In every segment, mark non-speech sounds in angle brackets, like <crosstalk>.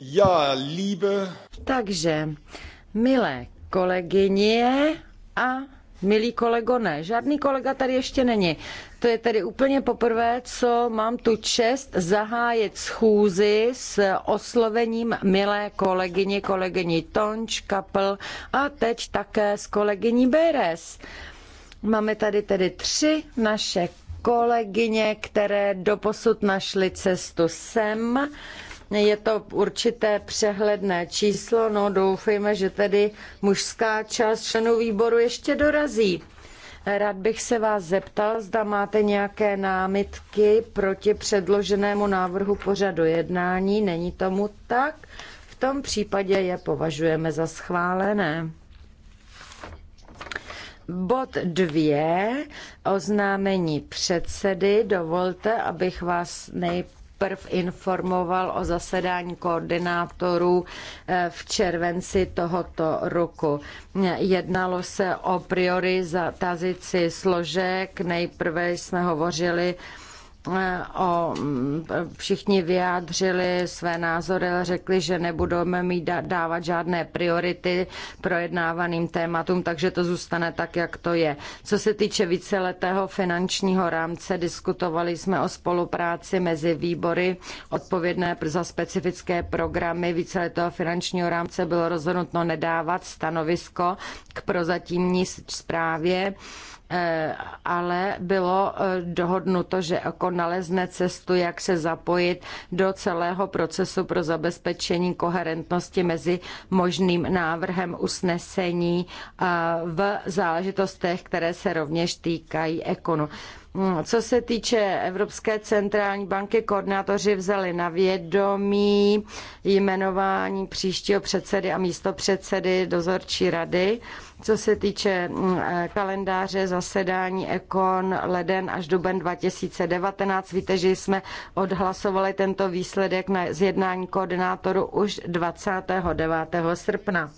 Já líbe. Takže, milé kolegyně a milí kolego, ne, žádný kolega tady ještě není. To je tedy úplně poprvé, co mám tu čest zahájit schůzi s oslovením milé kolegyně, kolegyni Tonč, Kapl a teď také s kolegyní Beres. Máme tady tedy tři naše kolegyně, které doposud našly cestu sem. Je to určité přehledné číslo, no doufejme, že tedy mužská část členů výboru ještě dorazí. Rád bych se vás zeptal, zda máte nějaké námitky proti předloženému návrhu pořadu jednání. Není tomu tak? V tom případě je považujeme za schválené. Bod dvě, oznámení předsedy. Dovolte, abych vás nejprve prv informoval o zasedání koordinátorů eh, v červenci tohoto roku. Jednalo se o prioritizaci složek. Nejprve jsme hovořili o, mm, všichni vyjádřili své názory, ale řekli, že nebudeme mít dávat žádné priority projednávaným tématům, takže to zůstane tak, jak to je. Co se týče víceletého finančního rámce, diskutovali jsme o spolupráci mezi výbory odpovědné za specifické programy víceletého finančního rámce. Bylo rozhodnuto nedávat stanovisko k prozatímní zprávě Eh, ale bylo eh, dohodnuto, že jako nalezne cestu, jak se zapojit do celého procesu pro zabezpečení koherentnosti mezi možným návrhem usnesení v záležitostech, které se rovněž týkají ekonu. Hm, co se týče Evropské centrální banky, koordinátoři vzali na vědomí jmenování příštího předsedy a místopředsedy dozorčí rady. Co se týče hm, kalendáře zasedání Ekon leden až duben 2019, víte, že jsme odhlasovali tento výsledek na zjednání koordinátoru už 29. srpna.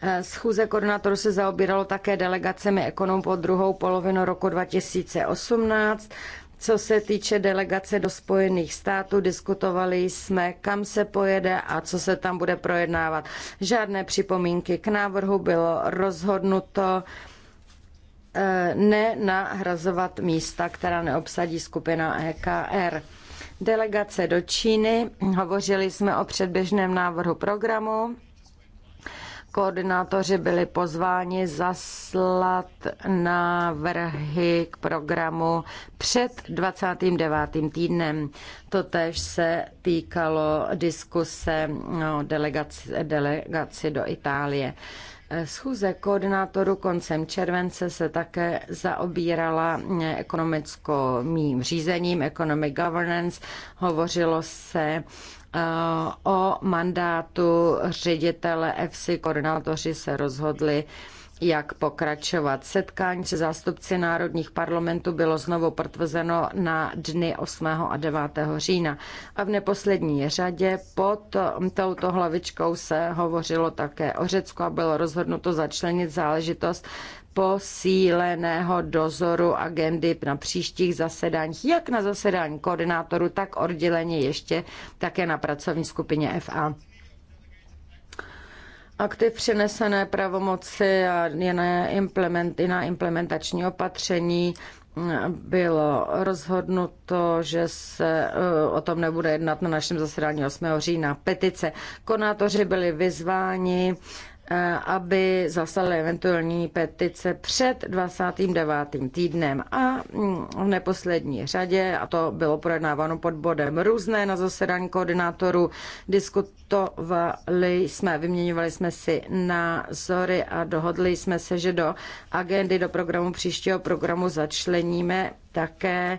Eh, schůze koordinátorů se zaobíralo také delegacemi ekonomů po druhou polovinu roku 2018. Co se týče delegace do Spojených států, diskutovali jsme, kam se pojede a co se tam bude projednávat. Žádné připomínky k návrhu bylo rozhodnuto eh, nenahrazovat místa, která neobsadí skupina EKR. Delegace do Číny. Hovořili jsme o předběžném návrhu programu Koordinátoři byli pozváni zaslat návrhy k programu před 29. týdnem. Totež se týkalo diskuse o delegaci, delegaci do Itálie. Schůze koordinátoru koncem července se také zaobírala ekonomickým řízením, economic governance. Hovořilo se Eh, o mandátu ředitele EFSI koordinátoři se rozhodli, jak pokračovat. Setkání se zástupci národních parlamentů bylo znovu potvrzeno na dny 8. a 9. října. A v neposlední řadě pod touto hlavičkou se hovořilo také o Řecku a bylo rozhodnuto začlenit záležitost posíleného dozoru agendy na příštích zasedáních, jak na zasedání koordinátoru, tak odděleně ještě také na pracovní skupině FA. Akty přenesené pravomoci a jiné implement, jiná implementační opatření mm, bylo rozhodnuto, že se e, o tom nebude jednat na našem zasedání 8. října. Petice. Konátoři byli vyzváni Eh, aby zaslali eventuální petice před 29. týdnem a mm, v neposlední řadě, a to bylo projednáváno pod bodem různé na zasedání koordinátorů, diskutovali jsme, vyměňovali jsme si názory a dohodli jsme se, že do agendy, do programu příštího programu začleníme také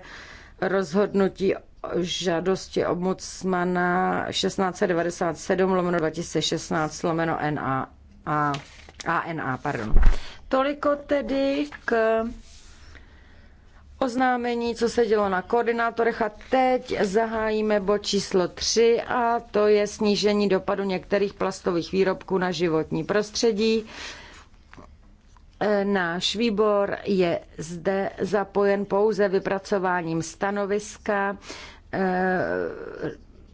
rozhodnutí žádosti obmocmana 1697 lomeno 2016 lomeno NA a ANA, pardon. Toliko tedy k oznámení, co se dělo na koordinátorech a teď zahájíme bod číslo 3 a to je snížení dopadu některých plastových výrobků na životní prostředí. E, náš výbor je zde zapojen pouze vypracováním stanoviska. E,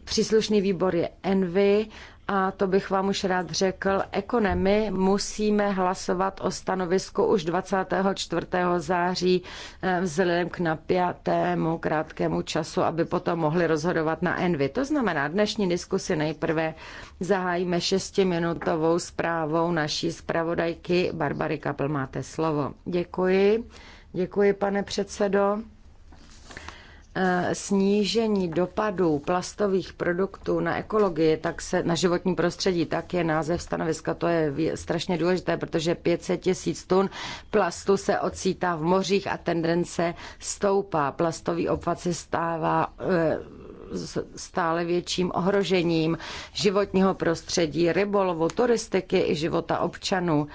příslušný výbor je Envy a to bych vám už rád řekl, ekonomy musíme hlasovat o stanovisku už 24. září eh, vzhledem k napjatému krátkému času, aby potom mohli rozhodovat na Envy. To znamená, dnešní diskusi nejprve zahájíme šestiminutovou zprávou naší zpravodajky. Barbary Kapl, máte slovo. Děkuji. Děkuji, pane předsedo. Eh, snížení dopadů plastových produktů na ekologii, tak se na životní prostředí, tak je název stanoviska, to je strašně důležité, protože 500 tisíc tun plastu se ocítá v mořích a tendence stoupá. Plastový obvat se stává eh, stále větším ohrožením životního prostředí, rybolovu, turistiky i života občanů.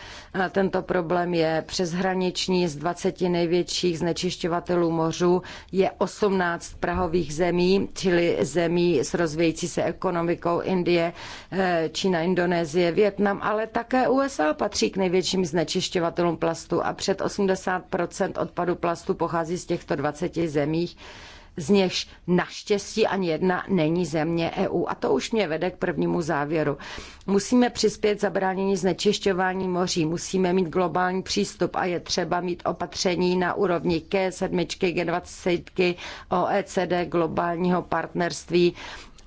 Tento problém je přeshraniční z 20 největších znečišťovatelů mořů, je 18 prahových zemí, čili zemí s rozvějící se ekonomikou Indie, eh, Čína, Indonésie, Vietnam, ale také USA patří k největším znečišťovatelům plastu a před 80 odpadu plastu pochází z těchto 20 zemích z něž naštěstí ani jedna není země EU. A to už mě vede k prvnímu závěru. Musíme přispět zabránění znečišťování moří, musíme mít globální přístup a je třeba mít opatření na úrovni K7, G20, OECD, globálního partnerství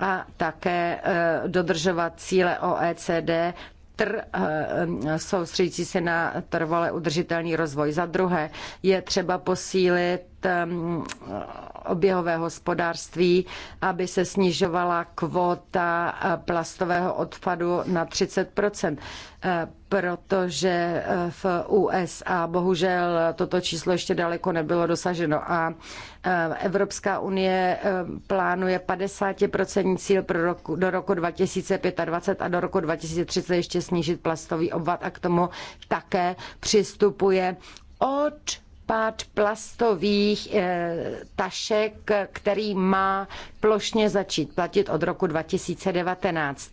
a také eh, dodržovat cíle OECD, tr, eh, soustředící se na trvale udržitelný rozvoj. Za druhé je třeba posílit Ehm, oběhové hospodářství, aby se snižovala kvota eh, plastového odpadu na 30 eh, protože eh, v USA bohužel toto číslo ještě daleko nebylo dosaženo a Evropská unie plánuje 50% cíl pro roku, do roku 2025 a do roku 2030 ještě snížit plastový obvat a k tomu také přistupuje od případ plastových eh, tašek, který má plošně začít platit od roku 2019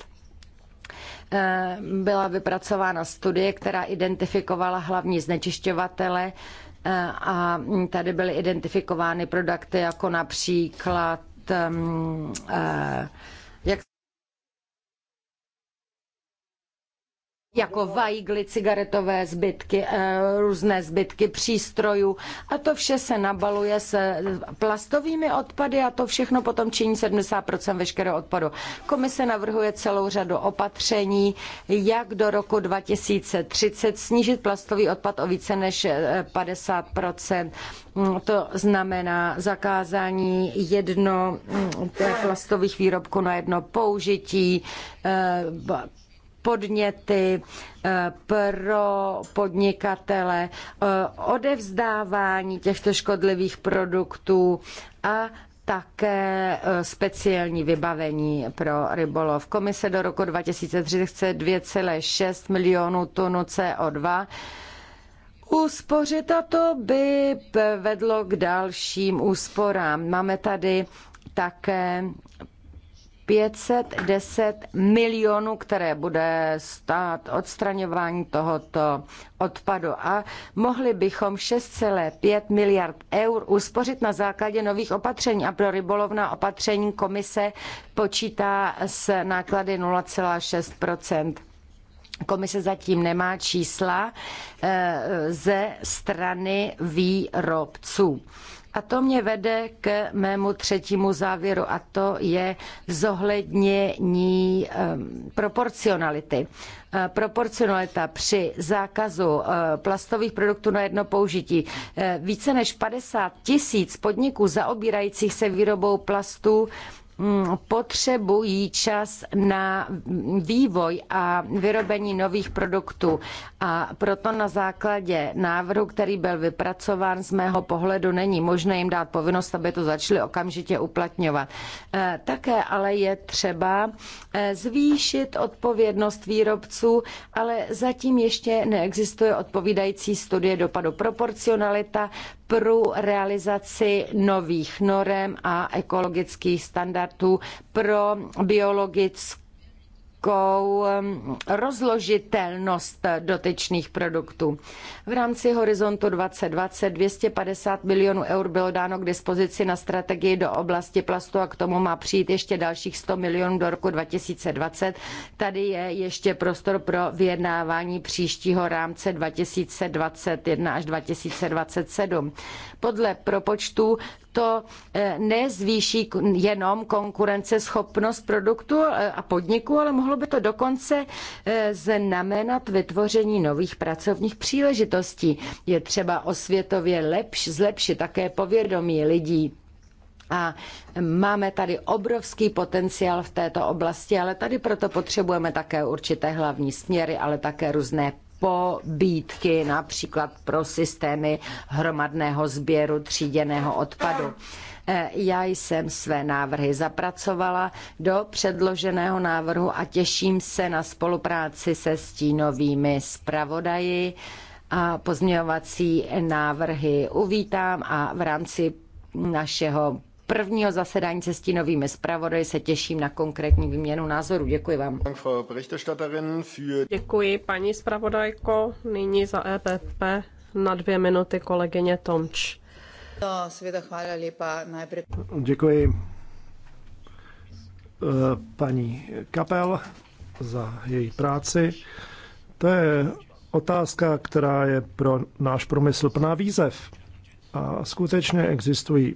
eh, byla vypracována studie, která identifikovala hlavní znečišťovatele eh, a tady byly identifikovány produkty jako například ehm, jak jako vajgly, cigaretové zbytky, eh, různé zbytky přístrojů a to vše se nabaluje s plastovými odpady a to všechno potom činí 70% veškerého odpadu. Komise navrhuje celou řadu opatření, jak do roku 2030 snížit plastový odpad o více než 50%. Eh, mm, to znamená zakázání jedno mm, plastových výrobků na jedno použití, eh, podněty eh, pro podnikatele, eh, odevzdávání těchto škodlivých produktů a také eh, speciální vybavení pro rybolov. Komise do roku 2030 chce 2,6 milionů tun CO2 uspořit a to by vedlo k dalším úsporám. Máme tady také 510 milionů, které bude stát odstraňování tohoto odpadu. A mohli bychom 6,5 miliard eur uspořit na základě nových opatření. A pro rybolovná opatření komise počítá s náklady 0,6 Komise zatím nemá čísla eh, ze strany výrobců. A to mě vede k mému třetímu závěru, a to je zohlednění ehm, proporcionality. Eh, proporcionalita při zákazu eh, plastových produktů na jedno použití. Eh, více než 50 tisíc podniků zaobírajících se výrobou plastů Mm, potřebují čas na vývoj a vyrobení nových produktů. A proto na základě návrhu, který byl vypracován, z mého pohledu není možné jim dát povinnost, aby to začali okamžitě uplatňovat. E, také ale je třeba e, zvýšit odpovědnost výrobců, ale zatím ještě neexistuje odpovídající studie dopadu. Proporcionalita pro realizaci nových norem a ekologických standardů pro biologickou vysokou rozložitelnost dotyčných produktů. V rámci Horizontu 2020 250 milionů eur bylo dáno k dispozici na strategii do oblasti plastu a k tomu má přijít ještě dalších 100 milionů do roku 2020. Tady je ještě prostor pro vyjednávání příštího rámce 2021 až 2027. Podle propočtů to eh, nezvýší jenom konkurenceschopnost produktu eh, a podniku, ale mohlo by to dokonce eh, znamenat vytvoření nových pracovních příležitostí. Je třeba osvětově lepš, zlepšit také povědomí lidí a máme tady obrovský potenciál v této oblasti, ale tady proto potřebujeme také určité hlavní směry, ale také různé pobídky, například pro systémy hromadného sběru tříděného odpadu. E, já jsem své návrhy zapracovala do předloženého návrhu a těším se na spolupráci se stínovými zpravodaji a pozměňovací návrhy uvítám a v rámci našeho prvního zasedání se stínovými zpravodaji se těším na konkrétní výměnu názorů. Děkuji vám. Děkuji paní zpravodajko. Nyní za EPP na dvě minuty kolegyně Tomč. Děkuji eh, paní Kapel za její práci. To je otázka, která je pro náš promysl plná výzev. A skutečně existují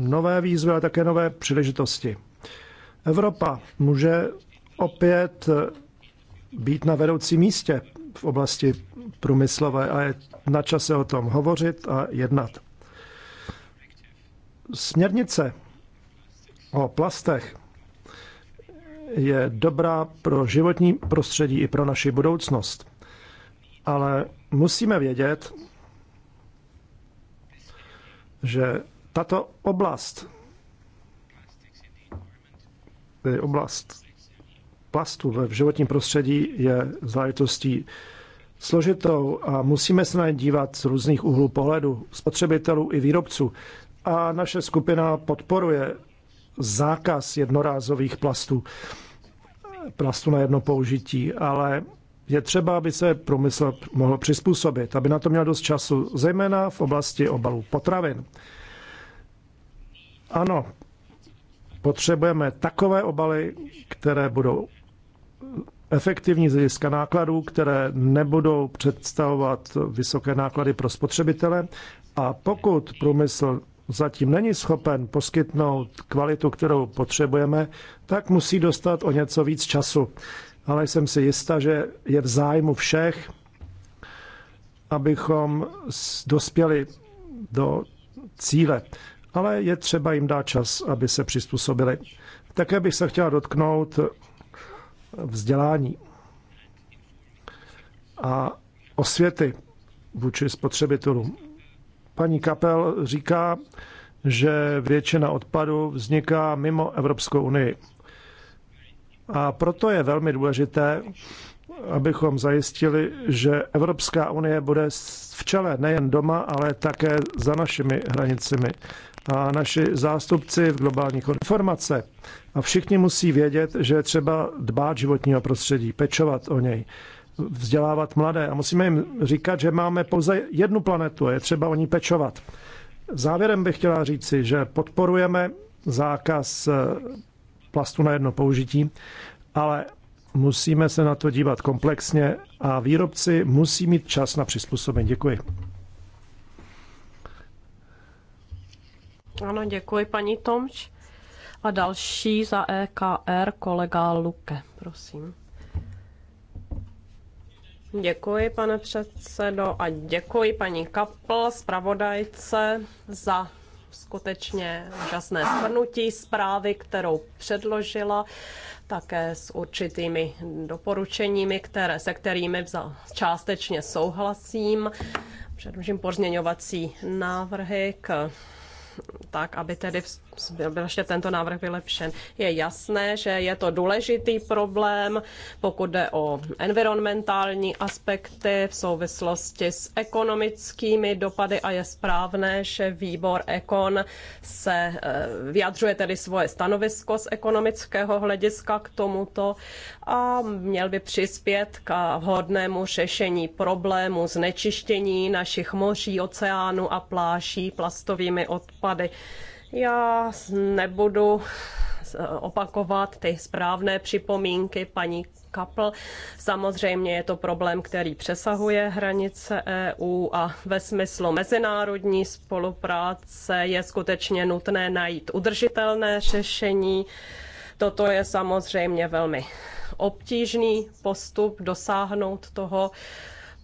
nové výzvy, ale také nové příležitosti. Evropa může opět být na vedoucí místě v oblasti průmyslové a je na čase o tom hovořit a jednat. Směrnice o plastech je dobrá pro životní prostředí i pro naši budoucnost. Ale musíme vědět, že tato oblast, tedy oblast plastu ve životním prostředí je záležitostí složitou a musíme se na ně dívat z různých úhlů pohledu, spotřebitelů i výrobců. A naše skupina podporuje zákaz jednorázových plastů, plastu na jedno použití, ale je třeba, aby se průmysl mohl přizpůsobit, aby na to měl dost času, zejména v oblasti obalů potravin. Ano, potřebujeme takové obaly, které budou efektivní z hlediska nákladů, které nebudou představovat vysoké náklady pro spotřebitele. A pokud průmysl zatím není schopen poskytnout kvalitu, kterou potřebujeme, tak musí dostat o něco víc času. Ale jsem si jista, že je v zájmu všech, abychom dospěli do cíle ale je třeba jim dát čas, aby se přizpůsobili. Také bych se chtěla dotknout vzdělání a osvěty vůči spotřebitelům. Paní Kapel říká, že většina odpadu vzniká mimo Evropskou unii. A proto je velmi důležité, abychom zajistili, že Evropská unie bude v čele nejen doma, ale také za našimi hranicemi. A naši zástupci v globálních informace a všichni musí vědět, že je třeba dbát životního prostředí, pečovat o něj, vzdělávat mladé. A musíme jim říkat, že máme pouze jednu planetu a je třeba o ní pečovat. Závěrem bych chtěla říci, že podporujeme zákaz eh, plastu na jedno použití, ale musíme se na to dívat komplexně a výrobci musí mít čas na přizpůsobení. Děkuji. Ano, děkuji paní Tomč. A další za EKR kolega Luke, prosím. Děkuji, pane předsedo, a děkuji paní Kapl, zpravodajce, za skutečně úžasné shrnutí zprávy, kterou předložila, také s určitými doporučeními, které, se kterými vzal, částečně souhlasím. Předložím pozměňovací návrhy k tak, aby tedy byl ještě tento návrh vylepšen. Je jasné, že je to důležitý problém, pokud jde o environmentální aspekty v souvislosti s ekonomickými dopady a je správné, že výbor Ekon se eh, vyjadřuje tedy svoje stanovisko z ekonomického hlediska k tomuto a měl by přispět k vhodnému řešení problému znečištění našich moří, oceánů a pláží plastovými odpady já nebudu eh, opakovat ty správné připomínky paní Kapl. Samozřejmě je to problém, který přesahuje hranice EU a ve smyslu mezinárodní spolupráce je skutečně nutné najít udržitelné řešení. Toto je samozřejmě velmi obtížný postup dosáhnout toho,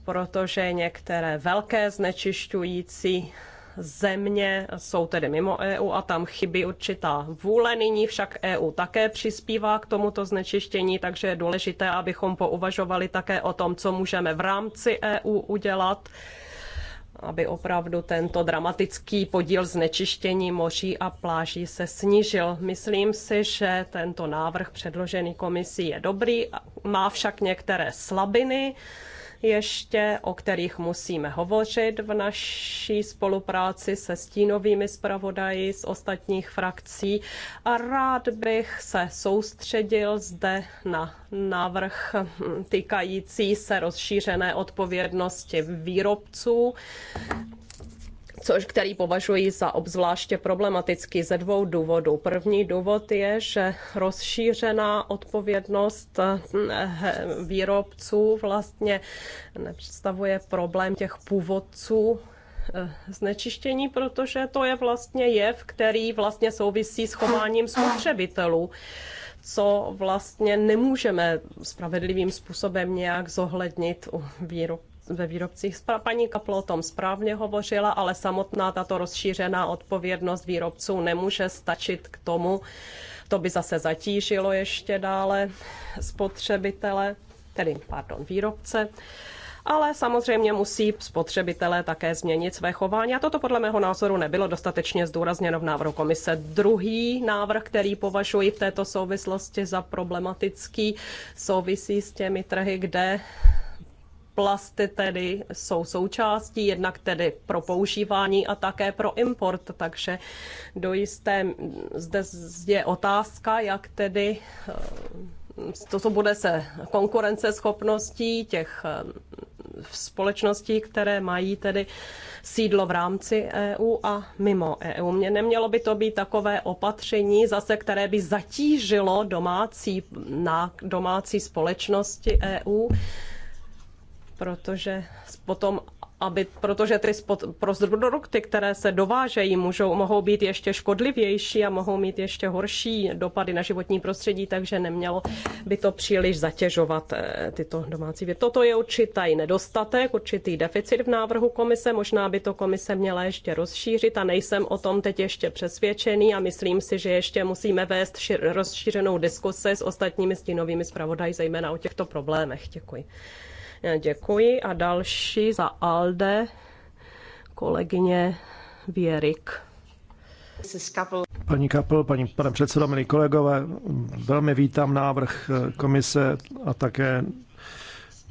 protože některé velké znečišťující země jsou tedy mimo EU a tam chybí určitá vůle. Nyní však EU také přispívá k tomuto znečištění, takže je důležité, abychom pouvažovali také o tom, co můžeme v rámci EU udělat aby opravdu tento dramatický podíl znečištění moří a pláží se snížil. Myslím si, že tento návrh předložený komisí je dobrý, má však některé slabiny ještě, o kterých musíme hovořit v naší spolupráci se stínovými zpravodaji z ostatních frakcí. A rád bych se soustředil zde na návrh týkající se rozšířené odpovědnosti výrobců což, který považuji za obzvláště problematický ze dvou důvodů. První důvod je, že rozšířená odpovědnost hm, výrobců vlastně nepředstavuje problém těch původců eh, znečištění, protože to je vlastně jev, který vlastně souvisí s chováním spotřebitelů co vlastně nemůžeme spravedlivým způsobem nějak zohlednit u výrobců ve výrobcích. Paní Kaplo o tom správně hovořila, ale samotná tato rozšířená odpovědnost výrobců nemůže stačit k tomu. To by zase zatížilo ještě dále spotřebitele, tedy, pardon, výrobce ale samozřejmě musí spotřebitelé také změnit své chování a toto podle mého názoru nebylo dostatečně zdůrazněno v návrhu komise. Druhý návrh, který považuji v této souvislosti za problematický, souvisí s těmi trhy, kde plasty tedy jsou součástí, jednak tedy pro používání a také pro import, takže do jisté zde je otázka, jak tedy eh, to, co bude se konkurenceschopností těch eh, společností, které mají tedy sídlo v rámci EU a mimo EU. Mě nemělo by to být takové opatření, zase které by zatížilo domácí, na domácí společnosti EU, protože potom aby, protože ty spod, produkty, které se dovážejí, můžou, mohou být ještě škodlivější a mohou mít ještě horší dopady na životní prostředí, takže nemělo by to příliš zatěžovat eh, tyto domácí věci. Toto je určitý nedostatek, určitý deficit v návrhu komise, možná by to komise měla ještě rozšířit a nejsem o tom teď ještě přesvědčený a myslím si, že ještě musíme vést šir, rozšířenou diskusi s ostatními stínovými zpravodaji, zejména o těchto problémech. Děkuji. Děkuji a další za ALDE kolegyně Věrik. Paní Kapel, paní, pane předsedo, milí kolegové, velmi vítám návrh eh, komise a také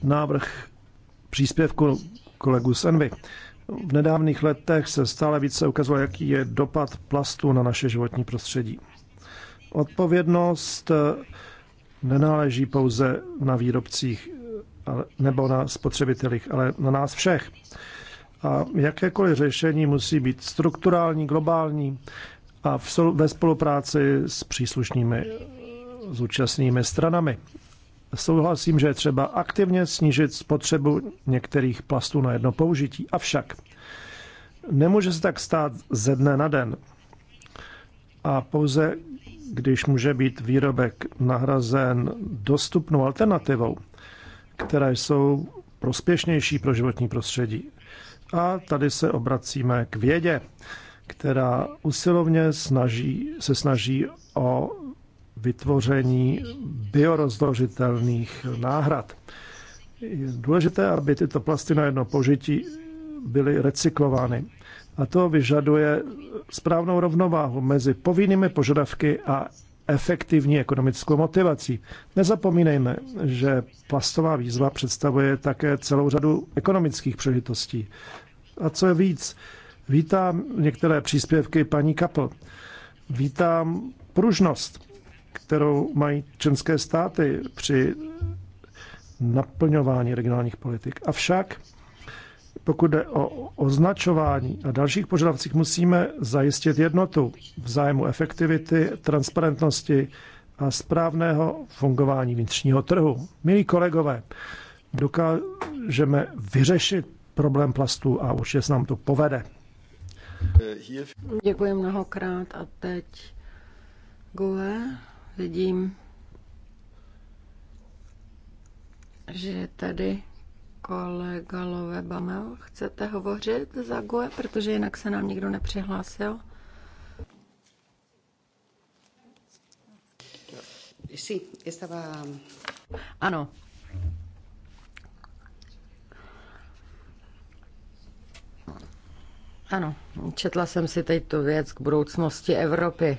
návrh příspěvku kolegů z Envy. V nedávných letech se stále více ukazuje, jaký je dopad plastu na naše životní prostředí. Odpovědnost eh, nenáleží pouze na výrobcích nebo na spotřebitelích, ale na nás všech. A jakékoliv řešení musí být strukturální, globální a v, ve spolupráci s příslušnými zúčastnými stranami. Souhlasím, že je třeba aktivně snížit spotřebu některých plastů na jedno použití. Avšak nemůže se tak stát ze dne na den. A pouze když může být výrobek nahrazen dostupnou alternativou, které jsou prospěšnější pro životní prostředí. A tady se obracíme k vědě, která usilovně snaží, se snaží o vytvoření biorozložitelných náhrad. Je důležité, aby tyto plasty na jedno použití byly recyklovány. A to vyžaduje správnou rovnováhu mezi povinnými požadavky a efektivní ekonomickou motivací. Nezapomínejme, že plastová výzva představuje také celou řadu ekonomických přežitostí. A co je víc, vítám některé příspěvky paní Kapl. Vítám pružnost, kterou mají české státy při naplňování regionálních politik. Avšak pokud jde o označování a dalších požadavcích, musíme zajistit jednotu v zájmu efektivity, transparentnosti a správného fungování vnitřního trhu. Milí kolegové, dokážeme vyřešit problém plastů a určitě se nám to povede. Děkuji mnohokrát a teď Gue, vidím, že tady kolega Love Bamel, chcete hovořit za GUE, protože jinak se nám nikdo nepřihlásil? Ano. Ano, četla jsem si teď tu věc k budoucnosti Evropy.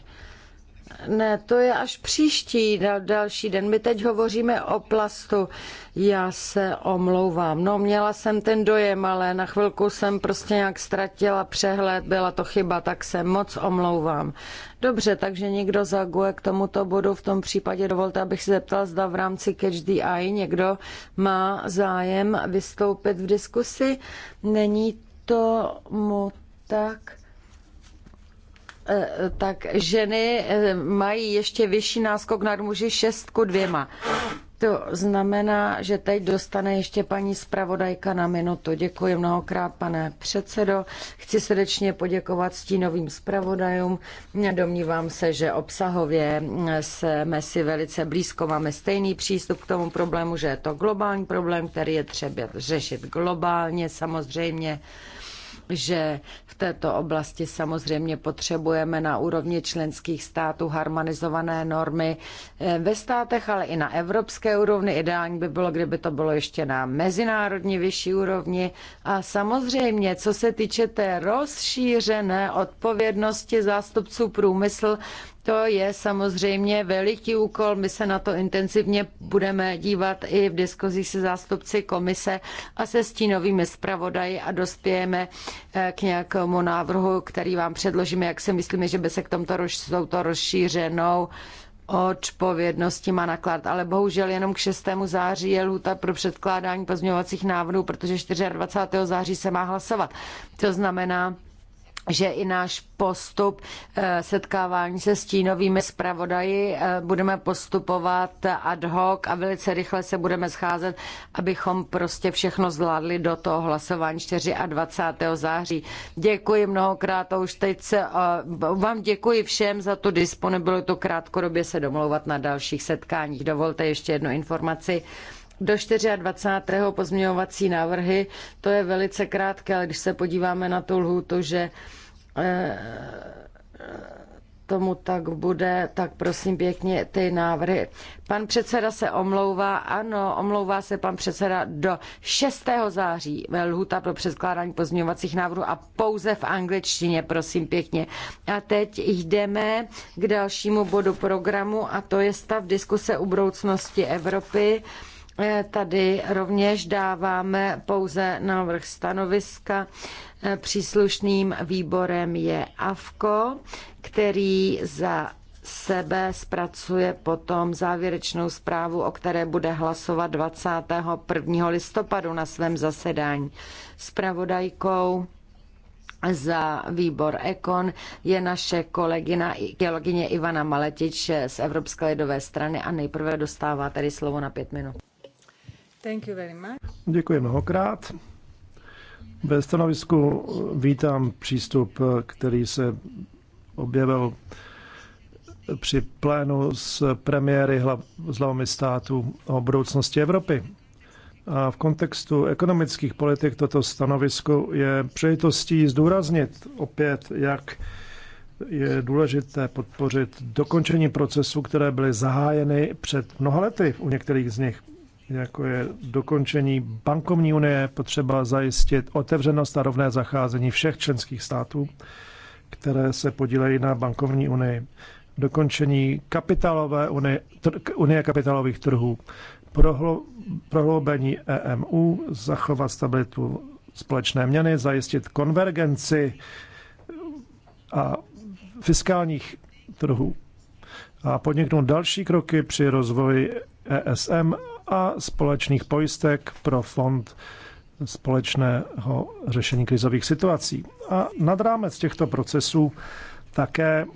Ne, to je až příští dal, další den. My teď hovoříme o plastu. Já se omlouvám. No, měla jsem ten dojem, ale na chvilku jsem prostě nějak ztratila přehled, byla to chyba, tak se moc omlouvám. Dobře, takže někdo zaguje k tomuto bodu. V tom případě dovolte, abych se zeptal, zda v rámci Catch the Eye někdo má zájem vystoupit v diskusi. Není tomu tak. Eh, tak ženy eh, mají ještě vyšší náskok nad muži 6 k 2. To znamená, že teď dostane ještě paní zpravodajka na minutu. Děkuji mnohokrát, pane předsedo. Chci srdečně poděkovat stínovým zpravodajům. Domnívám se, že obsahově mm, jsme si velice blízko, máme stejný přístup k tomu problému, že je to globální problém, který je třeba řešit globálně samozřejmě že v této oblasti samozřejmě potřebujeme na úrovni členských států harmonizované normy eh, ve státech, ale i na evropské úrovni. Ideální by bylo, kdyby to bylo ještě na mezinárodní vyšší úrovni. A samozřejmě, co se týče té rozšířené odpovědnosti zástupců průmysl, to je samozřejmě veliký úkol. My se na to intenzivně budeme dívat i v diskuzi se zástupci komise a se stínovými zpravodaji a dospějeme eh, k nějakému návrhu, který vám předložíme, jak si myslíme, že by se k tomto roz, touto rozšířenou odpovědnosti má naklad, ale bohužel jenom k 6. září je lhůta pro předkládání pozměňovacích návrhů, protože 24. září se má hlasovat. To znamená, že i náš postup eh, setkávání se stínovými zpravodaji eh, budeme postupovat ad hoc a velice rychle se budeme scházet, abychom prostě všechno zvládli do toho hlasování 24. září. Děkuji mnohokrát a už teď se, eh, vám děkuji všem za tu disponibilitu krátkodobě se domlouvat na dalších setkáních. Dovolte ještě jednu informaci do 24. pozměňovací návrhy, to je velice krátké, ale když se podíváme na tu lhůtu, že eh, tomu tak bude, tak prosím pěkně ty návrhy. Pan předseda se omlouvá, ano, omlouvá se pan předseda do 6. září, lhuta pro předkládání pozměňovacích návrhů a pouze v angličtině, prosím pěkně. A teď jdeme k dalšímu bodu programu a to je stav diskuse u budoucnosti Evropy. Eh, tady rovněž dáváme pouze návrh stanoviska. Eh, příslušným výborem je AFKO, který za sebe zpracuje potom závěrečnou zprávu, o které bude hlasovat 21. listopadu na svém zasedání. Spravodajkou za výbor Ekon je naše kolegyna, kolegyně Ivana Maletič z Evropské lidové strany a nejprve dostává tady slovo na pět minut. Děkuji mnohokrát. Ve stanovisku vítám přístup, který se objevil při plénu s premiéry hlav, z hlavami států o budoucnosti Evropy. A v kontextu ekonomických politik toto stanovisko je přejitostí zdůraznit opět, jak je důležité podpořit dokončení procesů, které byly zahájeny před mnoha lety u některých z nich jako je dokončení bankovní unie, potřeba zajistit otevřenost a rovné zacházení všech členských států, které se podílejí na bankovní unii, dokončení kapitálové unie, tr, unie kapitálových trhů, prohlo, prohloubení EMU, zachovat stabilitu společné měny, zajistit konvergenci a fiskálních trhů a podniknout další kroky při rozvoji ESM a společných pojistek pro fond společného řešení krizových situací. A nad rámec těchto procesů také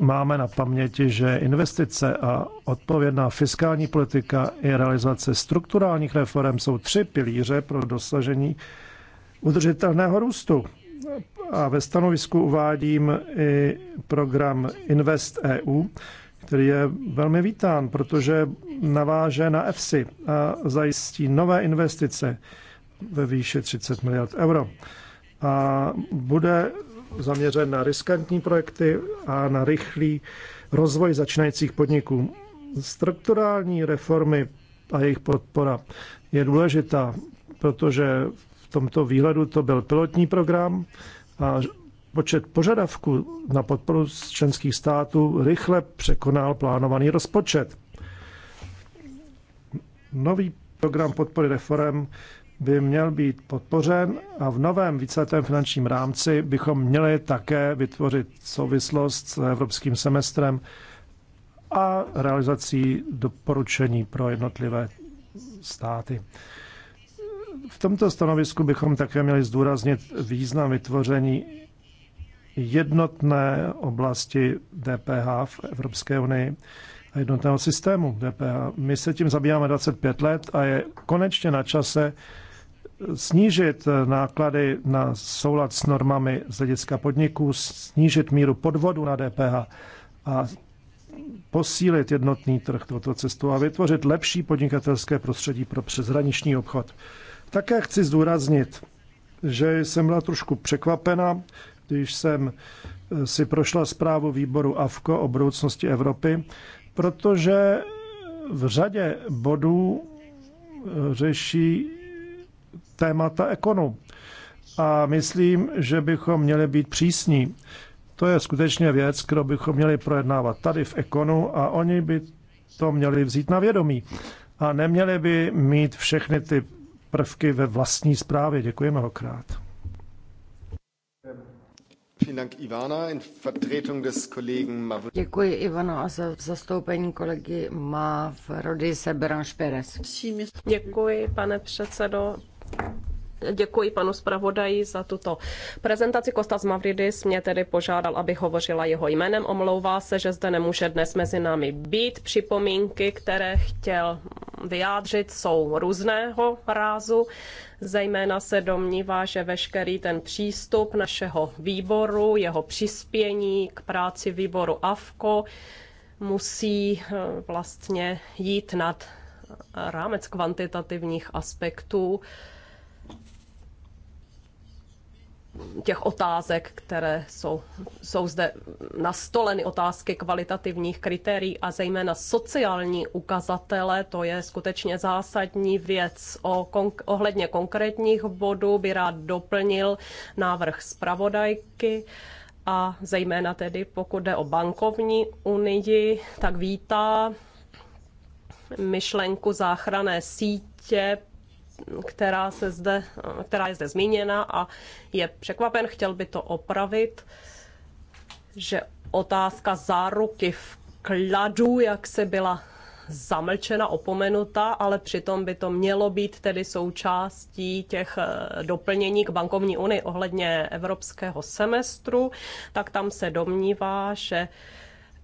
máme na paměti, že investice a odpovědná fiskální politika i realizace strukturálních reform jsou tři pilíře pro dosažení udržitelného růstu. A ve stanovisku uvádím i program Invest EU, který je velmi vítán, protože naváže na EFSI a zajistí nové investice ve výši 30 miliard euro. A bude zaměřen na riskantní projekty a na rychlý rozvoj začínajících podniků. Strukturální reformy a jejich podpora je důležitá, protože v tomto výhledu to byl pilotní program a počet požadavků na podporu z členských států rychle překonal plánovaný rozpočet. Nový program podpory reform by měl být podpořen a v novém víceletém finančním rámci bychom měli také vytvořit souvislost s evropským semestrem a realizací doporučení pro jednotlivé státy. V tomto stanovisku bychom také měli zdůraznit význam vytvoření jednotné oblasti DPH v Evropské unii a jednotného systému DPH. My se tím zabýváme 25 let a je konečně na čase snížit náklady na soulad s normami z hlediska podniků, snížit míru podvodu na DPH a posílit jednotný trh tohoto cestu a vytvořit lepší podnikatelské prostředí pro přeshraniční obchod. Také chci zdůraznit, že jsem byla trošku překvapena, když jsem eh, si prošla zprávu výboru AFKO o budoucnosti Evropy, protože v řadě bodů eh, řeší témata ekonu. A myslím, že bychom měli být přísní. To je skutečně věc, kterou bychom měli projednávat tady v ekonu a oni by to měli vzít na vědomí. A neměli by mít všechny ty prvky ve vlastní zprávě. Děkuji mnohokrát. Děkuji Ivano a za zastoupení kolegy má v rody Děkuji, pane předsedo. Děkuji panu zpravodaji za tuto prezentaci. Kostas Mavridis mě tedy požádal, aby hovořila jeho jménem. Omlouvá se, že zde nemůže dnes mezi námi být. Připomínky, které chtěl vyjádřit, jsou různého rázu. Zejména se domnívá, že veškerý ten přístup našeho výboru, jeho přispění k práci výboru AFKO musí eh, vlastně jít nad eh, rámec kvantitativních aspektů těch otázek, které jsou, jsou zde nastoleny, otázky kvalitativních kritérií a zejména sociální ukazatele, to je skutečně zásadní věc. O konk- ohledně konkrétních bodů by rád doplnil návrh zpravodajky a zejména tedy pokud jde o bankovní unii, tak vítá myšlenku záchrané sítě která, se zde, která je zde zmíněna a je překvapen, chtěl by to opravit, že otázka záruky kladu, jak se byla zamlčena, opomenuta, ale přitom by to mělo být tedy součástí těch eh, doplnění k bankovní unii ohledně evropského semestru, tak tam se domnívá, že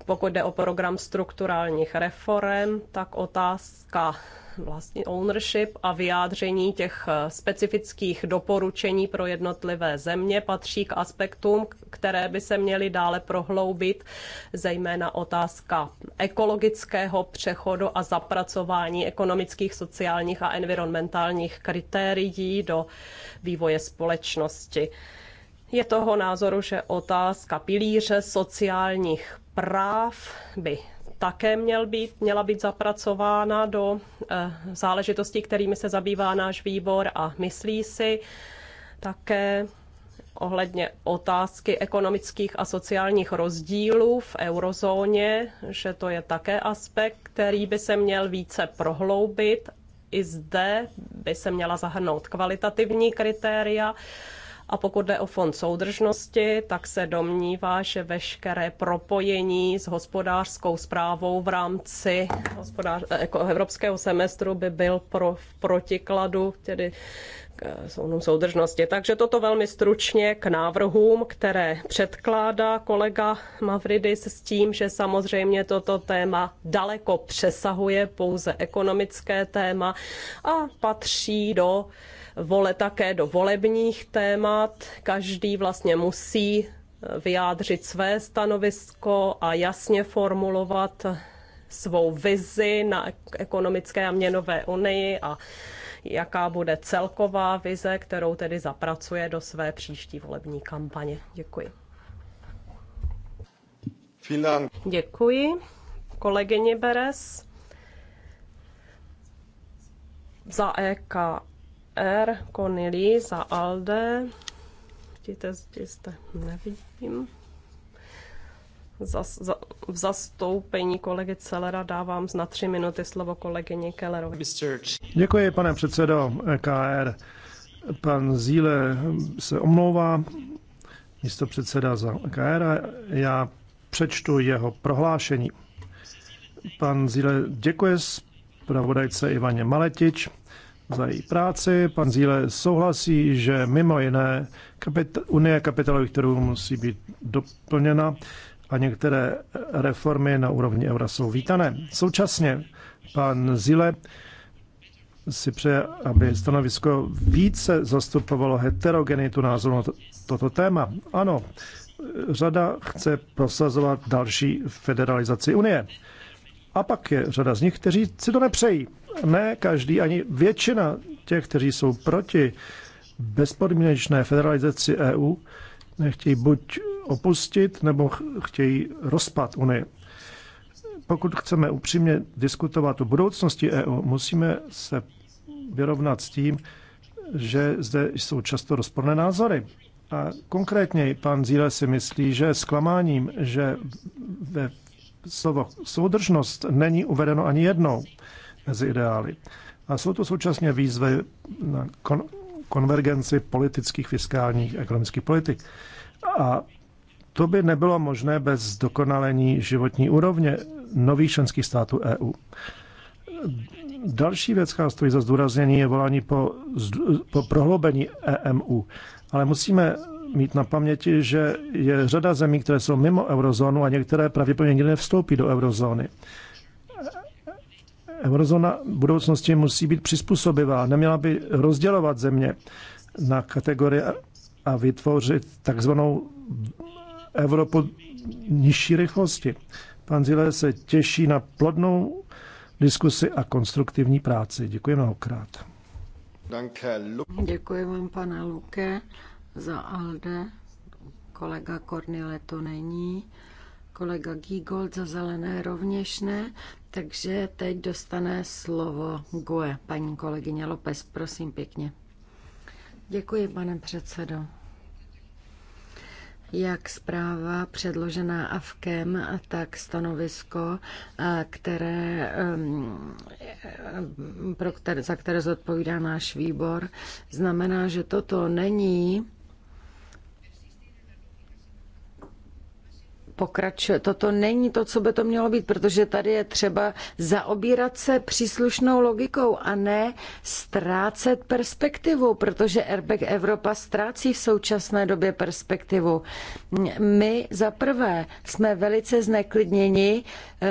pokud jde o program strukturálních reform, tak otázka vlastně ownership a vyjádření těch eh, specifických doporučení pro jednotlivé země patří k aspektům, které by se měly dále prohloubit, zejména otázka ekologického přechodu a zapracování ekonomických, sociálních a environmentálních kritérií do vývoje společnosti. Je toho názoru, že otázka pilíře sociálních práv by také měl být, měla být zapracována do eh, záležitostí, kterými se zabývá náš výbor a myslí si také ohledně otázky ekonomických a sociálních rozdílů v eurozóně, že to je také aspekt, který by se měl více prohloubit. I zde by se měla zahrnout kvalitativní kritéria a pokud jde o fond soudržnosti, tak se domnívá, že veškeré propojení s hospodářskou zprávou v rámci hospodář, jako evropského semestru by byl pro, v protikladu, tedy soudům eh, soudržnosti. Takže toto velmi stručně k návrhům, které předkládá kolega Mavridis s tím, že samozřejmě toto téma daleko přesahuje pouze ekonomické téma a patří do vole také do volebních témat. Každý vlastně musí eh, vyjádřit své stanovisko a jasně formulovat svou vizi na ekonomické a měnové unii a jaká bude celková vize, kterou tedy zapracuje do své příští volební kampaně. Děkuji. Děkuji. Kolegyně Beres za EKR R. Connelly za ALDE. Vidíte, zde jste nevidím. Zas, za, v zastoupení kolegy Celera dávám na tři minuty slovo kolegyně Kellerovi. Děkuji, pane předsedo e KR. Pan Zíle se omlouvá, místo předseda za e KR. já přečtu jeho prohlášení. Pan Zíle děkuje zpravodajce Ivaně Maletič za její práci. Pan Zíle souhlasí, že mimo jiné kapit- Unie kapitalových trhů musí být doplněna a některé reformy na úrovni eura jsou vítané. Současně pan Zile si přeje, aby stanovisko více zastupovalo heterogenitu názoru na toto téma. Ano, řada chce prosazovat další federalizaci Unie. A pak je řada z nich, kteří si to nepřejí ne každý, ani většina těch, kteří jsou proti bezpodmínečné federalizaci EU, nechtějí buď opustit, nebo chtějí rozpad Unie. Pokud chceme upřímně diskutovat o budoucnosti EU, musíme se vyrovnat s tím, že zde jsou často rozporné názory. A konkrétně pan Zíle si myslí, že zklamáním, že ve slovo soudržnost není uvedeno ani jednou mezi ideály. A jsou to současně výzvy na kon- konvergenci politických, fiskálních, ekonomických politik. A to by nebylo možné bez dokonalení životní úrovně nových členských států EU. Další věc, která stojí za zdůraznění, je volání po, po prohloubení EMU. Ale musíme mít na paměti, že je řada zemí, které jsou mimo eurozónu a některé pravděpodobně nikdy nevstoupí do eurozóny. Eurozona v budoucnosti musí být přizpůsobivá, neměla by rozdělovat země na kategorie a vytvořit takzvanou Evropu nižší rychlosti. Pan Zile se těší na plodnou diskusi a konstruktivní práci. Děkuji mnohokrát. Děkuji vám, pane Luke, za Alde. Kolega Kornile to není. Kolega Giegold za zelené rovněž ne, takže teď dostane slovo Gue, paní kolegyně Lopez, prosím pěkně. Děkuji, pane předsedo. Jak zpráva předložená AVKem, tak stanovisko, které, pro které, za které zodpovídá náš výbor, znamená, že toto není pokračuje. Toto není to, co by to mělo být, protože tady je třeba zaobírat se příslušnou logikou a ne ztrácet perspektivu, protože Airbag Evropa ztrácí v současné době perspektivu. My za prvé jsme velice zneklidněni eh,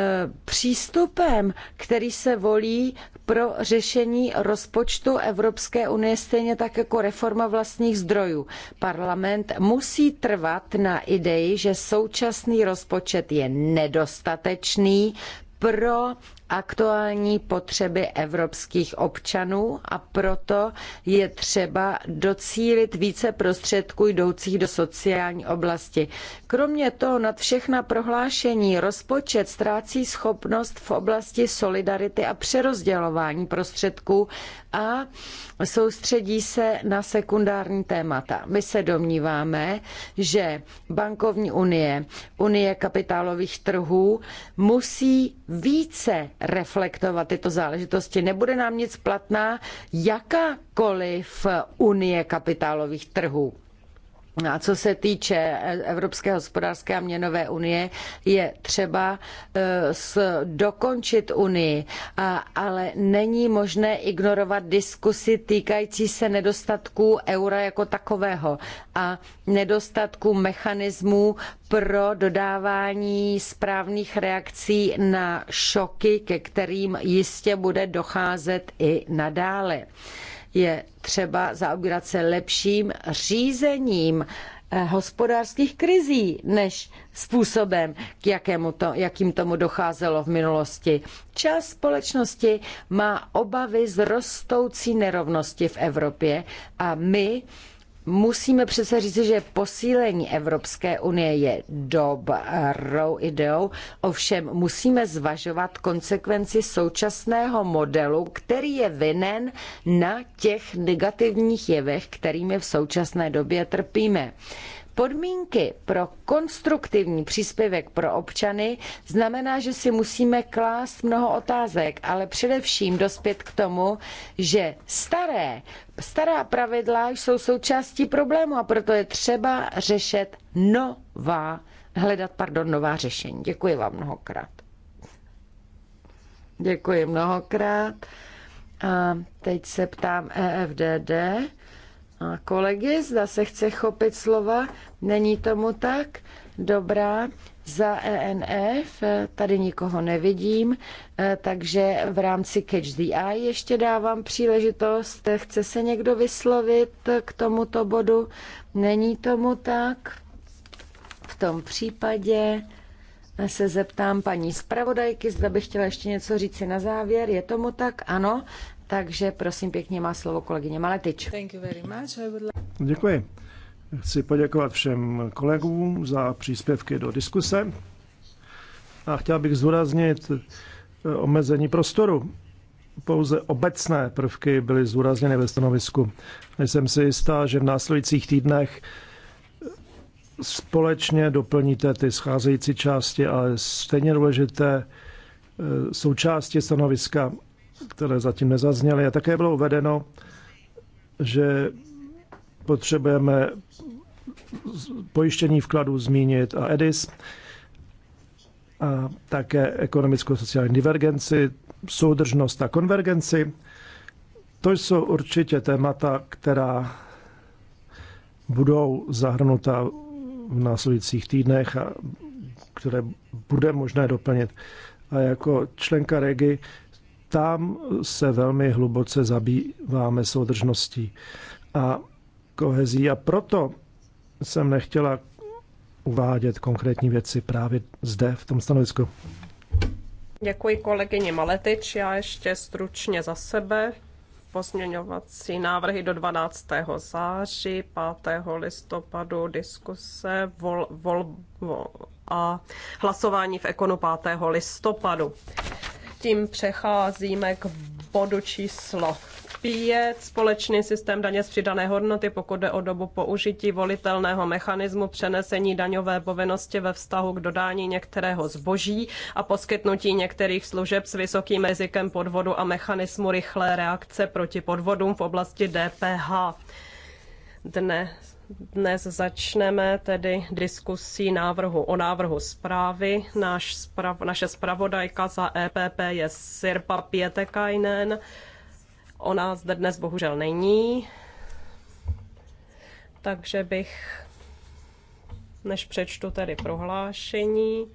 přístupem, který se volí pro řešení rozpočtu Evropské unie, stejně tak jako reforma vlastních zdrojů. Parlament musí trvat na ideji, že současný rozpočet je nedostatečný pro aktuální potřeby evropských občanů a proto je třeba docílit více prostředků jdoucích do sociální oblasti. Kromě toho nad všechna prohlášení rozpočet ztrácí schopnost v oblasti solidarity a přerozdělování prostředků a soustředí se na sekundární témata. My se domníváme, že bankovní unie, unie kapitálových trhů musí více reflektovat tyto záležitosti. Nebude nám nic platná jakákoliv unie kapitálových trhů. No a co se týče eh, Evropské hospodářské a měnové unie, je třeba eh, dokončit unii, ale není možné ignorovat diskusy týkající se nedostatků eura jako takového a nedostatku mechanismů pro dodávání správných reakcí na šoky, ke kterým jistě bude docházet i nadále. Je třeba zaobírat se lepším řízením eh, hospodářských krizí, než způsobem, k jakému to, jakým tomu docházelo v minulosti. Část společnosti má obavy z rostoucí nerovnosti v Evropě a my Musíme přece říct, že posílení Evropské unie je dobrou ideou, ovšem musíme zvažovat konsekvenci současného modelu, který je vinen na těch negativních jevech, kterými v současné době trpíme. Podmínky pro konstruktivní příspěvek pro občany znamená, že si musíme klást mnoho otázek, ale především dospět k tomu, že staré, stará pravidla jsou součástí problému a proto je třeba řešit nová, hledat, pardon, nová řešení. Děkuji vám mnohokrát. Děkuji mnohokrát. A teď se ptám EFDD. A kolegy, zda se chce chopit slova, není tomu tak. Dobrá, za ENF eh, tady nikoho nevidím, eh, takže v rámci Catch the Eye ještě dávám příležitost. Chce se někdo vyslovit k tomuto bodu? Není tomu tak. V tom případě eh, se zeptám paní zpravodajky, zda by chtěla ještě něco říci na závěr. Je tomu tak? Ano. Takže prosím pěkně má slovo kolegyně Maletič. Děkuji. Chci poděkovat všem kolegům za příspěvky do diskuse a chtěl bych zdůraznit eh, omezení prostoru. Pouze obecné prvky byly zdůrazněny ve stanovisku. Jsem si jistá, že v následujících týdnech společně doplníte ty scházející části, ale stejně důležité eh, součásti stanoviska které zatím nezazněly. A také bylo uvedeno, že potřebujeme pojištění vkladů zmínit a EDIS a také ekonomickou sociální divergenci, soudržnost a konvergenci. To jsou určitě témata, která budou zahrnuta v následujících týdnech a které bude možné doplnit. A jako členka REGI tam se velmi hluboce zabýváme soudržností a kohezí a proto jsem nechtěla uvádět konkrétní věci právě zde v tom stanovisku. Děkuji kolegyně Maletič. Já ještě stručně za sebe pozměňovací návrhy do 12. září, 5. listopadu diskuse vol, vol, vol a hlasování v Ekonu 5. listopadu tím přecházíme k bodu číslo pět: Společný systém daně z přidané hodnoty, pokud jde o dobu použití volitelného mechanismu přenesení daňové povinnosti ve vztahu k dodání některého zboží a poskytnutí některých služeb s vysokým rizikem podvodu a mechanismu rychlé reakce proti podvodům v oblasti DPH. Dnes dnes začneme tedy diskusí návrhu o návrhu zprávy. Náš sprav, naše zpravodajka za EPP je Sirpa Pietekainen. Ona zde dnes bohužel není, takže bych, než přečtu tedy prohlášení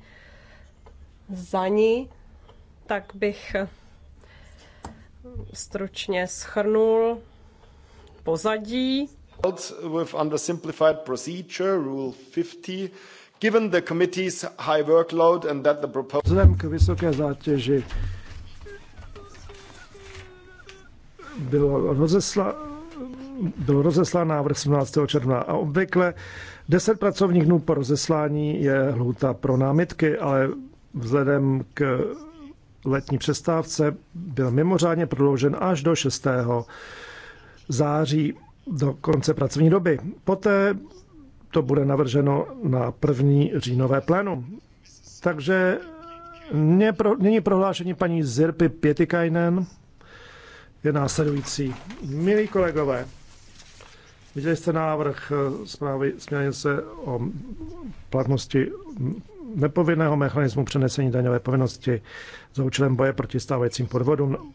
za ní, tak bych stručně schrnul pozadí dealt with under simplified procedure rule 50 given the committee's high workload and that the proposal k vysoké zátěži bylo rozesla, byl rozeslán návrh 17. června a obvykle 10 pracovních dnů po rozeslání je hluta pro námitky, ale vzhledem k letní přestávce byl mimořádně prodloužen až do 6. září do konce pracovní doby. Poté to bude navrženo na první říjnové plénum. Takže není prohlášení paní Zirpy Pětikajnen je následující. Milí kolegové, viděli jste návrh zprávy směrnice o platnosti nepovinného mechanismu přenesení daňové povinnosti za účelem boje proti stávajícím podvodům.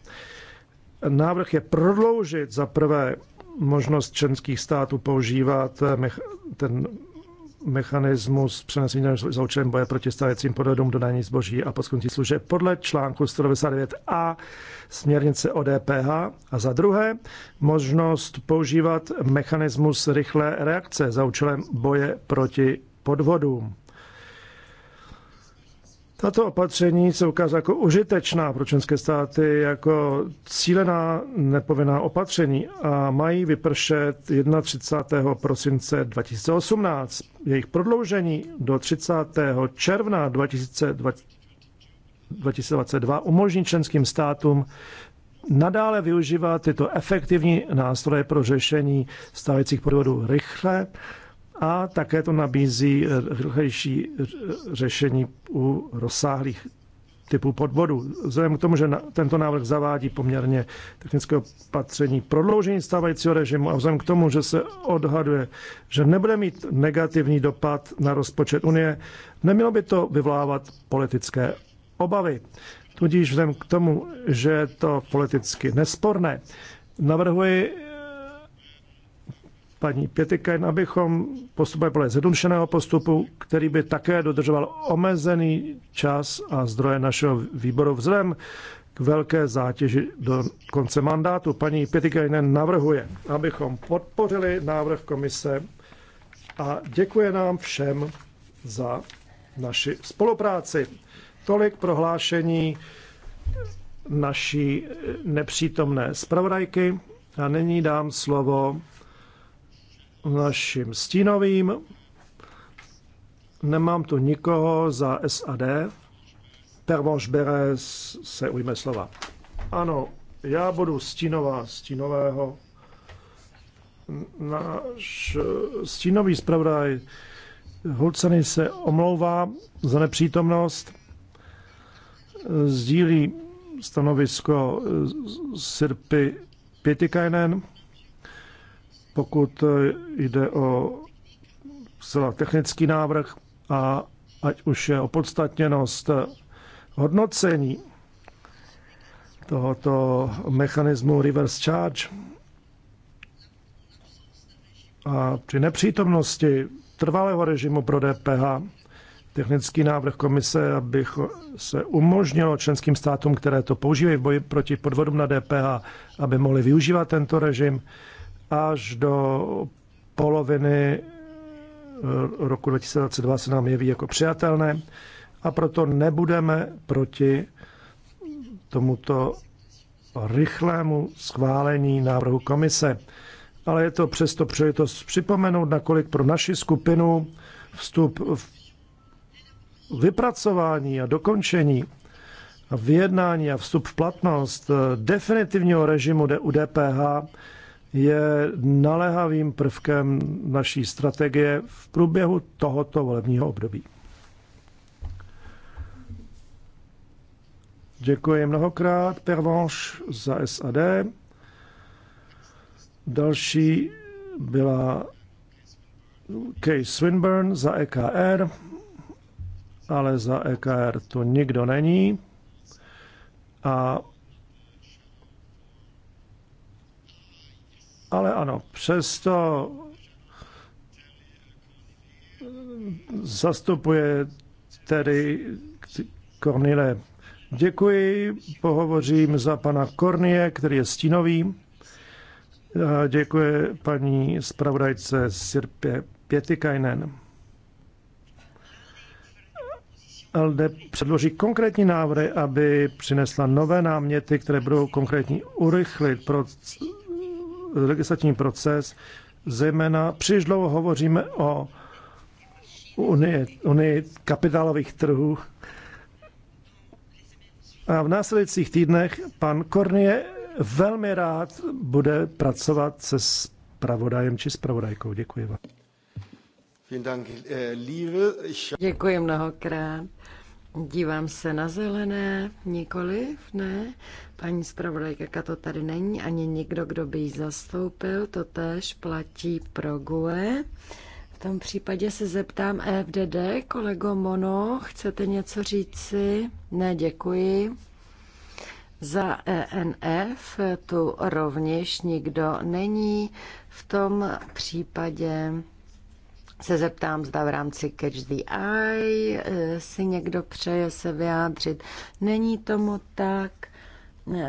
Návrh je prodloužit za prvé možnost členských států používat eh, ten mechanismus přenesení za účelem boje proti stavěcím podvodům do daní zboží a poskytnutí služeb podle článku 199a směrnice o DPH a za druhé možnost používat mechanismus rychlé reakce za účelem boje proti podvodům. Tato opatření se ukázala jako užitečná pro členské státy, jako cílená nepovinná opatření a mají vypršet 31. prosince 2018. Jejich prodloužení do 30. června 2022 umožní členským státům nadále využívat tyto efektivní nástroje pro řešení stávajících podvodů rychle a také to nabízí rychlejší řešení u rozsáhlých typů podvodu. Vzhledem k tomu, že tento návrh zavádí poměrně technické opatření prodloužení stávajícího režimu a vzhledem k tomu, že se odhaduje, že nebude mít negativní dopad na rozpočet Unie, nemělo by to vyvlávat politické obavy. Tudíž vzhledem k tomu, že je to politicky nesporné, navrhuji paní Pietikäinen, abychom postupovali podle zjednodušeného postupu, který by také dodržoval omezený čas a zdroje našeho výboru vzhledem k velké zátěži do konce mandátu. Paní Pietikäinen navrhuje, abychom podpořili návrh komise a děkuje nám všem za naši spolupráci. Tolik prohlášení naší nepřítomné zpravodajky a nyní dám slovo naším stínovým. Nemám tu nikoho za SAD. Pervoš bere se ujme slova. Ano, já budu stínová stínového. Náš stínový zpravodaj Hulceny se omlouvá za nepřítomnost, sdílí stanovisko Sirpy Pětikajnen pokud eh, jde o zcela technický návrh a ať už je opodstatněnost eh, hodnocení tohoto mechanismu reverse charge a při nepřítomnosti trvalého režimu pro DPH technický návrh komise, aby se umožnilo členským státům, které to používají v boji proti podvodům na DPH, aby mohli využívat tento režim až do poloviny eh, roku 2022 se nám jeví jako přijatelné a proto nebudeme proti tomuto rychlému schválení návrhu komise. Ale je to přesto příležitost připomenout, nakolik pro naši skupinu vstup v vypracování a dokončení a vyjednání a vstup v platnost eh, definitivního režimu u DPH je naléhavým prvkem naší strategie v průběhu tohoto volebního období. Děkuji mnohokrát, Pervanš za SAD. Další byla Kay Swinburne za EKR, ale za EKR to nikdo není. A Ale ano, přesto zastupuje tedy Kornile. Děkuji, pohovořím za pana Kornie, který je stínový. Děkuji paní zpravodajce Sirpě Pětikajnen. LD předloží konkrétní návrhy, aby přinesla nové náměty, které budou konkrétní urychlit legislativní proces, zejména příliš dlouho hovoříme o unii, unii kapitálových trhů. A v následujících týdnech pan Kornie velmi rád bude pracovat se spravodajem či spravodajkou. Děkuji vám. Děkuji mnohokrát. Dívám se na zelené, nikoliv, ne. Paní zpravodajka to tady není, ani nikdo, kdo by ji zastoupil, to tež platí pro GUE. V tom případě se zeptám EFDD, kolego Mono, chcete něco říci? Ne, děkuji. Za ENF tu rovněž nikdo není. V tom případě se zeptám, zda v rámci Catch the Eye eh, si někdo přeje se vyjádřit. Není tomu tak.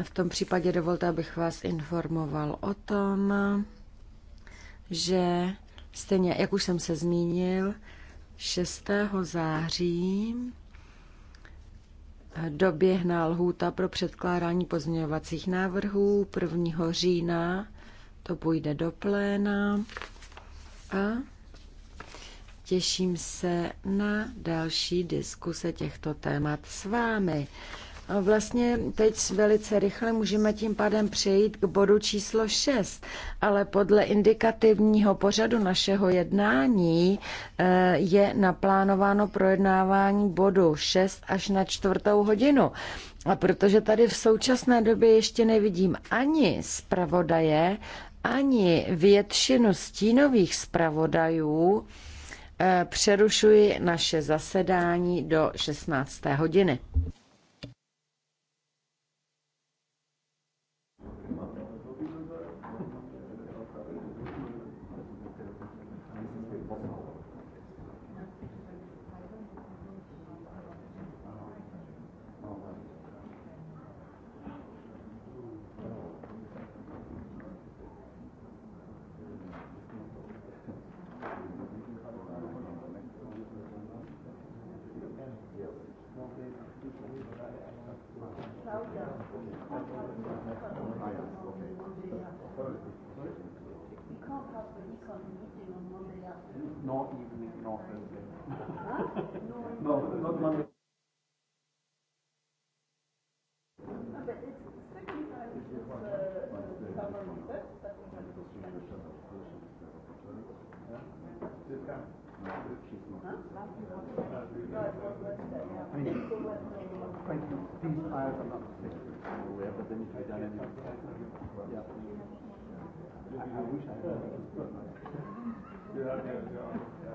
V tom případě dovolte, abych vás informoval o tom, že stejně, jak už jsem se zmínil, 6. září doběhná lhůta pro předkládání pozměňovacích návrhů 1. října to půjde do pléna a Těším se na další diskuse těchto témat s vámi. Vlastně teď velice rychle můžeme tím pádem přejít k bodu číslo 6, ale podle indikativního pořadu našeho jednání eh, je naplánováno projednávání bodu 6 až na čtvrtou hodinu. A protože tady v současné době ještě nevidím ani zpravodaje, ani většinu stínových zpravodajů, Eh, přerušuji naše zasedání do 16. hodiny. Not evening, <laughs> not Thursday. Huh? no, not but then if yeah, yeah. yeah.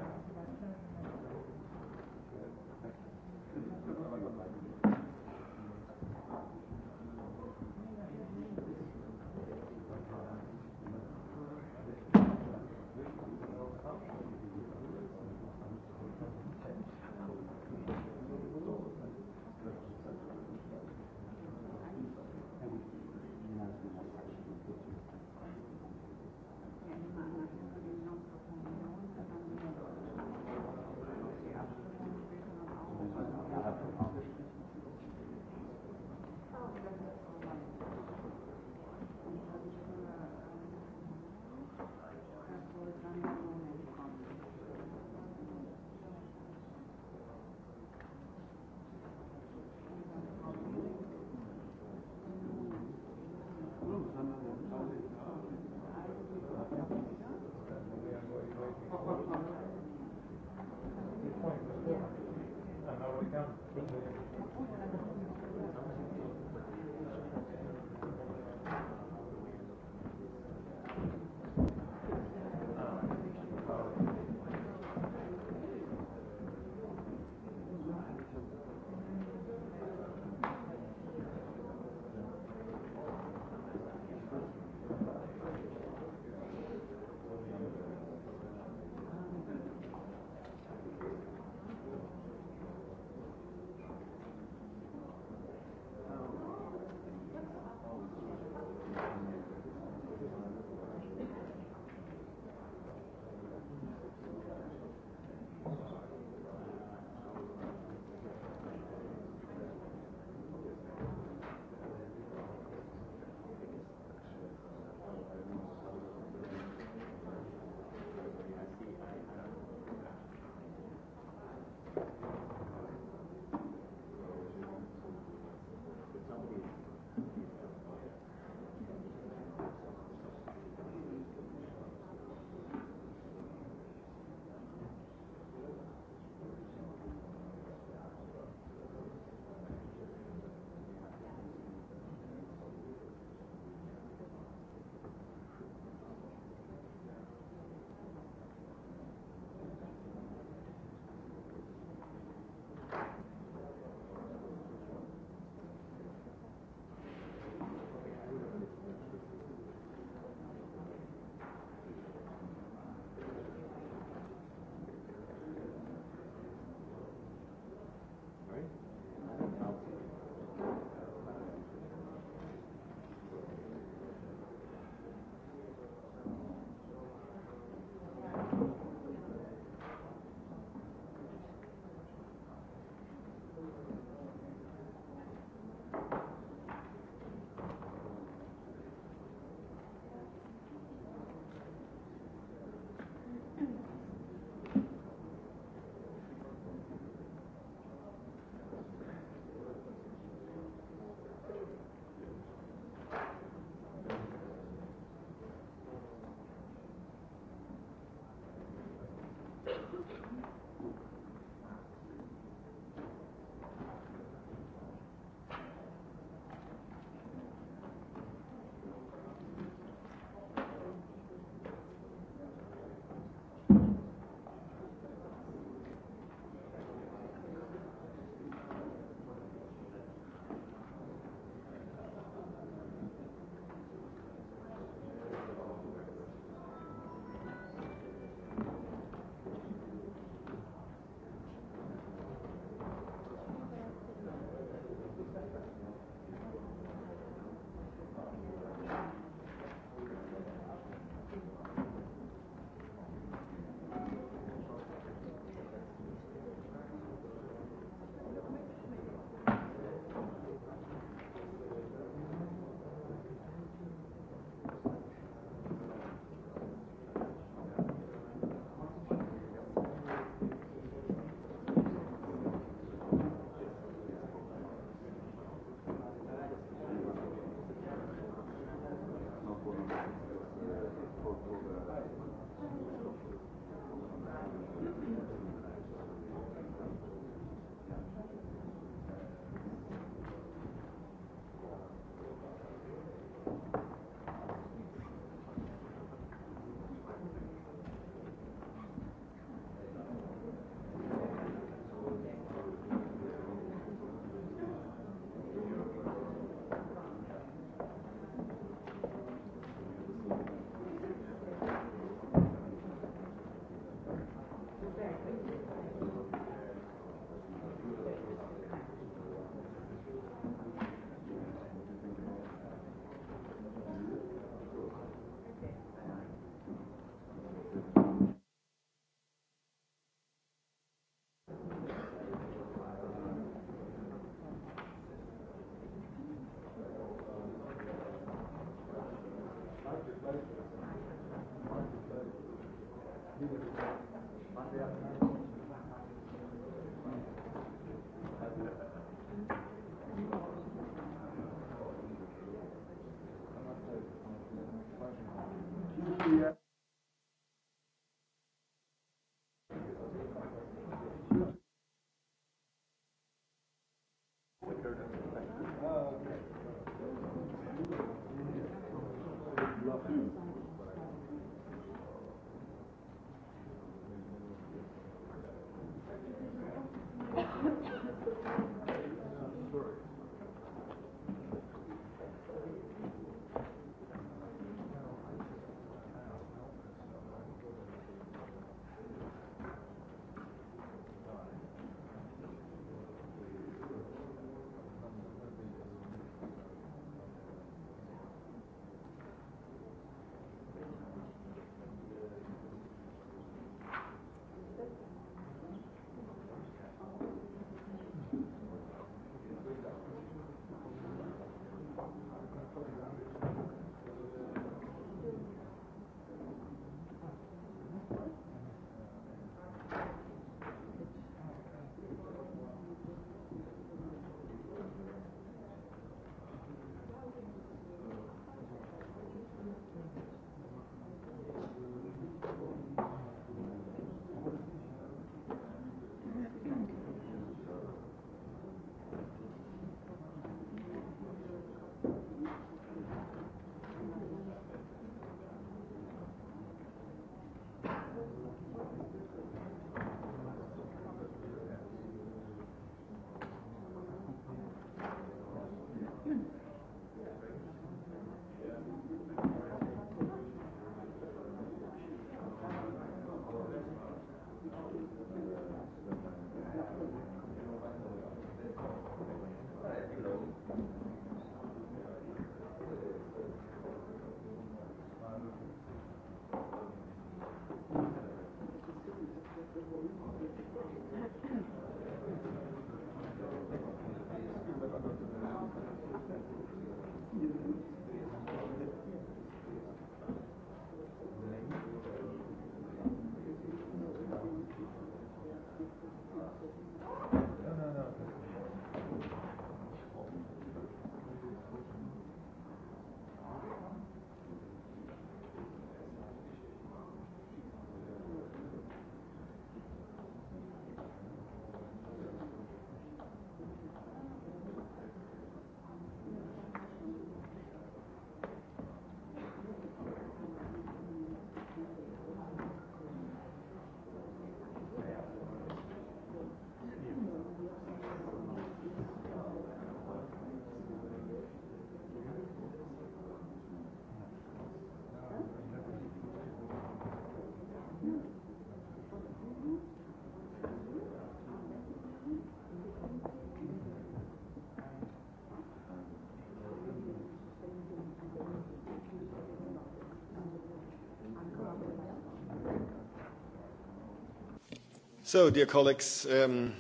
Um,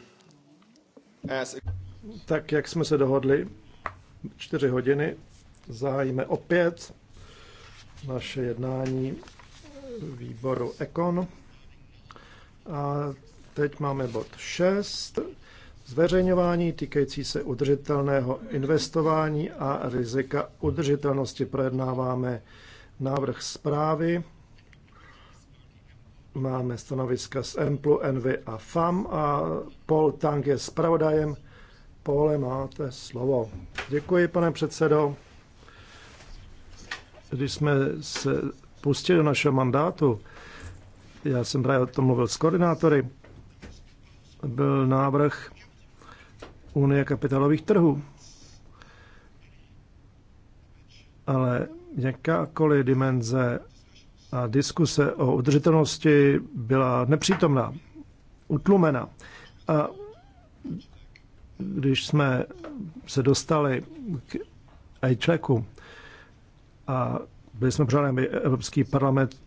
tak, jak jsme se dohodli, čtyři hodiny, zahájíme opět naše jednání výboru Ekon. A teď máme bod 6, zveřejňování týkající se udržitelného investování a rizika udržitelnosti. Projednáváme návrh zprávy máme stanoviska z Emplu, Envy a FAM a Paul Tang je zpravodajem. Pole, máte slovo. Děkuji, pane předsedo. Když jsme se pustili do našeho mandátu, já jsem právě o tom mluvil s koordinátory, byl návrh Unie kapitálových trhů. Ale jakákoliv dimenze a diskuse o udržitelnosti byla nepřítomná, utlumena. A když jsme se dostali k iChecku a byli jsme přáni, aby Evropský parlament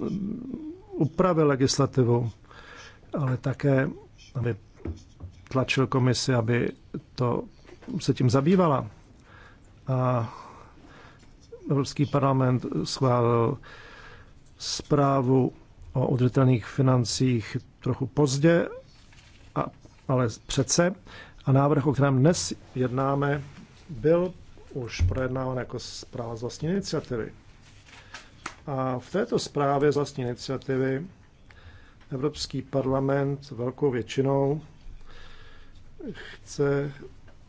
mm, upravil legislativu, ale také, aby tlačil komisi, aby to se tím zabývala. A Evropský parlament schválil zprávu o udržitelných financích trochu pozdě, a, ale přece. A návrh, o kterém dnes jednáme, byl už projednáván jako zpráva z vlastní iniciativy. A v této zprávě z vlastní iniciativy Evropský parlament velkou většinou chce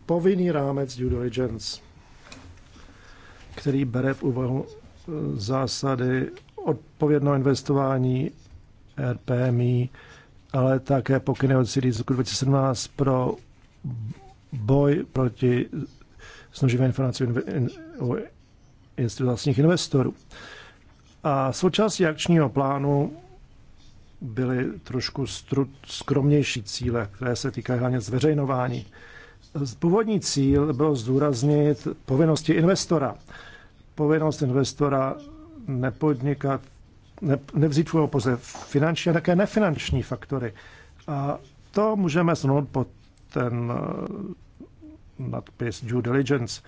povinný rámec due diligence, který bere v úvahu e, zásady odpovědné investování RPMI, ale také pokyny od CD z roku 2017 pro boj proti snoživé informací o institucích investorů. A součástí akčního plánu byly trošku skromnější cíle, které se týkají hlavně zveřejnování. Původní cíl byl zdůraznit povinnosti investora. Povinnost investora nepodnikat, ne, nevzít v poze finanční a také nefinanční faktory. A to můžeme znout pod ten eh, nadpis due diligence.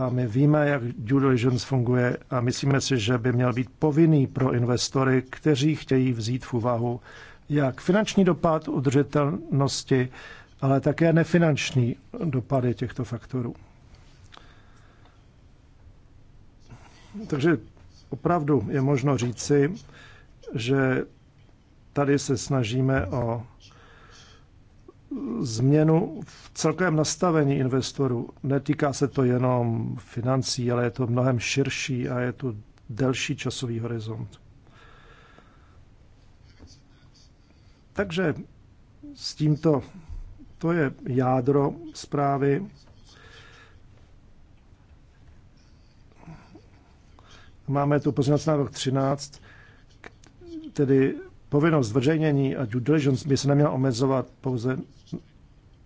A my víme, jak due diligence funguje a myslíme si, že by měl být povinný pro investory, kteří chtějí vzít v úvahu jak finanční dopad udržitelnosti, ale také nefinanční dopady těchto faktorů. Takže opravdu je možno říci, že tady se snažíme o změnu v celkovém nastavení investorů. Netýká se to jenom financí, ale je to mnohem širší a je to delší časový horizont. Takže s tímto to je jádro zprávy. máme tu na návrh 13, tedy povinnost zveřejnění a due diligence by se neměla omezovat pouze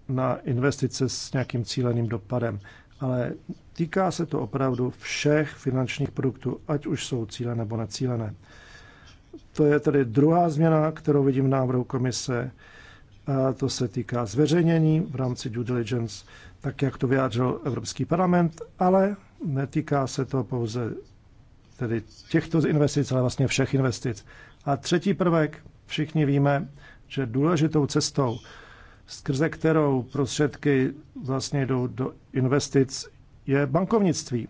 na investice s nějakým cíleným dopadem, ale týká se to opravdu všech finančních produktů, ať už jsou cíle nebo necílené. To je tedy druhá změna, kterou vidím v návrhu komise. A to se týká zveřejnění v rámci due diligence, tak jak to vyjádřil Evropský parlament, ale netýká se to pouze tedy těchto investic, ale vlastně všech investic. A třetí prvek, všichni víme, že důležitou cestou, skrze kterou prostředky vlastně jdou do investic, je bankovnictví.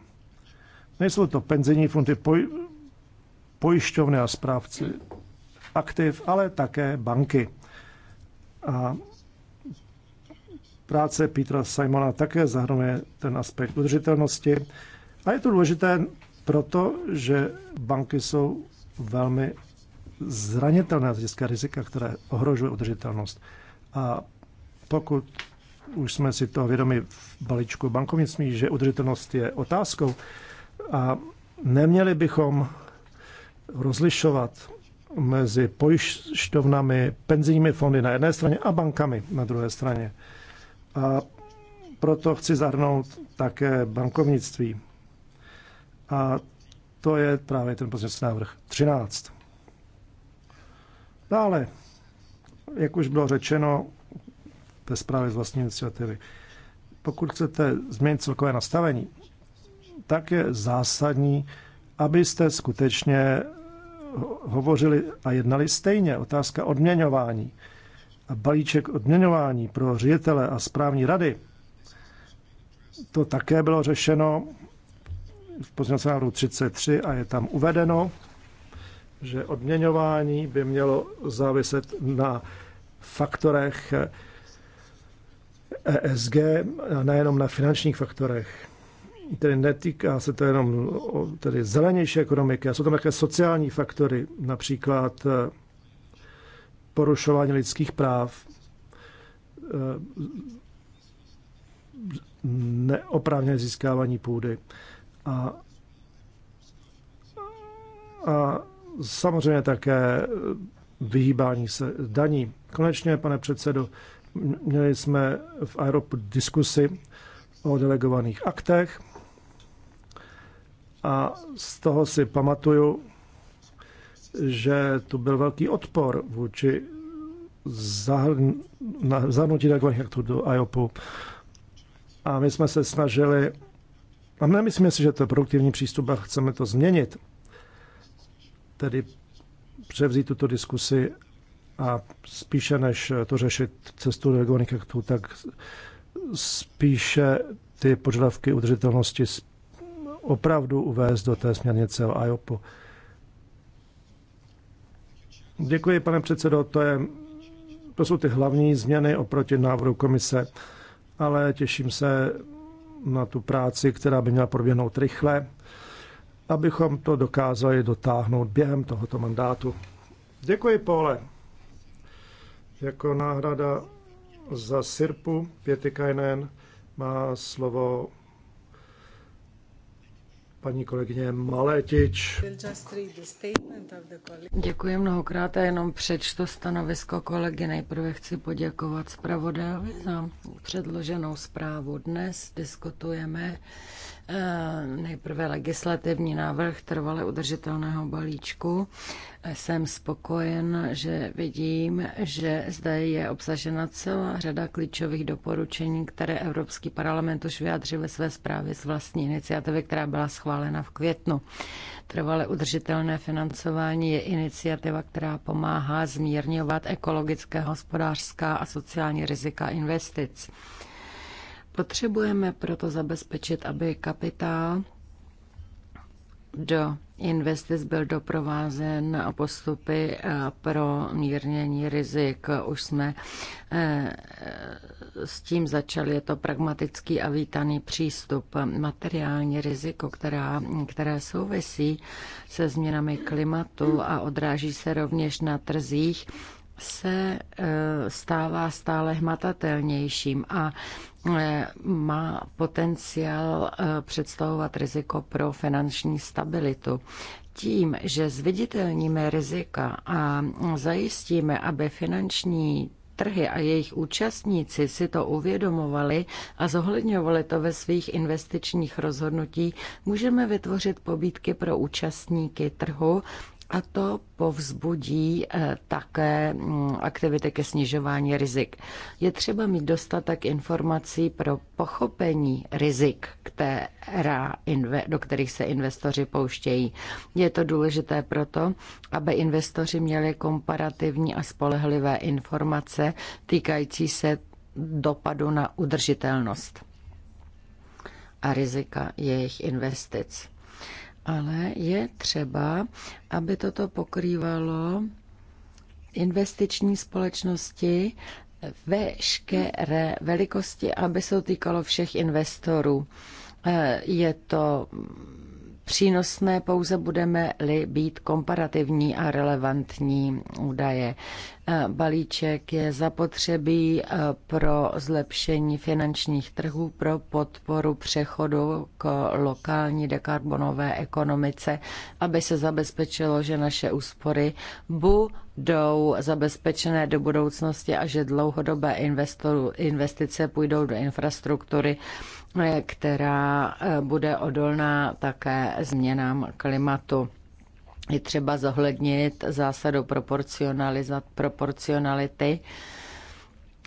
Nejsou to penzijní fundy, poj, pojišťovny a správci aktiv, ale také banky. A práce Petra Simona také zahrnuje ten aspekt udržitelnosti. A je to důležité protože banky jsou velmi zranitelné z hlediska rizika, které ohrožuje udržitelnost. A pokud už jsme si toho vědomi v balíčku bankovnictví, že udržitelnost je otázkou a neměli bychom rozlišovat mezi pojišťovnami, penzijními fondy na jedné straně a bankami na druhé straně. A proto chci zahrnout také bankovnictví a to je právě ten pozměňovací návrh 13. Dále, jak už bylo řečeno ve zprávě z vlastní iniciativy, pokud chcete změnit celkové nastavení, tak je zásadní, abyste skutečně hovořili a jednali stejně. Otázka odměňování a balíček odměňování pro ředitele a správní rady. To také bylo řešeno v pozměňovacím návrhu 33 a je tam uvedeno, že odměňování by mělo záviset na faktorech ESG a nejenom na finančních faktorech. Tedy netýká se to jenom tedy zelenější ekonomiky, a jsou tam také sociální faktory, například eh, porušování lidských práv, eh, neoprávněné získávání půdy. A, a samozřejmě také vyhýbání se daní. Konečně, pane předsedo, měli jsme v Aeropu diskusi o delegovaných aktech a z toho si pamatuju, že tu byl velký odpor vůči zahrnutí delegovaných aktů do IOPu. A my jsme se snažili a nemyslíme si, že to je produktivní přístup a chceme to změnit. Tedy převzít tuto diskusi a spíše než to řešit cestu do regionálních aktů, tak spíše ty požadavky udržitelnosti opravdu uvést do té směrnice o IOPu. Děkuji, pane předsedo, to, je, to jsou ty hlavní změny oproti návrhu komise, ale těším se na tu práci, která by měla proběhnout rychle, abychom to dokázali dotáhnout během tohoto mandátu. Děkuji, Pole. Jako náhrada za Sirpu Pětikajnen má slovo paní kolegyně Maletič. Děkuji mnohokrát a jenom přečtu stanovisko kolegy. Nejprve chci poděkovat zpravodajovi za předloženou zprávu. Dnes diskutujeme Eh, nejprve legislativní návrh trvale udržitelného balíčku. Jsem spokojen, že vidím, že zde je obsažena celá řada klíčových doporučení, které Evropský parlament už vyjádřil ve své zprávě z vlastní iniciativy, která byla schválena v květnu. Trvale udržitelné financování je iniciativa, která pomáhá zmírňovat ekologické, hospodářská a sociální rizika investic. Potřebujeme proto zabezpečit, aby kapitál do investic byl doprovázen postupy eh, pro mírnění rizik. Už jsme eh, s tím začali, je to pragmatický a vítaný přístup. Materiální riziko, která, které souvisí se změnami klimatu a odráží se rovněž na trzích, se eh, stává stále hmatatelnějším a eh, má potenciál eh, představovat riziko pro finanční stabilitu. Tím, že zviditelníme rizika a zajistíme, aby finanční trhy a jejich účastníci si to uvědomovali a zohledňovali to ve svých investičních rozhodnutí, můžeme vytvořit pobídky pro účastníky trhu, a to povzbudí eh, také mm, aktivity ke snižování rizik. Je třeba mít dostatek informací pro pochopení rizik, která, do kterých se investoři pouštějí. Je to důležité proto, aby investoři měli komparativní a spolehlivé informace týkající se dopadu na udržitelnost a rizika jejich investic ale je třeba, aby toto pokrývalo investiční společnosti veškeré velikosti, aby se to týkalo všech investorů. Eh, je to přínosné pouze budeme-li být komparativní a relevantní údaje. Eh, balíček je zapotřebí eh, pro zlepšení finančních trhů, pro podporu přechodu k lokální dekarbonové ekonomice, aby se zabezpečilo, že naše úspory budou zabezpečené do budoucnosti a že dlouhodobé investice půjdou do infrastruktury která eh, bude odolná také změnám klimatu. Je třeba zohlednit zásadu proporcionality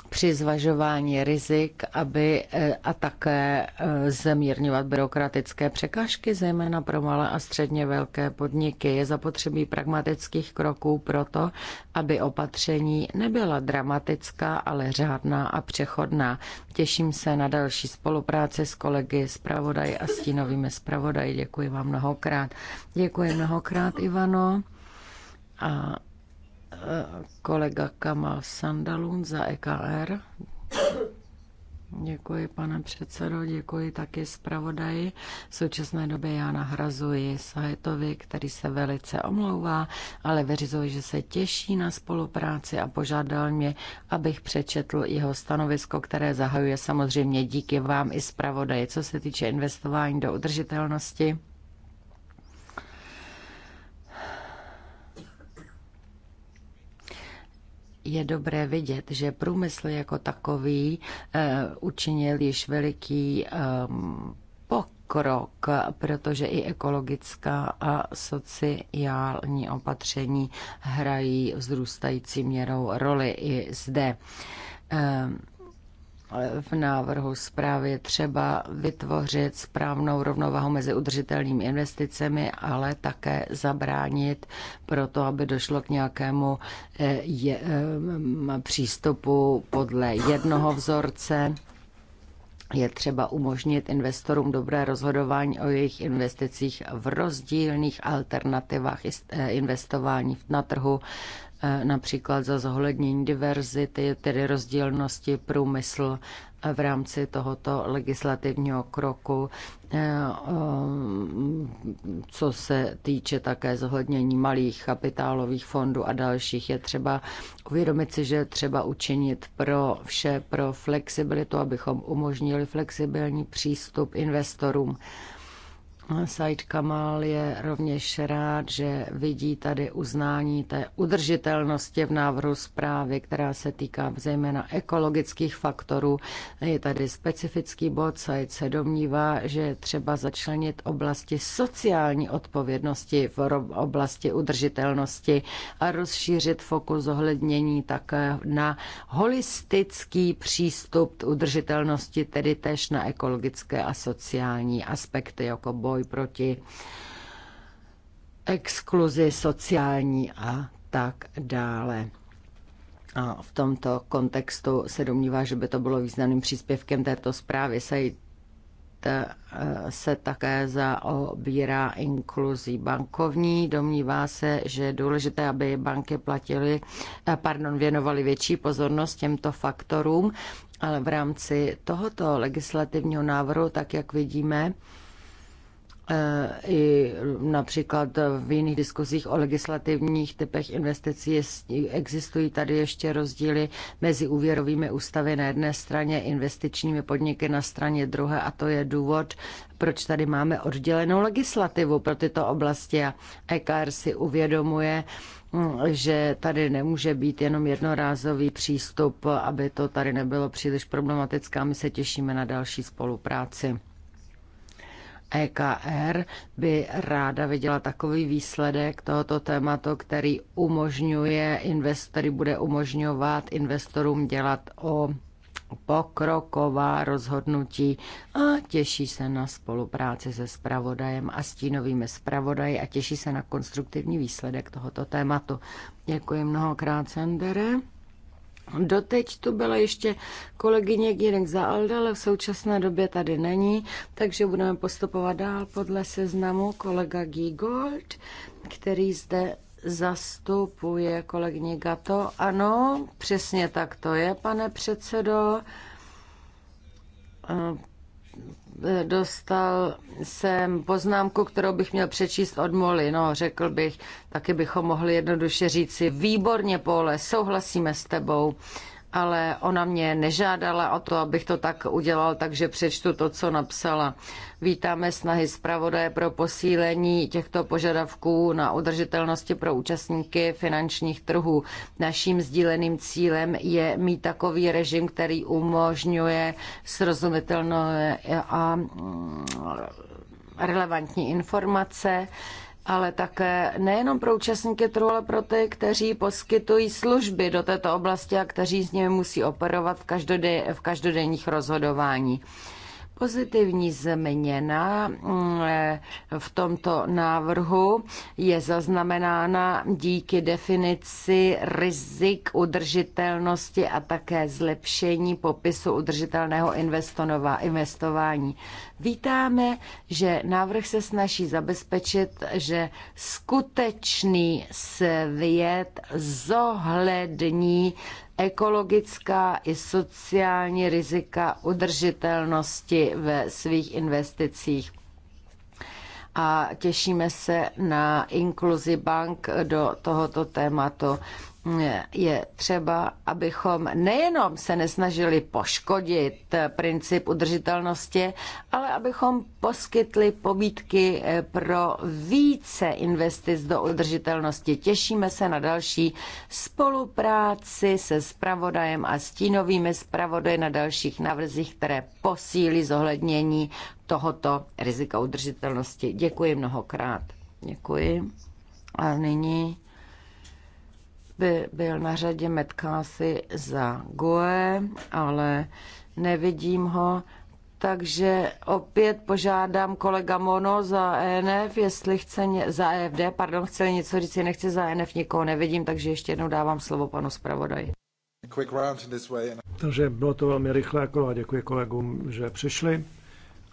při zvažování rizik aby, e, a také e, zemírňovat byrokratické překážky, zejména pro malé a středně velké podniky. Je zapotřebí pragmatických kroků proto, aby opatření nebyla dramatická, ale řádná a přechodná. Těším se na další spolupráci s kolegy zpravodaji a stínovými zpravodaji. Děkuji vám mnohokrát. Děkuji mnohokrát, Ivano. A kolega Kama Sandalun za EKR. Děkuji, pane předsedo, děkuji taky zpravodaji. V současné době já nahrazuji Sajetovi, který se velice omlouvá, ale vyřizuje, že se těší na spolupráci a požádal mě, abych přečetl jeho stanovisko, které zahajuje samozřejmě díky vám i zpravodaji, co se týče investování do udržitelnosti je dobré vidět, že průmysl jako takový eh, učinil již veliký eh, pokrok, protože i ekologická a sociální opatření hrají vzrůstající měrou roli i zde. Eh, v návrhu zprávy je třeba vytvořit správnou rovnováhu mezi udržitelnými investicemi, ale také zabránit pro to, aby došlo k nějakému eh, je, eh, přístupu podle jednoho vzorce. Je třeba umožnit investorům dobré rozhodování o jejich investicích v rozdílných alternativách eh, investování na trhu E, například za zohlednění diverzity, tedy rozdílnosti průmysl e, v rámci tohoto legislativního kroku, e, co se týče také zohlednění malých kapitálových fondů a dalších, je třeba uvědomit si, že je třeba učinit pro vše, pro flexibilitu, abychom umožnili flexibilní přístup investorům Said Kamal je rovněž rád, že vidí tady uznání té udržitelnosti v návrhu zprávy, která se týká zejména ekologických faktorů. Je tady specifický bod, Said se domnívá, že je třeba začlenit oblasti sociální odpovědnosti v oblasti udržitelnosti a rozšířit fokus ohlednění také na holistický přístup k udržitelnosti, tedy též na ekologické a sociální aspekty jako boj boj proti exkluzi sociální a tak dále. A v tomto kontextu se domnívá, že by to bylo významným příspěvkem této zprávy. Se eh, se také zaobírá inkluzí bankovní. Domnívá se, že je důležité, aby banky platili, eh, pardon, věnovali větší pozornost těmto faktorům, ale v rámci tohoto legislativního návrhu, tak jak vidíme, Eh, i například v jiných diskuzích o legislativních typech investicí existují tady ještě rozdíly mezi úvěrovými ústavy na jedné straně, investičními podniky na straně druhé a to je důvod, proč tady máme oddělenou legislativu pro tyto oblasti a EKR si uvědomuje, hm, že tady nemůže být jenom jednorázový přístup, aby to tady nebylo příliš problematické. My se těšíme na další spolupráci. EKR by ráda viděla takový výsledek tohoto tématu, který umožňuje investory, bude umožňovat investorům dělat o pokroková rozhodnutí a těší se na spolupráci se spravodajem a stínovými spravodaji a těší se na konstruktivní výsledek tohoto tématu. Děkuji mnohokrát, Sandere. Doteď tu byla ještě kolegyně Gírek za Alda, ale v současné době tady není, takže budeme postupovat dál podle seznamu kolega Gigold, který zde zastupuje kolegyně Gato. Ano, přesně tak to je, pane předsedo dostal jsem poznámku, kterou bych měl přečíst od Moli. No, řekl bych, taky bychom mohli jednoduše říci, výborně, Pole, souhlasíme s tebou ale ona mě nežádala o to, abych to tak udělal, takže přečtu to, co napsala. Vítáme snahy zpravodaje pro posílení těchto požadavků na udržitelnosti pro účastníky finančních trhů. Naším sdíleným cílem je mít takový režim, který umožňuje srozumitelné a mm, relevantní informace, ale také nejenom pro účastníky trhu, ale pro ty, kteří poskytují služby do této oblasti a kteří s nimi musí operovat v, v každodenních rozhodování. Pozitivní změna mm, eh, v tomto návrhu je zaznamenána díky definici rizik udržitelnosti a také zlepšení popisu udržitelného investování. Vítáme, že návrh se snaží zabezpečit, že skutečný svět zohlední ekologická i sociální rizika udržitelnosti ve svých investicích. A těšíme se na inkluzi bank do tohoto tématu je třeba, abychom nejenom se nesnažili poškodit princip udržitelnosti, ale abychom poskytli pobídky eh, pro více investic do udržitelnosti. Těšíme se na další spolupráci se spravodajem a stínovými spravodaji na dalších návrzích, které posílí zohlednění tohoto rizika udržitelnosti. Děkuji mnohokrát. Děkuji. A nyní by byl na řadě Metkásy za Goe, ale nevidím ho, takže opět požádám kolega Mono za ENF, jestli chce ně, za EFD, pardon, chce něco říct, nechce za ENF, nikoho nevidím, takže ještě jednou dávám slovo panu zpravodaji. Takže bylo to velmi rychlé kolo jako, a děkuji kolegům, že přišli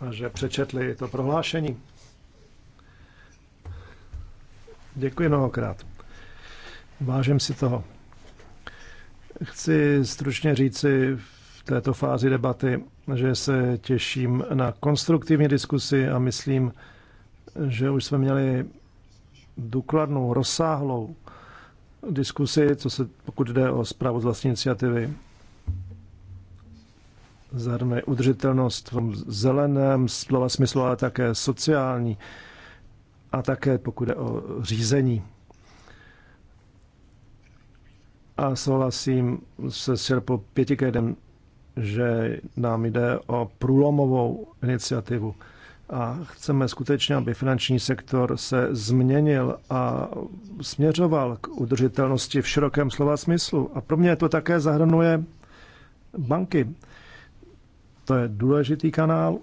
a že přečetli to prohlášení. Děkuji mnohokrát. Vážím si toho. Chci stručně říci v této fázi debaty, že se těším na konstruktivní diskusi a myslím, že už jsme měli důkladnou, rozsáhlou diskusi, co se, pokud jde o zprávu z vlastní iniciativy. Zahrnuje udržitelnost v zeleném slova smyslu, ale také sociální a také pokud jde o řízení. A souhlasím se Sirpo Pětikedem, že nám jde o průlomovou iniciativu a chceme skutečně, aby finanční sektor se změnil a směřoval k udržitelnosti v širokém slova smyslu. A pro mě to také zahrnuje banky. To je důležitý kanál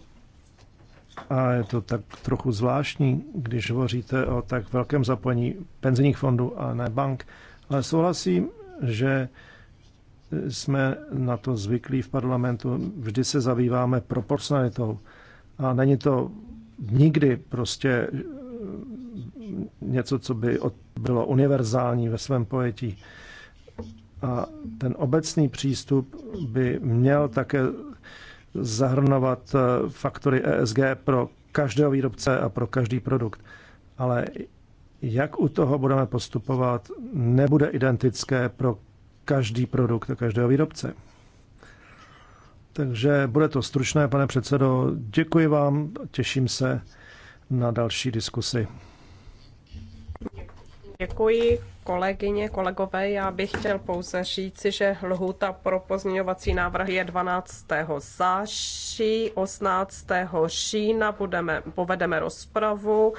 a je to tak trochu zvláštní, když hovoříte o tak velkém zapojení penzijních fondů a ne bank. Ale souhlasím, že jsme na to zvyklí v parlamentu, vždy se zabýváme proporcionalitou. A není to nikdy prostě něco, co by bylo univerzální ve svém pojetí. A ten obecný přístup by měl také zahrnovat eh, faktory ESG pro každého výrobce a pro každý produkt. Ale jak u toho budeme postupovat, nebude identické pro každý produkt a každého výrobce. Takže bude to stručné, pane předsedo. Děkuji vám, těším se na další diskusy. Děkuji, kolegyně, kolegové. Já bych chtěl pouze říci, že lhůta pro pozměňovací návrh je 12. září, 18. října budeme, povedeme rozpravu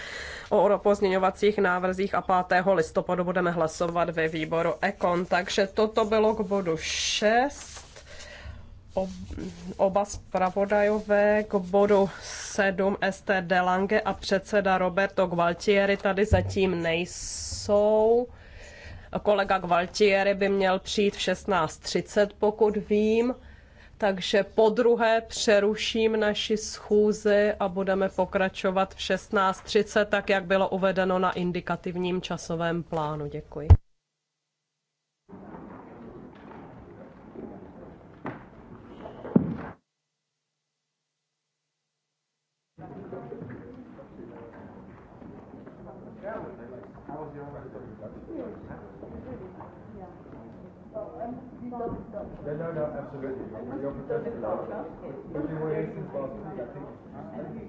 o pozměňovacích návrzích a 5. listopadu budeme hlasovat ve výboru EKON. Takže toto bylo k bodu 6 oba zpravodajové k bodu 7 ST Delange a předseda Roberto Gualtieri tady zatím nejsou jsou. Kolega Gvaltieri by měl přijít v 16.30, pokud vím. Takže po druhé přeruším naši schůzi a budeme pokračovat v 16.30, tak jak bylo uvedeno na indikativním časovém plánu. Děkuji. No, no, no, absolutely. You're protesting. But you were racist last week, I think.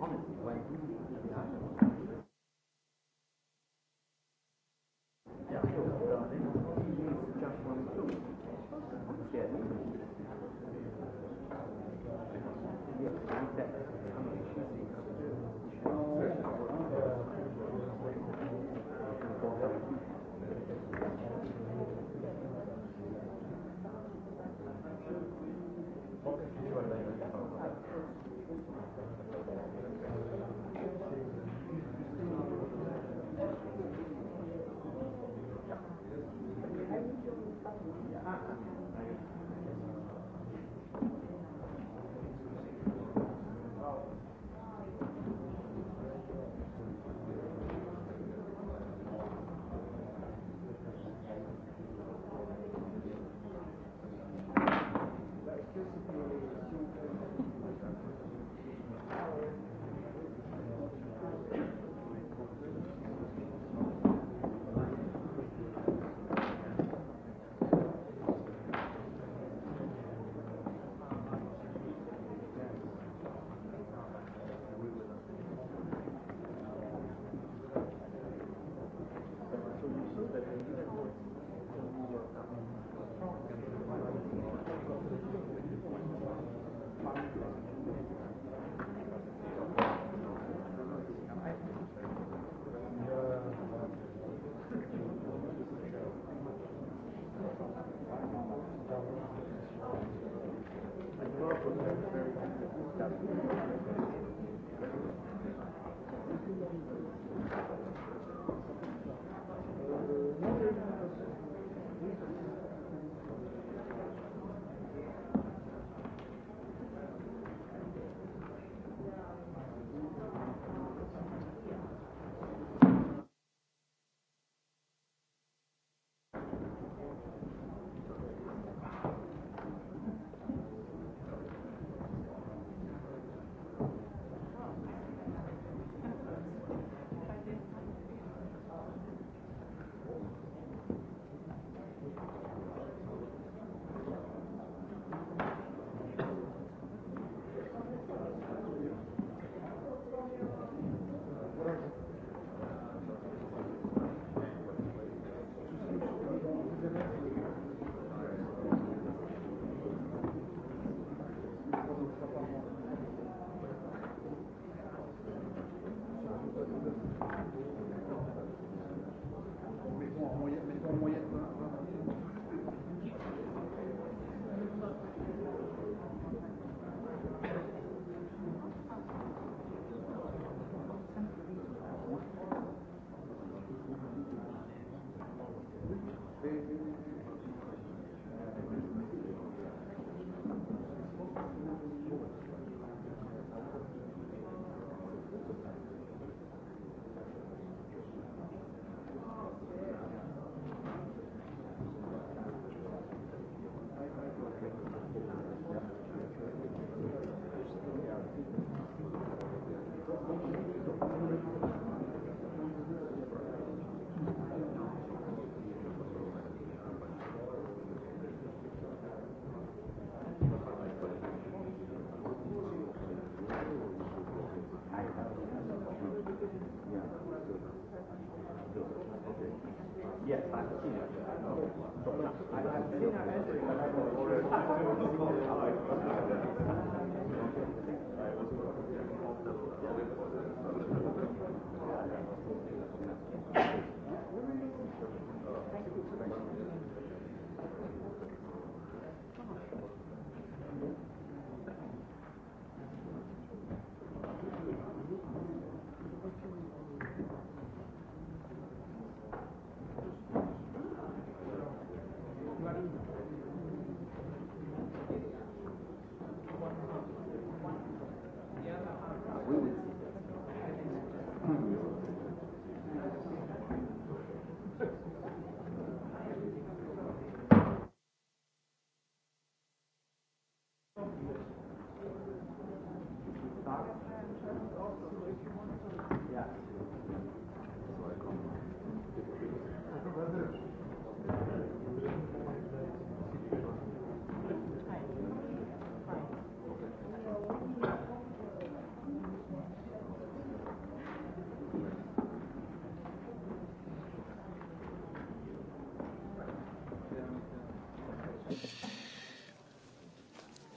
honestly, when Thank you.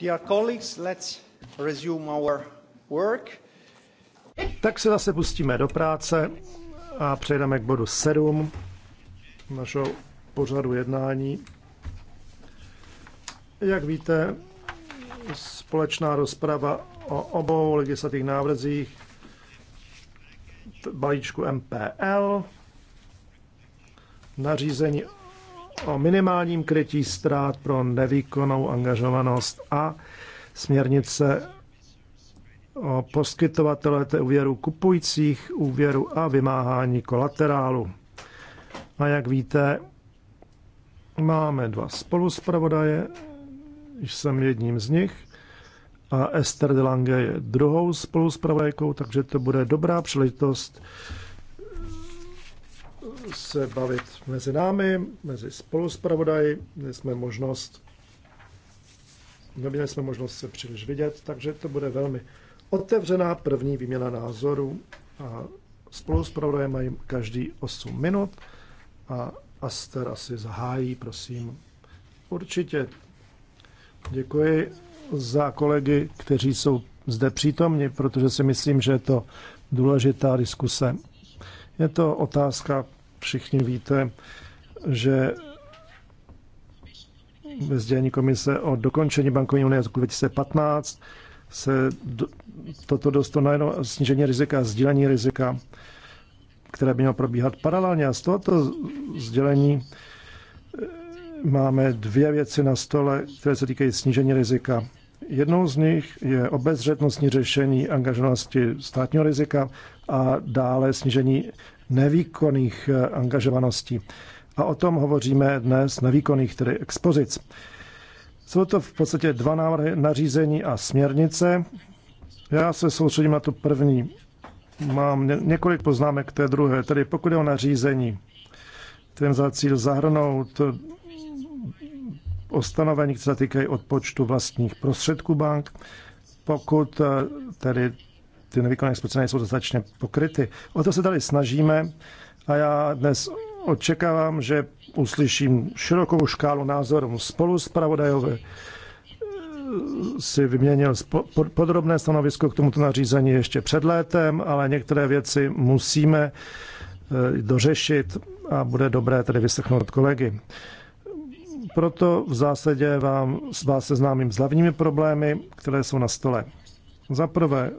Dear colleagues, let's resume our work. Tak se zase pustíme do práce a přejdeme k bodu 7 našeho pořadu jednání. Jak víte, společná rozprava o obou legislativních návrzích balíčku MPL, nařízení o minimálním krytí ztrát pro nevýkonnou angažovanost a směrnice o poskytovatele té úvěru kupujících úvěru a vymáhání kolaterálu. A jak víte, máme dva spoluspravodaje, jsem jedním z nich, a Esther de Lange je druhou spoluspravodajkou, takže to bude dobrá příležitost se bavit mezi námi, mezi spoluspravodaji. Měli jsme možnost, neměli jsme možnost se příliš vidět, takže to bude velmi otevřená první výměna názorů. A spoluspravodaje mají každý 8 minut a Aster asi zahájí, prosím. Určitě. Děkuji za kolegy, kteří jsou zde přítomni, protože si myslím, že je to důležitá diskuse. Je to otázka všichni víte, že ve sdělení komise o dokončení bankovní unie z 2015 se do, toto dostalo na jedno snížení rizika, sdílení rizika, které by mělo probíhat paralelně. A z tohoto sdělení eh, máme dvě věci na stole, které se týkají snížení rizika. Jednou z nich je obezřetnostní řešení angažovanosti státního rizika a dále snížení nevýkonných eh, angažovaností. A o tom hovoříme dnes, nevýkonných tedy expozic. Jsou to v podstatě dva návrhy nařízení a směrnice. Já se soustředím na tu první. Mám několik poznámek k té druhé. Tedy pokud je o nařízení, ten za cíl zahrnout eh, ustanovení, které týkají odpočtu vlastních prostředků bank, pokud eh, tedy ty nevykonané expozice nejsou dostatečně pokryty. O to se tady snažíme a já dnes očekávám, že uslyším širokou škálu názorů spolu s pravodajové eh, si vyměnil podrobné stanovisko k tomuto nařízení ještě před létem, ale některé věci musíme eh, dořešit a bude dobré tedy vyslechnout kolegy. Proto v zásadě vám, vás seznámím s hlavními problémy, které jsou na stole. Za prvé,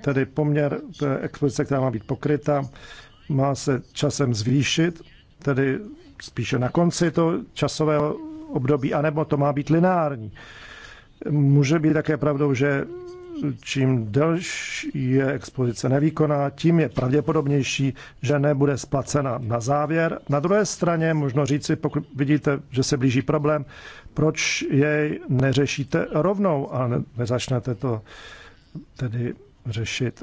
tedy poměr té expozice, která má být pokryta, má se časem zvýšit, tedy spíše na konci to časového období, anebo to má být lineární. Může být také pravdou, že čím delší je expozice nevýkonná, tím je pravděpodobnější, že nebude splacena na závěr. Na druhé straně možno říci, pokud vidíte, že se blíží problém, proč jej neřešíte rovnou a nezačnete to tedy řešit.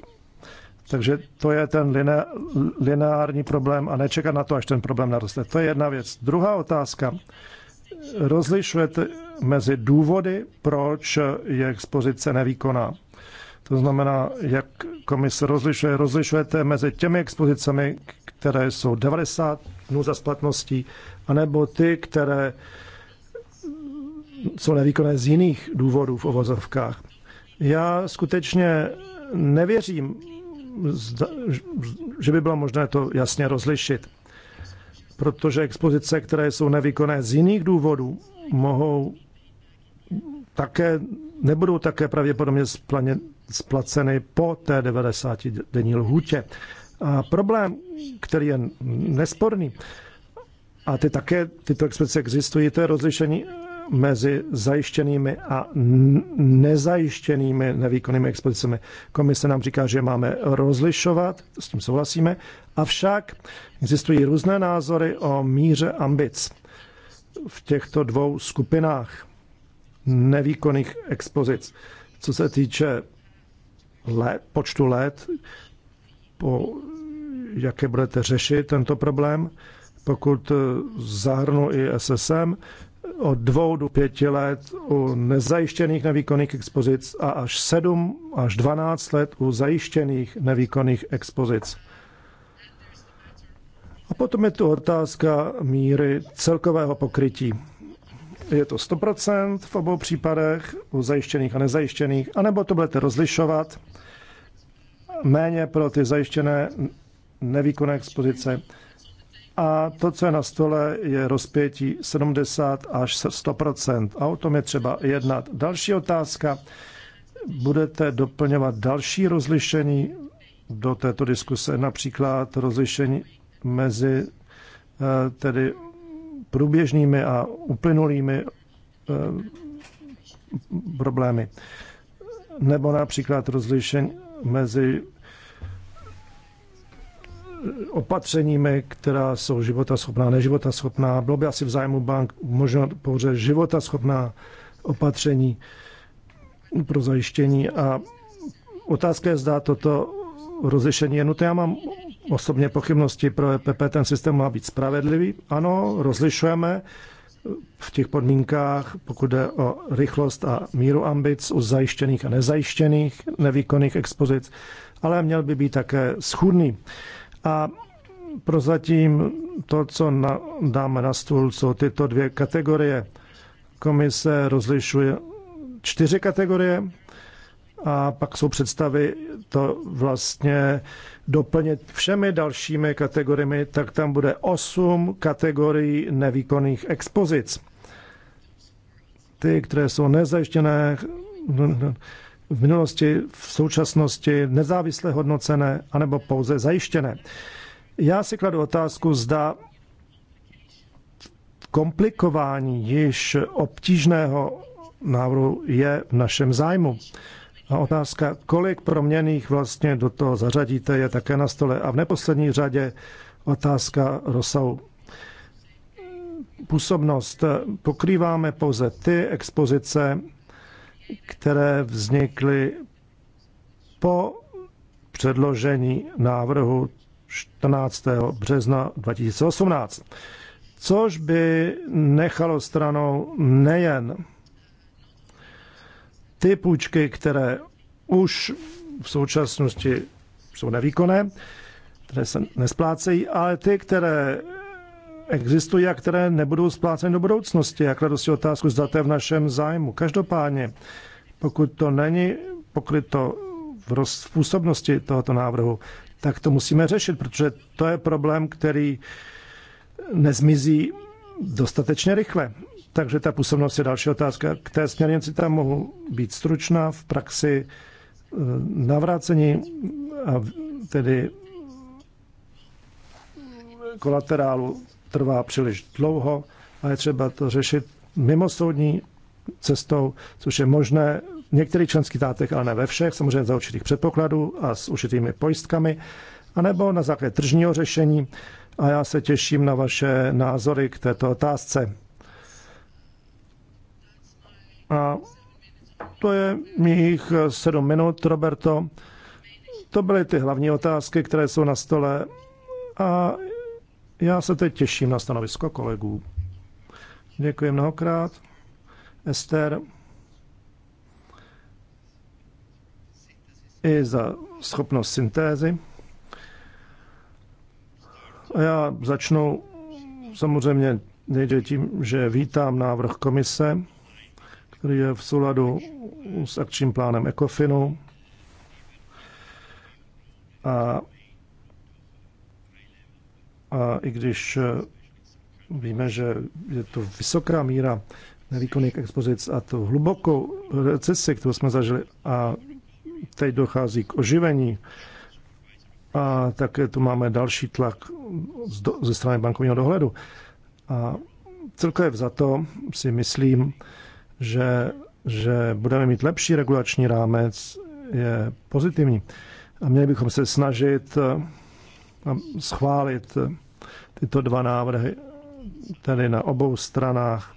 Takže to je ten lineární problém a nečekat na to, až ten problém naroste. To je jedna věc. Druhá otázka. Rozlišujete mezi důvody, proč je expozice nevýkonná. To znamená, jak komise rozlišuje, rozlišujete mezi těmi expozicemi, které jsou 90 dnů za splatností, anebo ty, které jsou nevýkonné z jiných důvodů v ovozovkách. Já skutečně nevěřím, že by bylo možné to jasně rozlišit, protože expozice, které jsou nevýkonné z jiných důvodů, mohou také, nebudou také pravděpodobně splaně, splaceny po té 90-denní lhůtě. A problém, který je nesporný, a ty také, tyto expozice existují, to je rozlišení mezi zajištěnými a nezajištěnými nevýkonnými expozicemi. Komise nám říká, že máme rozlišovat, s tím souhlasíme, avšak existují různé názory o míře ambic v těchto dvou skupinách nevýkonných expozic. Co se týče let, počtu let, po jaké budete řešit tento problém, pokud eh, zahrnu i SSM, od dvou do pěti let u nezajištěných nevýkonných expozic a až sedm až dvanáct let u zajištěných nevýkonných expozic. A potom je tu otázka míry celkového pokrytí. Je to 100% v obou případech, u zajištěných a nezajištěných, anebo to budete rozlišovat méně pro ty zajištěné nevýkonné expozice a to, co je na stole, je rozpětí 70 až 100 A o tom je třeba jednat. Další otázka. Budete doplňovat další rozlišení do této diskuse, například rozlišení mezi eh, tedy průběžnými a uplynulými eh, problémy. Nebo například rozlišení mezi opatřeními, která jsou životaschopná, neživotaschopná. Bylo by asi v zájmu bank možná pouze životaschopná opatření pro zajištění a otázka je, zda toto rozlišení je nutné. Já mám osobně pochybnosti pro EPP, ten systém má být spravedlivý. Ano, rozlišujeme v těch podmínkách, pokud jde o rychlost a míru ambic u zajištěných a nezajištěných nevýkonných expozic, ale měl by být také schůdný. A prozatím to, co na, dáme na stůl, jsou tyto dvě kategorie. Komise rozlišuje čtyři kategorie a pak jsou představy to vlastně doplnit všemi dalšími kategoriemi, tak tam bude osm kategorií nevýkonných expozic. Ty, které jsou nezajištěné, v minulosti, v současnosti nezávisle hodnocené anebo pouze zajištěné. Já si kladu otázku, zda komplikování již obtížného návrhu je v našem zájmu. A otázka, kolik proměných vlastně do toho zařadíte, je také na stole. A v neposlední řadě otázka rozsahu. Působnost pokrýváme pouze ty expozice, které vznikly po předložení návrhu 14. března 2018, což by nechalo stranou nejen ty půjčky, které už v současnosti jsou nevýkonné, které se nesplácejí, ale ty, které existují a které nebudou spláceny do budoucnosti. Jak si otázku zda to je v našem zájmu. Každopádně, pokud to není pokryto v, v působnosti tohoto návrhu, tak to musíme řešit, protože to je problém, který nezmizí dostatečně rychle. Takže ta působnost je další otázka. K té směrnici tam mohou být stručná v praxi eh, navrácení a tedy kolaterálu trvá příliš dlouho a je třeba to řešit mimosoudní cestou, což je možné v některých členských státech, ale ne ve všech, samozřejmě za určitých předpokladů a s určitými pojistkami, anebo na základě tržního řešení. A já se těším na vaše názory k této otázce. A to je mých sedm minut, Roberto. To byly ty hlavní otázky, které jsou na stole. A já se teď těším na stanovisko kolegů. Děkuji mnohokrát. Ester, i za schopnost syntézy. A já začnu samozřejmě nejdřív tím, že vítám návrh komise, který je v souladu s akčním plánem ECOFINu a a i když eh, víme, že je to vysoká míra nevýkonných expozic a to hlubokou recesi, kterou jsme zažili a teď dochází k oživení a také tu máme další tlak ze strany bankovního dohledu. A celkově za to si myslím, že, že budeme mít lepší regulační rámec, je pozitivní. A měli bychom se snažit eh, schválit eh, tyto dva návrhy, tedy na obou stranách,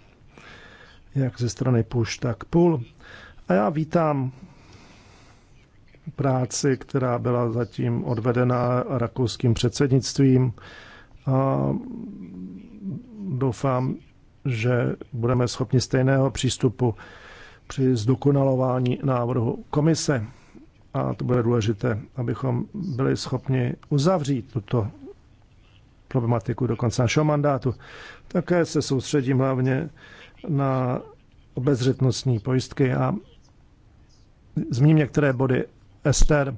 jak ze strany push, tak pull. A já vítám práci, která byla zatím odvedena rakouským předsednictvím. A doufám, že budeme schopni stejného přístupu při zdokonalování návrhu komise a to bude důležité, abychom byli schopni uzavřít tuto problematiku do konce našeho mandátu. Také se soustředím hlavně na obezřetnostní pojistky a zmíním některé body. Ester,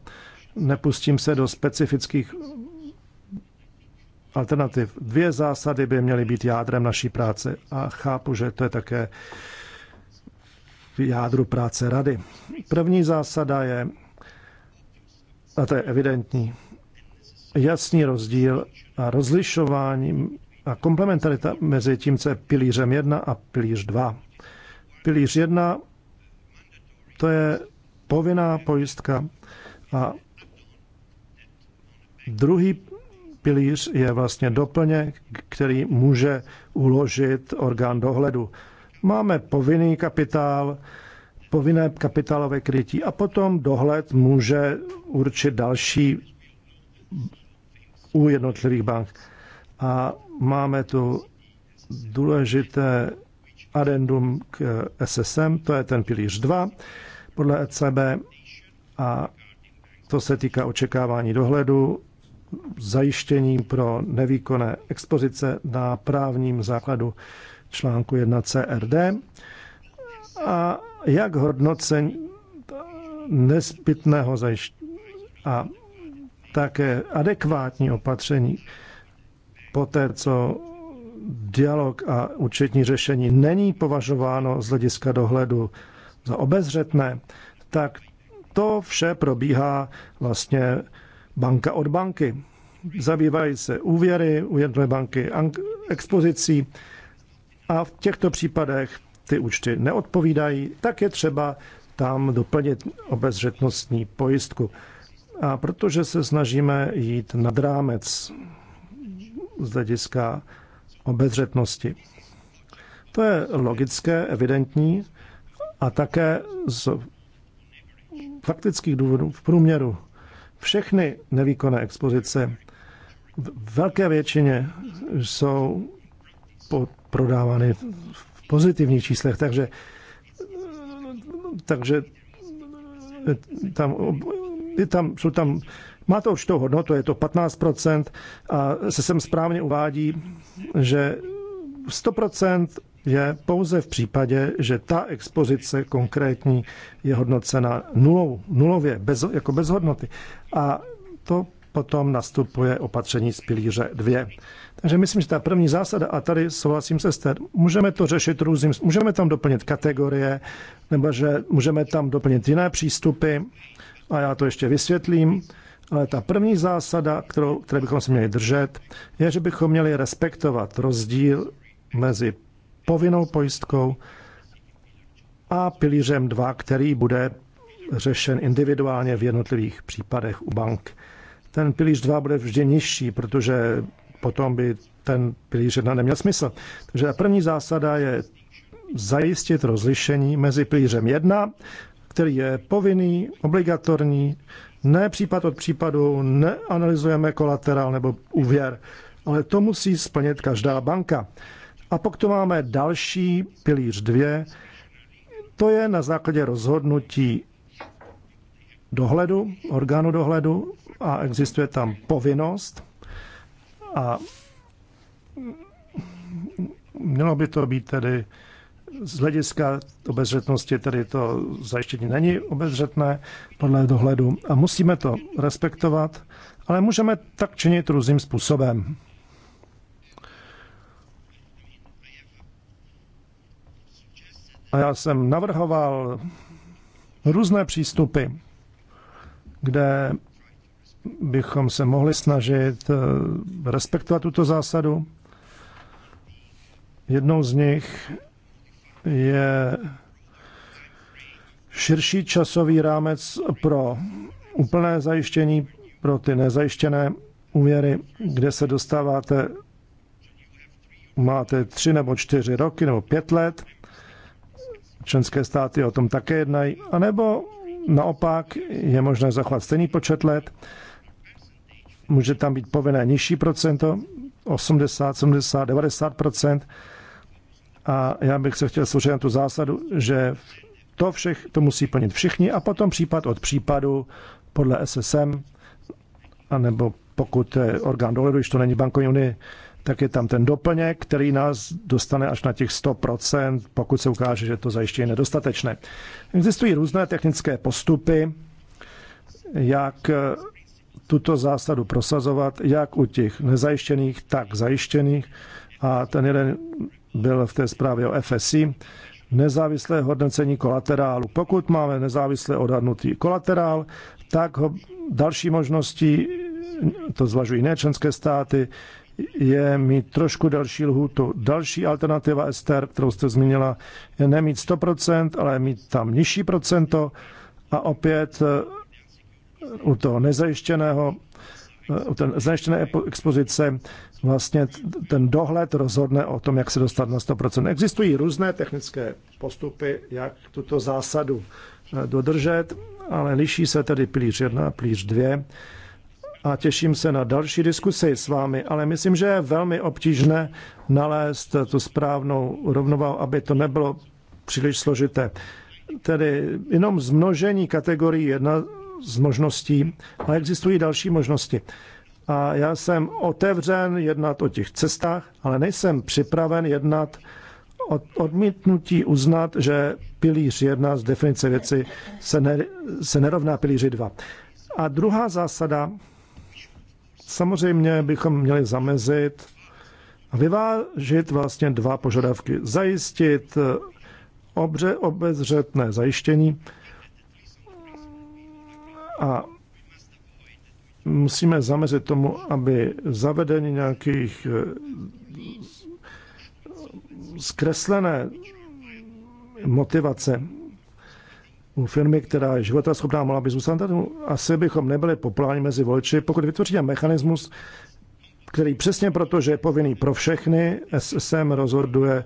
nepustím se do specifických alternativ. Dvě zásady by měly být jádrem naší práce a chápu, že to je také v jádru práce rady. První zásada je a to je evidentní, jasný rozdíl a rozlišování a komplementarita mezi tím, co je pilířem 1 a pilíř 2. Pilíř 1 to je povinná pojistka a druhý pilíř je vlastně doplněk, který může uložit orgán dohledu. Máme povinný kapitál, povinné kapitálové krytí a potom dohled může určit další u jednotlivých bank. A máme tu důležité adendum k SSM, to je ten pilíř 2 podle ECB a to se týká očekávání dohledu, zajištění pro nevýkonné expozice na právním základu článku 1 CRD a jak hodnocení nezbytného zajištění a také adekvátní opatření po té, co dialog a účetní řešení není považováno z hlediska dohledu za obezřetné, tak to vše probíhá vlastně banka od banky. Zabývají se úvěry u jedné banky, expozicí a v těchto případech ty účty neodpovídají, tak je třeba tam doplnit obezřetnostní pojistku. A protože se snažíme jít nad rámec z hlediska obezřetnosti. To je logické, evidentní a také z faktických důvodů v průměru všechny nevýkonné expozice v velké většině jsou prodávány v pozitivních číslech, takže, takže tam, tam, jsou tam, má to určitou hodnotu, je to 15% a se sem správně uvádí, že 100% je pouze v případě, že ta expozice konkrétní je hodnocena nulou, nulově, bez, jako bez hodnoty. A to potom nastupuje opatření z pilíře 2. Takže myslím, že ta první zásada, a tady souhlasím se s tím, můžeme to řešit různým, můžeme tam doplnit kategorie, nebo že můžeme tam doplnit jiné přístupy, a já to ještě vysvětlím, ale ta první zásada, kterou, které bychom se měli držet, je, že bychom měli respektovat rozdíl mezi povinnou pojistkou a pilířem 2, který bude řešen individuálně v jednotlivých případech u bank ten pilíř 2 bude vždy nižší, protože potom by ten pilíř 1 neměl smysl. Takže ta první zásada je zajistit rozlišení mezi pilířem 1, který je povinný, obligatorní, ne případ od případu, neanalyzujeme kolaterál nebo úvěr, ale to musí splnit každá banka. A pokud to máme další pilíř 2, to je na základě rozhodnutí dohledu, orgánu dohledu, a existuje tam povinnost a mělo by to být tedy z hlediska obezřetnosti, tedy to zajištění není obezřetné podle dohledu a musíme to respektovat, ale můžeme tak činit různým způsobem. A já jsem navrhoval různé přístupy, kde bychom se mohli snažit eh, respektovat tuto zásadu. Jednou z nich je širší časový rámec pro úplné zajištění pro ty nezajištěné úvěry, kde se dostáváte, máte tři nebo čtyři roky nebo pět let, členské státy o tom také jednají, anebo naopak je možné zachovat stejný počet let může tam být povinné nižší procento, 80, 70, 90 A já bych se chtěl složit na tu zásadu, že to, všech, to musí plnit všichni a potom případ od případu podle SSM, anebo pokud je orgán dohledu, když to není bankovní unie, tak je tam ten doplněk, který nás dostane až na těch 100%, pokud se ukáže, že to zajištění je nedostatečné. Existují různé technické postupy, jak tuto zásadu prosazovat, jak u těch nezajištěných, tak zajištěných. A ten jeden byl v té zprávě o FSI, nezávislé hodnocení kolaterálu. Pokud máme nezávisle odhadnutý kolaterál, tak ho další možností, to zvažují jiné členské státy, je mít trošku delší lhůtu. Další alternativa Ester, kterou jste zmínila, je nemít 100%, ale mít tam nižší procento a opět u toho nezajištěného ten zajištěné expozice vlastně ten dohled rozhodne o tom, jak se dostat na 100%. Existují různé technické postupy, jak tuto zásadu eh, dodržet, ale liší se tedy plíř 1 a dvě. 2 a těším se na další diskusy s vámi, ale myslím, že je velmi obtížné nalézt tu správnou rovnováhu, aby to nebylo příliš složité. Tedy jenom zmnožení kategorií 1 z možností ale existují další možnosti. A já jsem otevřen jednat o těch cestách, ale nejsem připraven jednat od odmítnutí uznat, že pilíř jedna z definice věci se, ne, se nerovná pilíři dva. A druhá zásada, samozřejmě bychom měli zamezit a vyvážit vlastně dva požadavky. Zajistit eh, obře, obezřetné zajištění a musíme zamezit tomu, aby zavedení nějakých eh, zkreslené motivace u firmy, která je životaschopná, mohla by zůstat, asi bychom nebyli populární mezi voliči, pokud vytvoříme mechanismus, který přesně proto, že je povinný pro všechny, SSM rozhoduje,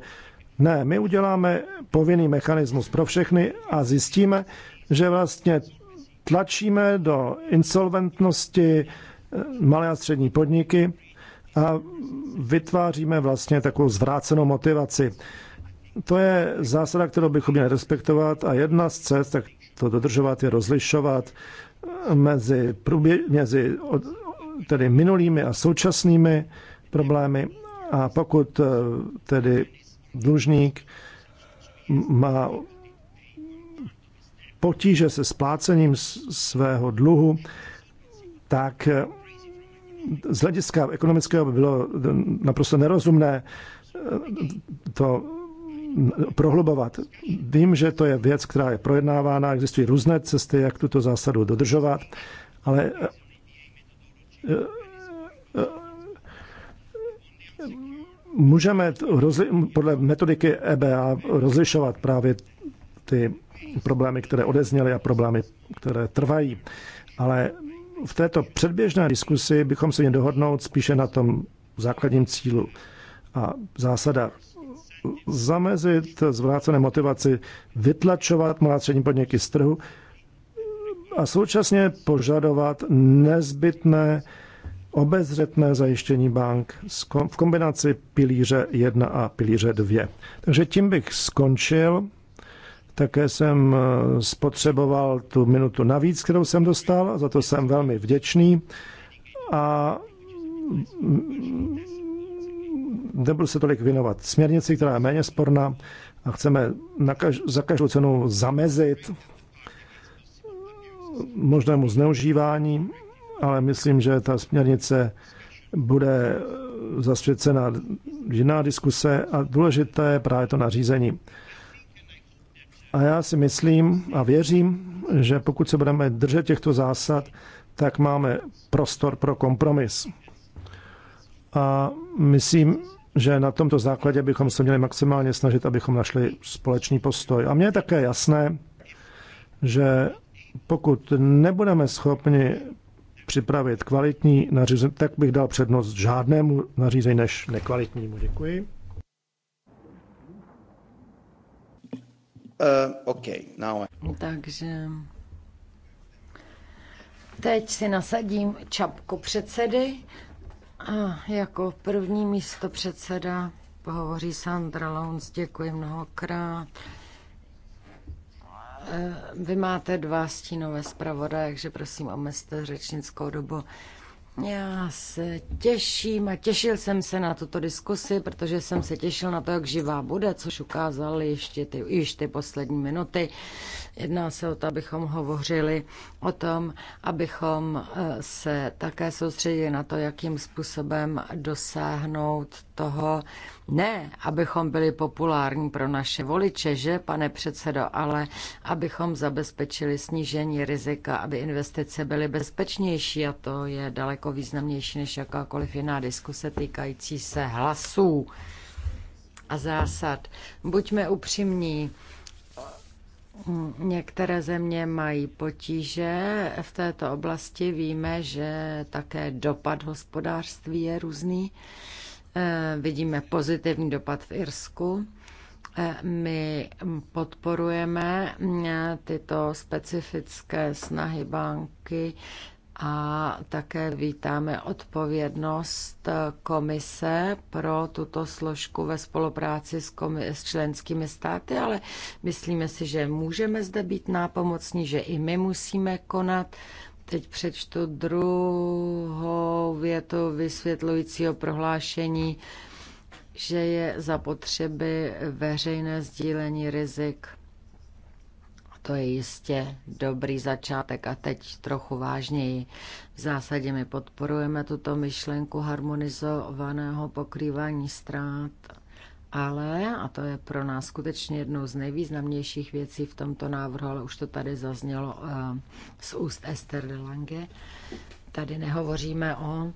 ne, my uděláme povinný mechanismus pro všechny a zjistíme, že vlastně tlačíme do insolventnosti eh, malé a střední podniky a vytváříme vlastně takovou zvrácenou motivaci. To je zásada, kterou bychom měli respektovat a jedna z cest, jak to dodržovat, je rozlišovat mezi, průbě, mezi tedy minulými a současnými problémy a pokud eh, tedy dlužník má potíže se splácením svého dluhu, tak eh, z hlediska ekonomického by bylo naprosto nerozumné eh, to prohlubovat. Vím, že to je věc, která je projednávána, existují různé cesty, jak tuto zásadu dodržovat, ale eh, můžeme podle metodiky EBA rozlišovat právě ty problémy, které odezněly a problémy, které trvají. Ale v této předběžné diskusi bychom se měli dohodnout spíše na tom základním cílu a zásada zamezit zvrácené motivaci, vytlačovat malá střední podniky z trhu a současně požadovat nezbytné obezřetné zajištění bank v kombinaci pilíře 1 a pilíře 2. Takže tím bych skončil také jsem eh, spotřeboval tu minutu navíc, kterou jsem dostal, za to jsem velmi vděčný. A mm, nebudu se tolik věnovat směrnici, která je méně sporná a chceme na kaž- za každou cenu zamezit možnému zneužívání, ale myslím, že ta směrnice bude zasvěcena jiná diskuse a důležité je právě to nařízení. A já si myslím a věřím, že pokud se budeme držet těchto zásad, tak máme prostor pro kompromis. A myslím, že na tomto základě bychom se měli maximálně snažit, abychom našli společný postoj. A mně je také jasné, že pokud nebudeme schopni připravit kvalitní nařízení, tak bych dal přednost žádnému nařízení než nekvalitnímu. Děkuji. Uh, okay, now I... Takže teď si nasadím čapku předsedy a jako první místo předseda pohovoří Sandra Lons. Děkuji mnohokrát. Eh, vy máte dva stínové zpravodaje, takže prosím omezte řečnickou dobu. Já se těším a těšil jsem se na tuto diskusi, protože jsem se těšil na to, jak živá bude, což ukázaly ještě ty, již ty poslední minuty. Jedná se o to, abychom hovořili o tom, abychom eh, se také soustředili na to, jakým způsobem dosáhnout toho, ne, abychom byli populární pro naše voliče, že, pane předsedo, ale abychom zabezpečili snížení rizika, aby investice byly bezpečnější a to je daleko významnější než jakákoliv jiná diskuse týkající se hlasů a zásad. Buďme upřímní, Některé země mají potíže v této oblasti. Víme, že také dopad hospodářství je různý. Eh, vidíme pozitivní dopad v Irsku. Eh, my podporujeme eh, tyto specifické snahy banky a také vítáme odpovědnost komise pro tuto složku ve spolupráci s, komi- s členskými státy, ale myslíme si, že můžeme zde být nápomocní, že i my musíme konat Teď přečtu druhou větu vysvětlujícího prohlášení, že je zapotřeby veřejné sdílení rizik. To je jistě dobrý začátek a teď trochu vážněji. V zásadě my podporujeme tuto myšlenku harmonizovaného pokrývání ztrát ale, a to je pro nás skutečně jednou z nejvýznamnějších věcí v tomto návrhu, ale už to tady zaznělo eh, z úst Ester de Lange, tady nehovoříme o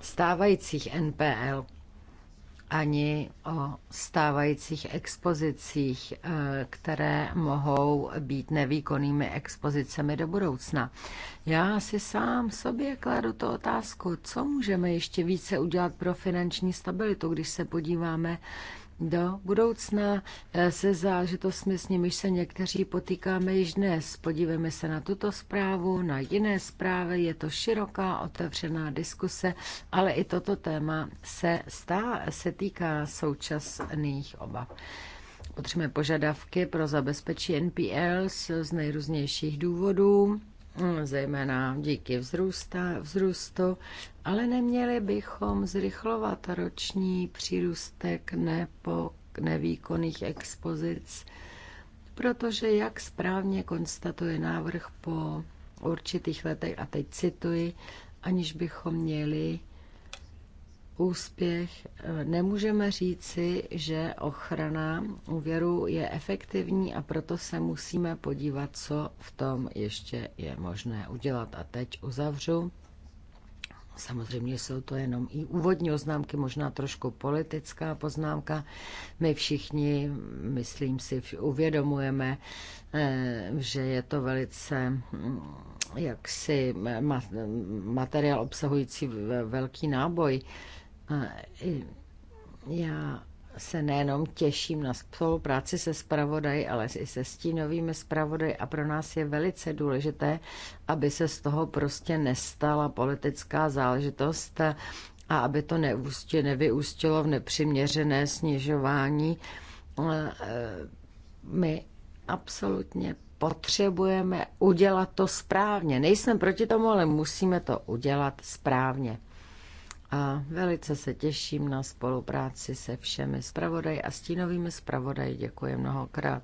stávajících NPL, ani o stávajících expozicích, eh, které mohou být nevýkonnými expozicemi do budoucna. Já si sám sobě kladu tu otázku, co můžeme ještě více udělat pro finanční stabilitu, když se podíváme do budoucna eh, se zážitostmi, s nimiž se někteří potýkáme již dnes. Podívejme se na tuto zprávu, na jiné zprávy. Je to široká, otevřená diskuse, ale i toto téma se, stá, se týká současných obav. Potřebujeme požadavky pro zabezpečí NPL z nejrůznějších důvodů, hm, zejména díky vzrůsta, vzrůstu ale neměli bychom zrychlovat roční přírůstek nebo nevýkonných expozic, protože jak správně konstatuje návrh po určitých letech, a teď cituji, aniž bychom měli úspěch, nemůžeme říci, že ochrana úvěru je efektivní a proto se musíme podívat, co v tom ještě je možné udělat. A teď uzavřu Samozřejmě jsou to jenom i úvodní oznámky, možná trošku politická poznámka. My všichni, myslím si, uvědomujeme, eh, že je to velice mm, jaksi materiál obsahující velký náboj. Já se nejenom těším na spolupráci se spravodají, ale i se stínovými zpravodaji a pro nás je velice důležité, aby se z toho prostě nestala politická záležitost a aby to neústě, nevyústilo v nepřiměřené snižování. My absolutně potřebujeme udělat to správně. Nejsem proti tomu, ale musíme to udělat správně a velice se těším na spolupráci se všemi zpravodaj a stínovými zpravodaji. Děkuji mnohokrát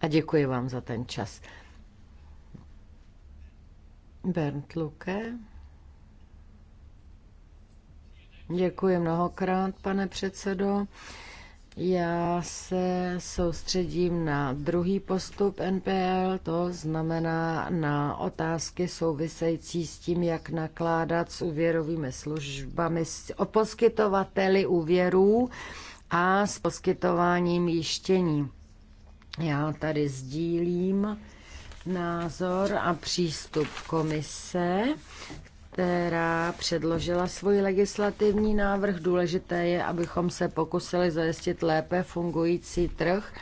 a děkuji vám za ten čas. Bernd Luke. Děkuji mnohokrát, pane předsedo. Já se soustředím na druhý postup NPL, to znamená na otázky související s tím, jak nakládat s úvěrovými službami, s poskytovateli úvěrů a s poskytováním jištění. Já tady sdílím názor a přístup komise, která předložila svůj legislativní návrh. Důležité je, abychom se pokusili zajistit lépe fungující trh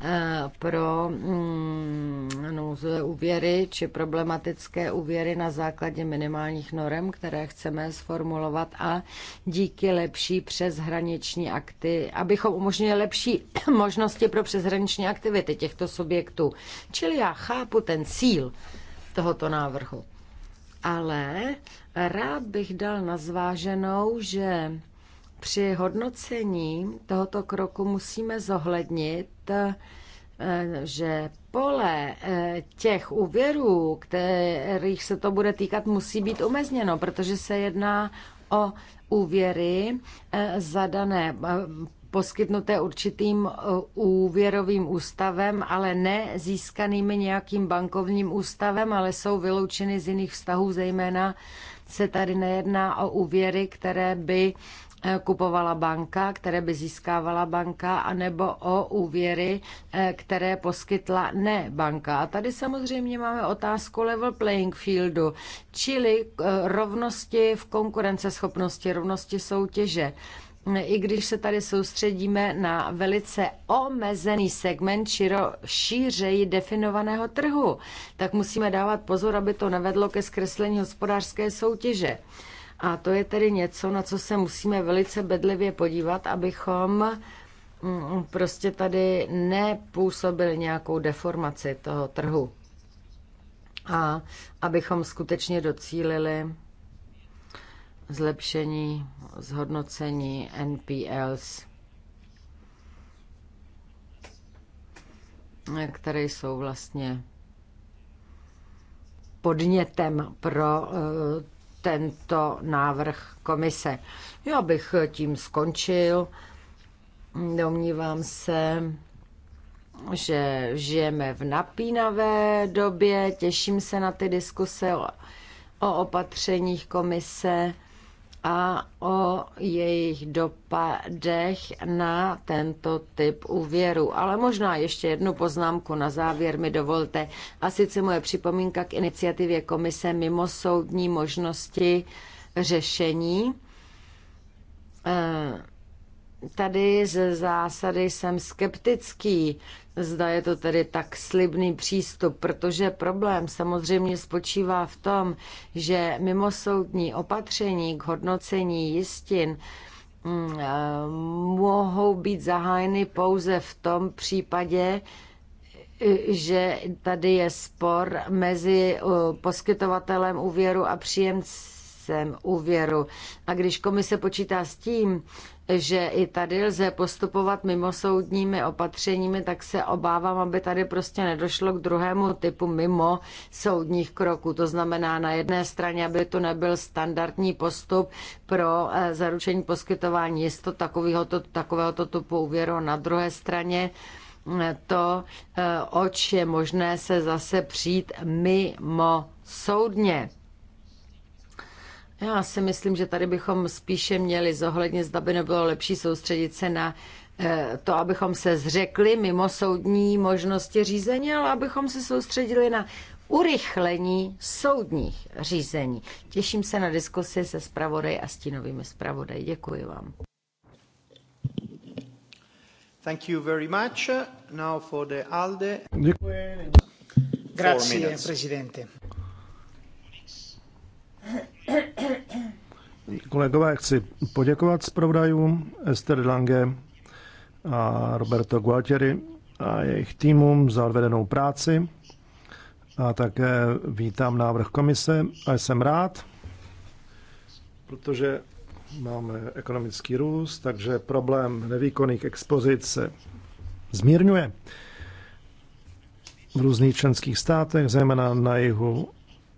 eh, pro mm, nouzové úvěry či problematické úvěry na základě minimálních norem, které chceme sformulovat a díky lepší přeshraniční akty, abychom umožnili lepší <clears throat> možnosti pro přeshraniční aktivity těchto subjektů. Čili já chápu ten cíl tohoto návrhu ale rád bych dal na zváženou, že při hodnocení tohoto kroku musíme zohlednit, eh, že pole eh, těch úvěrů, kterých se to bude týkat, musí být omezněno, protože se jedná o úvěry eh, zadané poskytnuté určitým e, úvěrovým ústavem, ale ne získanými nějakým bankovním ústavem, ale jsou vyloučeny z jiných vztahů, zejména se tady nejedná o úvěry, které by e, kupovala banka, které by získávala banka, anebo o úvěry, e, které poskytla ne banka. A tady samozřejmě máme otázku level playing fieldu, čili rovnosti v konkurenceschopnosti, rovnosti soutěže i když se tady soustředíme na velice omezený segment širo, šířeji definovaného trhu, tak musíme dávat pozor, aby to nevedlo ke zkreslení hospodářské soutěže. A to je tedy něco, na co se musíme velice bedlivě podívat, abychom mm, prostě tady nepůsobili nějakou deformaci toho trhu a abychom skutečně docílili zlepšení zhodnocení NPLs, které jsou vlastně podnětem pro eh, tento návrh komise. Já bych tím skončil. Domnívám se, že žijeme v napínavé době, těším se na ty diskuse o, opatřeních komise a o jejich dopadech na tento typ úvěru. Ale možná ještě jednu poznámku na závěr mi dovolte. A sice moje připomínka k iniciativě komise mimo soudní možnosti řešení. Eh, Tady ze zásady jsem skeptický, zda je to tedy tak slibný přístup, protože problém samozřejmě spočívá v tom, že mimosoudní opatření k hodnocení jistin mm, eh, mohou být zahájeny pouze v tom případě, že tady je spor mezi eh, poskytovatelem úvěru a příjemcem úvěru. A když komise počítá s tím, že i tady lze postupovat mimo soudními opatřeními, tak se obávám, aby tady prostě nedošlo k druhému typu mimo soudních kroků. To znamená na jedné straně, aby to nebyl standardní postup pro eh, zaručení poskytování jistot takovéhoto, takovéhoto typu úvěru. Na druhé straně eh, to, eh, oč je možné se zase přijít mimo soudně. Já si myslím, že tady bychom spíše měli zohlednit, zda by nebylo lepší soustředit se na eh, to, abychom se zřekli mimo soudní možnosti řízení, ale abychom se soustředili na urychlení soudních řízení. Těším se na diskusi se zpravodaj a stínovými zpravodaj. Děkuji vám. Thank you very much. Now for the ALDE. Děkuji. Grazie, presidente. Kolegové, chci poděkovat zpravodajům Ester Lange a Roberto Gualtieri a jejich týmům za odvedenou práci. A také vítám návrh komise a jsem rád, protože máme ekonomický růst, takže problém nevýkonných expozic se zmírňuje v různých členských státech, zejména na jihu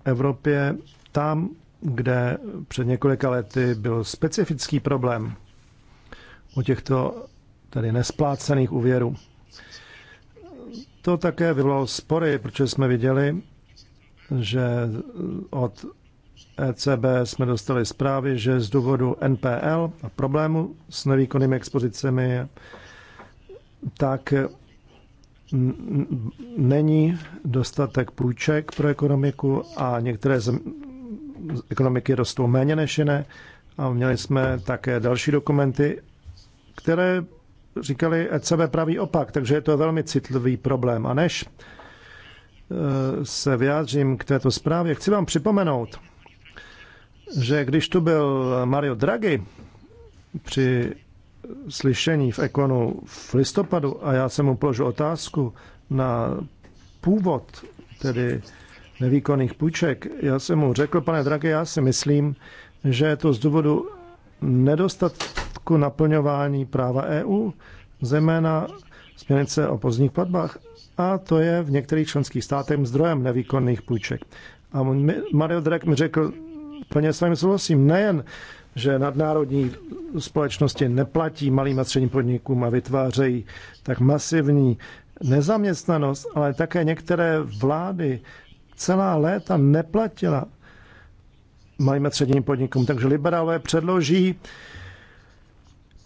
Evropě, tam, kde před několika lety byl specifický problém u těchto tedy nesplácených úvěrů. To také vyvolalo spory, protože jsme viděli, že od ECB jsme dostali zprávy, že z důvodu NPL a problému s nevýkonnými expozicemi, tak není dostatek půjček pro ekonomiku a některé ekonomiky rostou méně než jiné a měli jsme také další dokumenty, které říkali ECB pravý opak, takže je to velmi citlivý problém. A než eh, se vyjádřím k této zprávě, chci vám připomenout, že když tu byl Mario Draghi při slyšení v Ekonu v listopadu a já jsem mu položil otázku na původ, tedy nevýkonných půjček. Já jsem mu řekl, pane Drage, já si myslím, že je to z důvodu nedostatku naplňování práva EU, zejména směrnice o pozdních platbách, a to je v některých členských státech zdrojem nevýkonných půjček. A Mario Draghi mi řekl, plně s vámi souhlasím, nejen, že nadnárodní společnosti neplatí malým a středním podnikům a vytvářejí tak masivní nezaměstnanost, ale také některé vlády celá léta neplatila malým a středním podnikům. Takže liberálové předloží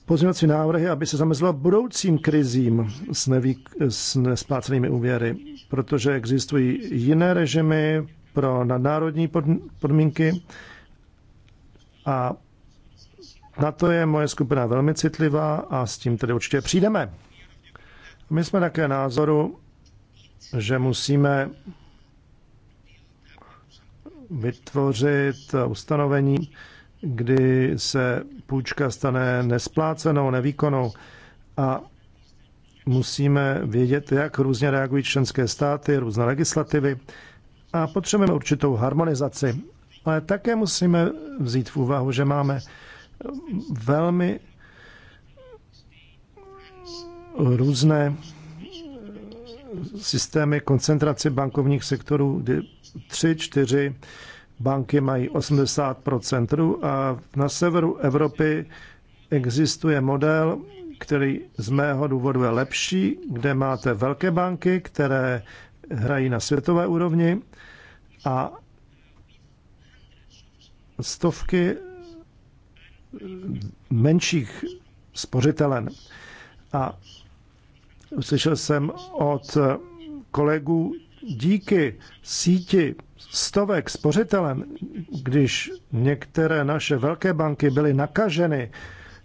pozměňovací návrhy, aby se zamezilo budoucím krizím s, neví, s nesplácenými úvěry, protože existují jiné režimy pro nadnárodní podmínky a na to je moje skupina velmi citlivá a s tím tedy určitě přijdeme. My jsme také názoru, že musíme vytvořit ustanovení, kdy se půjčka stane nesplácenou, nevýkonnou a musíme vědět, jak různě reagují členské státy, různé legislativy a potřebujeme určitou harmonizaci. Ale také musíme vzít v úvahu, že máme velmi různé systémy koncentrace bankovních sektorů, kdy tři, čtyři banky mají 80 trhu a na severu Evropy existuje model, který z mého důvodu je lepší, kde máte velké banky, které hrají na světové úrovni a stovky menších spořitelen. A slyšel jsem od kolegů díky síti stovek spořitelem, když některé naše velké banky byly nakaženy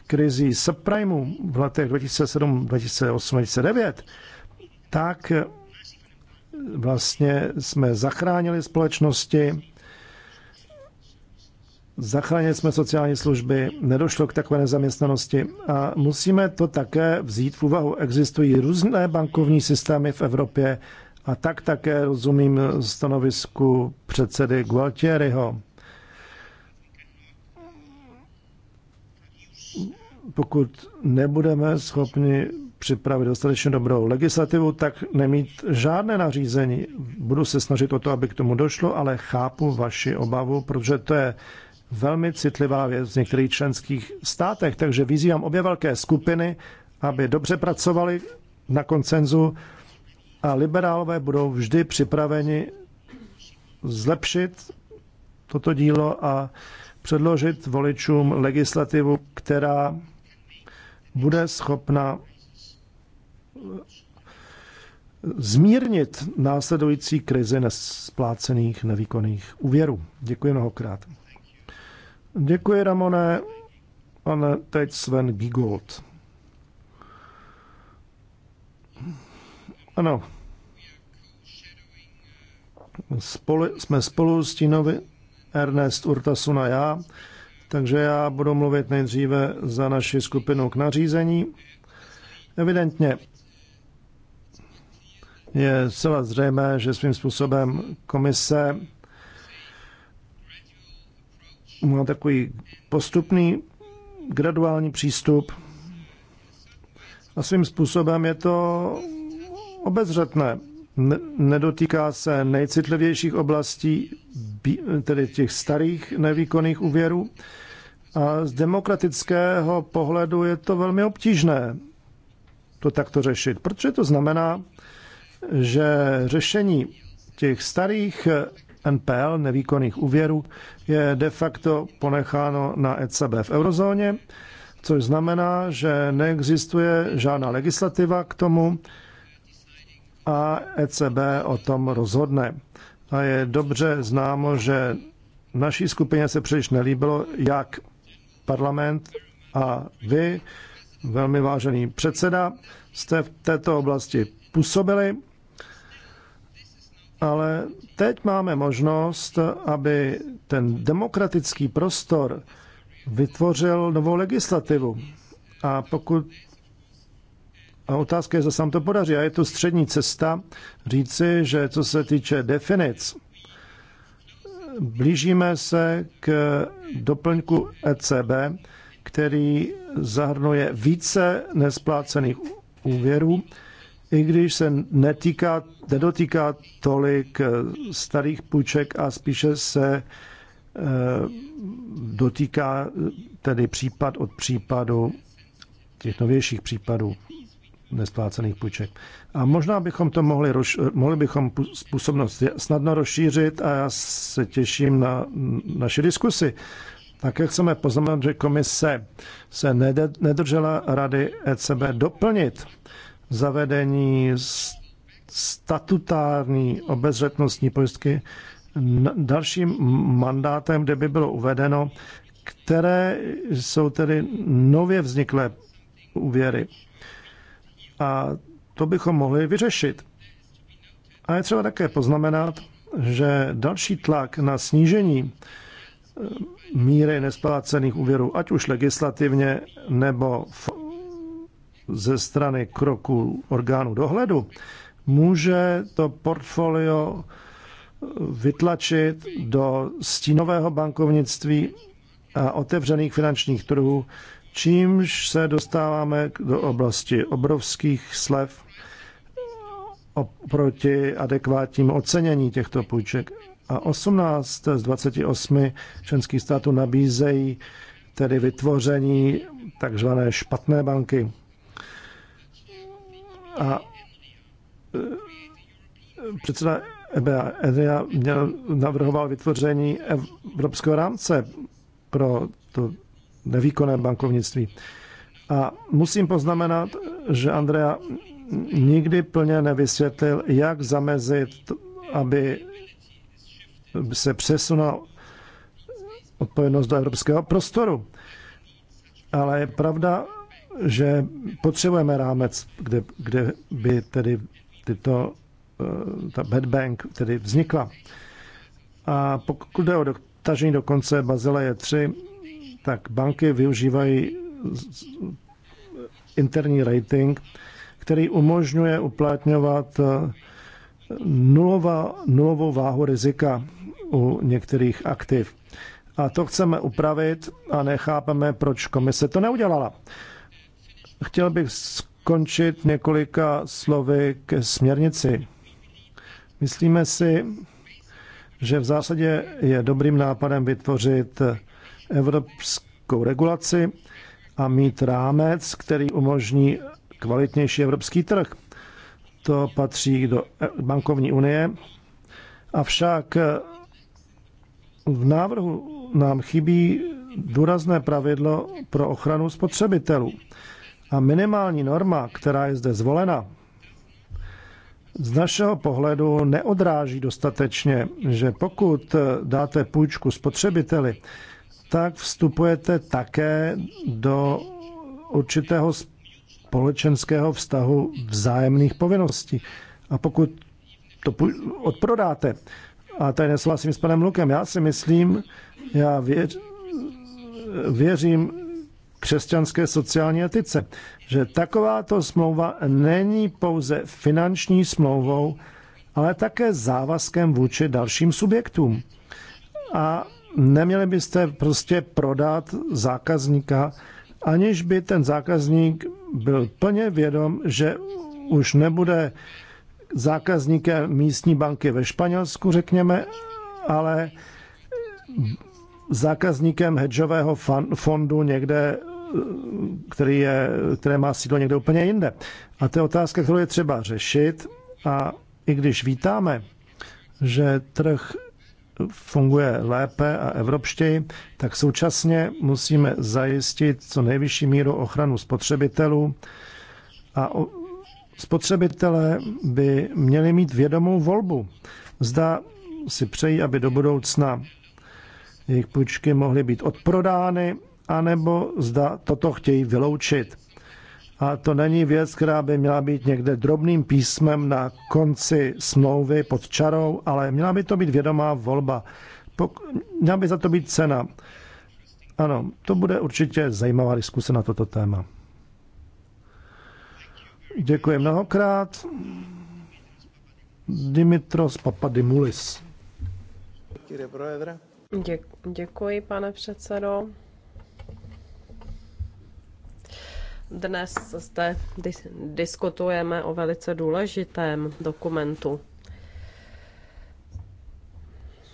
krizí subprimu v letech 2007, 2008, 2009, tak vlastně jsme zachránili společnosti, zachránili jsme sociální služby, nedošlo k takové nezaměstnanosti a musíme to také vzít v úvahu. Existují různé bankovní systémy v Evropě a tak také rozumím stanovisku předsedy Gualtieriho. Pokud nebudeme schopni připravit dostatečně dobrou legislativu, tak nemít žádné nařízení. Budu se snažit o to, aby k tomu došlo, ale chápu vaši obavu, protože to je velmi citlivá věc v některých členských státech. Takže vyzývám obě velké skupiny, aby dobře pracovali na koncenzu a liberálové budou vždy připraveni zlepšit toto dílo a předložit voličům legislativu, která bude schopna zmírnit následující krizi nesplácených nevýkonných úvěrů. Děkuji mnohokrát. Děkuji, Ramone. A teď Sven Gigold. Ano. Spolu, jsme spolu s Tínovi, Ernest Urtasun a já, takže já budu mluvit nejdříve za naši skupinu k nařízení. Evidentně je celá zřejmé, že svým způsobem komise má takový postupný graduální přístup a svým způsobem je to obezřetné. Nedotýká se nejcitlivějších oblastí, tedy těch starých nevýkonných úvěrů. A z demokratického pohledu je to velmi obtížné to takto řešit, protože to znamená, že řešení těch starých NPL, nevýkonných úvěrů, je de facto ponecháno na ECB v eurozóně, což znamená, že neexistuje žádná legislativa k tomu, a ECB o tom rozhodne. A je dobře známo, že naší skupině se příliš nelíbilo, jak parlament a vy, velmi vážený předseda, jste v této oblasti působili, ale teď máme možnost, aby ten demokratický prostor vytvořil novou legislativu. A pokud a otázka je, zda se nám to podaří. A je to střední cesta říci, že co se týče definic, blížíme se k doplňku ECB, který zahrnuje více nesplácených úvěrů, i když se netýká, nedotýká tolik starých půjček a spíše se eh, dotýká tedy případ od případu těch novějších případů nesplácených půjček. A možná bychom to mohli, roš, mohli bychom způsobnost snadno rozšířit a já se těším na naši diskusi. Také chceme poznamenat, že komise se nedržela rady ECB doplnit zavedení statutární obezřetnostní pojistky dalším mandátem, kde by bylo uvedeno, které jsou tedy nově vzniklé úvěry a to bychom mohli vyřešit. A je třeba také poznamenat, že další tlak na snížení eh, míry nesplácených úvěrů, ať už legislativně nebo v, ze strany kroku orgánu dohledu, může to portfolio eh, vytlačit do stínového bankovnictví a otevřených finančních trhů, Čímž se dostáváme do oblasti obrovských slev oproti adekvátnímu ocenění těchto půjček. A 18 z 28 členských států nabízejí tedy vytvoření takzvané špatné banky. A e, předseda EBA Edria měl, navrhoval vytvoření evropského rámce pro to výkonném bankovnictví. A musím poznamenat, že Andrea nikdy plně nevysvětlil, jak zamezit, aby se přesunul odpovědnost do evropského prostoru. Ale je pravda, že potřebujeme rámec, kde, kde by tedy tyto, eh, ta bad bank tedy vznikla. A pokud jde o dotažení do konce Bazileje 3, tak banky využívají interní rating, který umožňuje uplatňovat eh, nulová, nulovou váhu rizika u některých aktiv. A to chceme upravit a nechápeme, proč komise to neudělala. Chtěl bych skončit několika slovy ke směrnici. Myslíme si, že v zásadě je dobrým nápadem vytvořit evropskou regulaci a mít rámec, který umožní kvalitnější evropský trh. To patří do bankovní unie. Avšak v návrhu nám chybí důrazné pravidlo pro ochranu spotřebitelů. A minimální norma, která je zde zvolena, z našeho pohledu neodráží dostatečně, že pokud dáte půjčku spotřebiteli, tak vstupujete také do určitého společenského vztahu vzájemných povinností. A pokud to odprodáte, a tady nesouhlasím s panem Lukem, já si myslím, já věř, věřím křesťanské sociální etice, že takováto smlouva není pouze finanční smlouvou, ale také závazkem vůči dalším subjektům. A neměli byste prostě prodat zákazníka, aniž by ten zákazník byl plně vědom, že už nebude zákazníkem místní banky ve Španělsku, řekněme, ale zákazníkem hedžového fondu někde, který je, které má sídlo někde úplně jinde. A to je otázka, kterou je třeba řešit. A i když vítáme, že trh funguje lépe a evropštěji, tak současně musíme zajistit co nejvyšší míru ochranu spotřebitelů a spotřebitelé by měli mít vědomou volbu. Zda si přejí, aby do budoucna jejich půjčky mohly být odprodány, anebo zda toto chtějí vyloučit. A to není věc, která by měla být někde drobným písmem na konci smlouvy pod čarou, ale měla by to být vědomá volba. Pok- měla by za to být cena. Ano, to bude určitě zajímavá diskuse na toto téma. Děkuji mnohokrát. Dimitros Papadimulis. Děkuji, pane předsedo. Dnes zde diskutujeme o velice důležitém dokumentu.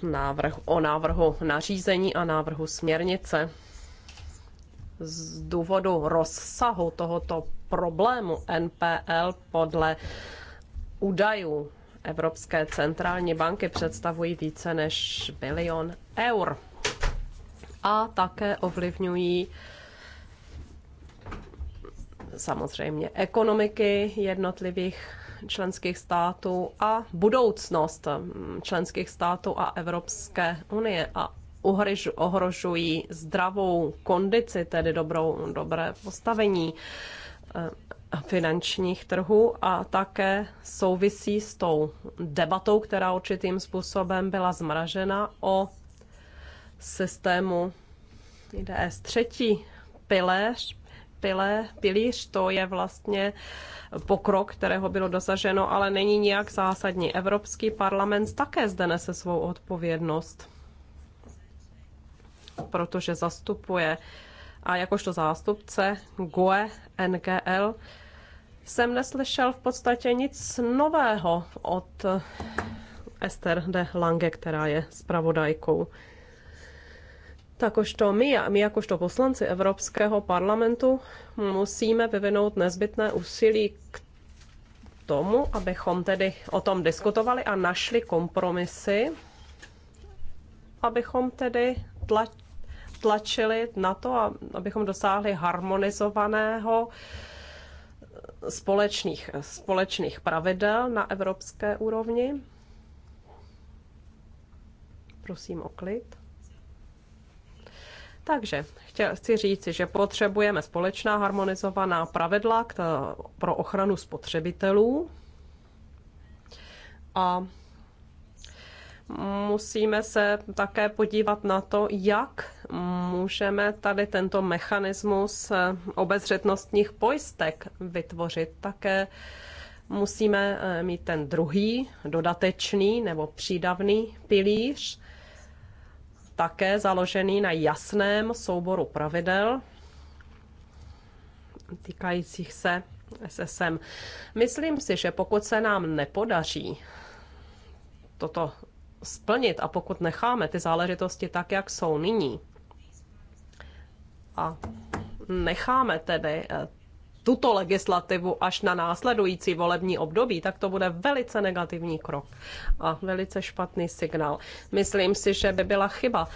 Návrh, o návrhu nařízení a návrhu směrnice. Z důvodu rozsahu tohoto problému NPL podle údajů Evropské centrální banky představují více než bilion eur a také ovlivňují samozřejmě ekonomiky jednotlivých členských států a budoucnost mm, členských států a Evropské unie a ohrožují zdravou kondici, tedy dobrou, dobré postavení eh, finančních trhů a také souvisí s tou debatou, která určitým způsobem byla zmražena o systému IDS. Třetí piléř pile, pilíř, to je vlastně pokrok, kterého bylo dosaženo, ale není nijak zásadní. Evropský parlament také zde nese svou odpovědnost, protože zastupuje a jakožto zástupce GUE NGL jsem neslyšel v podstatě nic nového od Ester de Lange, která je spravodajkou. Takožto my, my jakožto poslanci Evropského parlamentu musíme vyvinout nezbytné úsilí k tomu, abychom tedy o tom diskutovali a našli kompromisy, abychom tedy tlačili na to, abychom dosáhli harmonizovaného společných, společných pravidel na evropské úrovni. Prosím o klid. Takže chtěl, chci říct, že potřebujeme společná harmonizovaná pravidla k, pro ochranu spotřebitelů a musíme se také podívat na to, jak můžeme tady tento mechanismus obezřetnostních pojistek vytvořit. Také musíme eh, mít ten druhý, dodatečný nebo přídavný pilíř, také založený na jasném souboru pravidel týkajících se SSM. Myslím si, že pokud se nám nepodaří toto splnit a pokud necháme ty záležitosti tak, jak jsou nyní, a necháme tedy eh, tuto legislativu až na následující volební období, tak to bude velice negativní krok a velice špatný signál. Myslím si, že by byla chyba,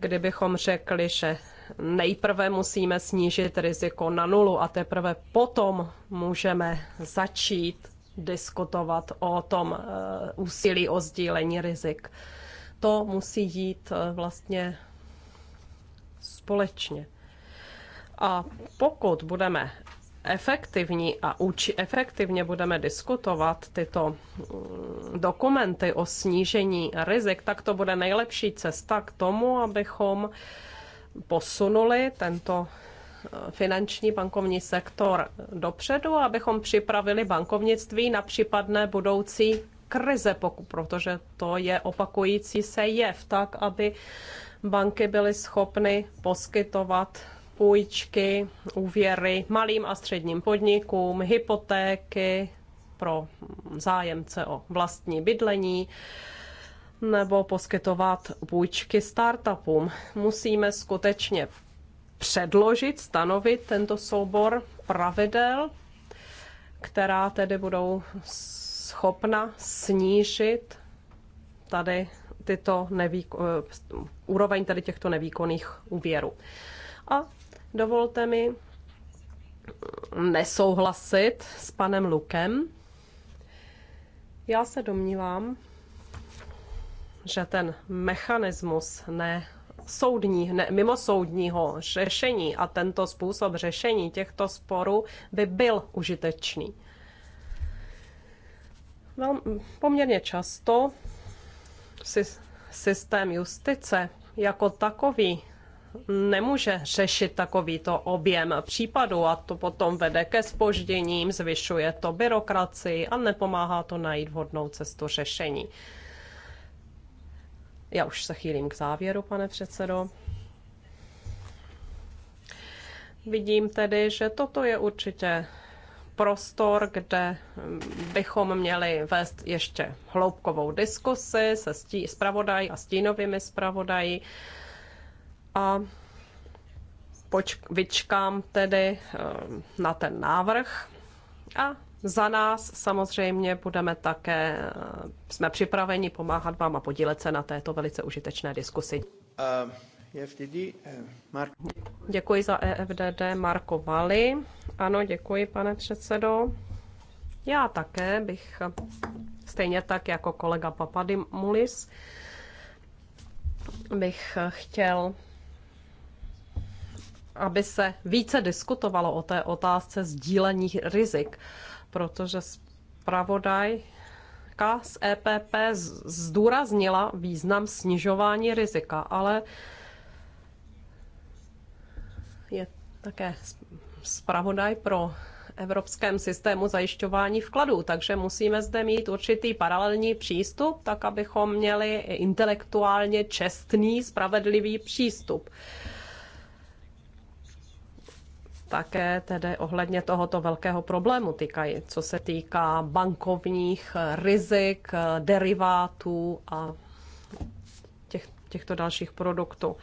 kdybychom řekli, že nejprve musíme snížit riziko na nulu a teprve potom můžeme začít diskutovat o tom eh, úsilí o sdílení rizik. To musí jít eh, vlastně společně. A pokud budeme efektivní a úči- efektivně budeme diskutovat tyto mm, dokumenty o snížení rizik, tak to bude nejlepší cesta k tomu, abychom posunuli tento eh, finanční bankovní sektor dopředu, abychom připravili bankovnictví na případné budoucí krize, pokud, protože to je opakující se jev, tak aby banky byly schopny poskytovat půjčky, úvěry malým a středním podnikům, hypotéky pro zájemce o vlastní bydlení nebo poskytovat půjčky startupům. Musíme skutečně předložit, stanovit tento soubor pravidel, která tedy budou schopna snížit tady tyto nevýko- eh, úroveň tady těchto nevýkonných úvěrů. A Dovolte mi nesouhlasit s panem Lukem. Já se domnívám, že ten mechanismus ne soudní, ne, mimo soudního řešení a tento způsob řešení těchto sporů by byl užitečný. Vel, poměrně často systém justice jako takový nemůže řešit takovýto objem případů a to potom vede ke spožděním, zvyšuje to byrokracii a nepomáhá to najít vhodnou cestu řešení. Já už se chýlím k závěru, pane předsedo. Vidím tedy, že toto je určitě prostor, kde bychom měli vést ještě hloubkovou diskusi se stí, a stínovými spravodají a poč- vyčkám tedy eh, na ten návrh a za nás samozřejmě budeme také, eh, jsme připraveni pomáhat vám a podílet se na této velice užitečné diskusi. Ehm, eh, děkuji za EFDD Marko Vali. Ano, děkuji, pane předsedo. Já také bych, stejně tak jako kolega Papadimulis, bych chtěl aby více diskutovalo o té otázce sdílení rizik, protože zpravodaj z EPP zdůraznila význam snižování rizika, ale je také zpravodaj pro evropském systému zajišťování vkladů, takže musíme zde mít určitý paralelní přístup, tak abychom měli intelektuálně čestný, spravedlivý přístup také tedy ohledně tohoto velkého problému týkají, co se týká bankovních rizik, derivátů a těch, těchto dalších produktů.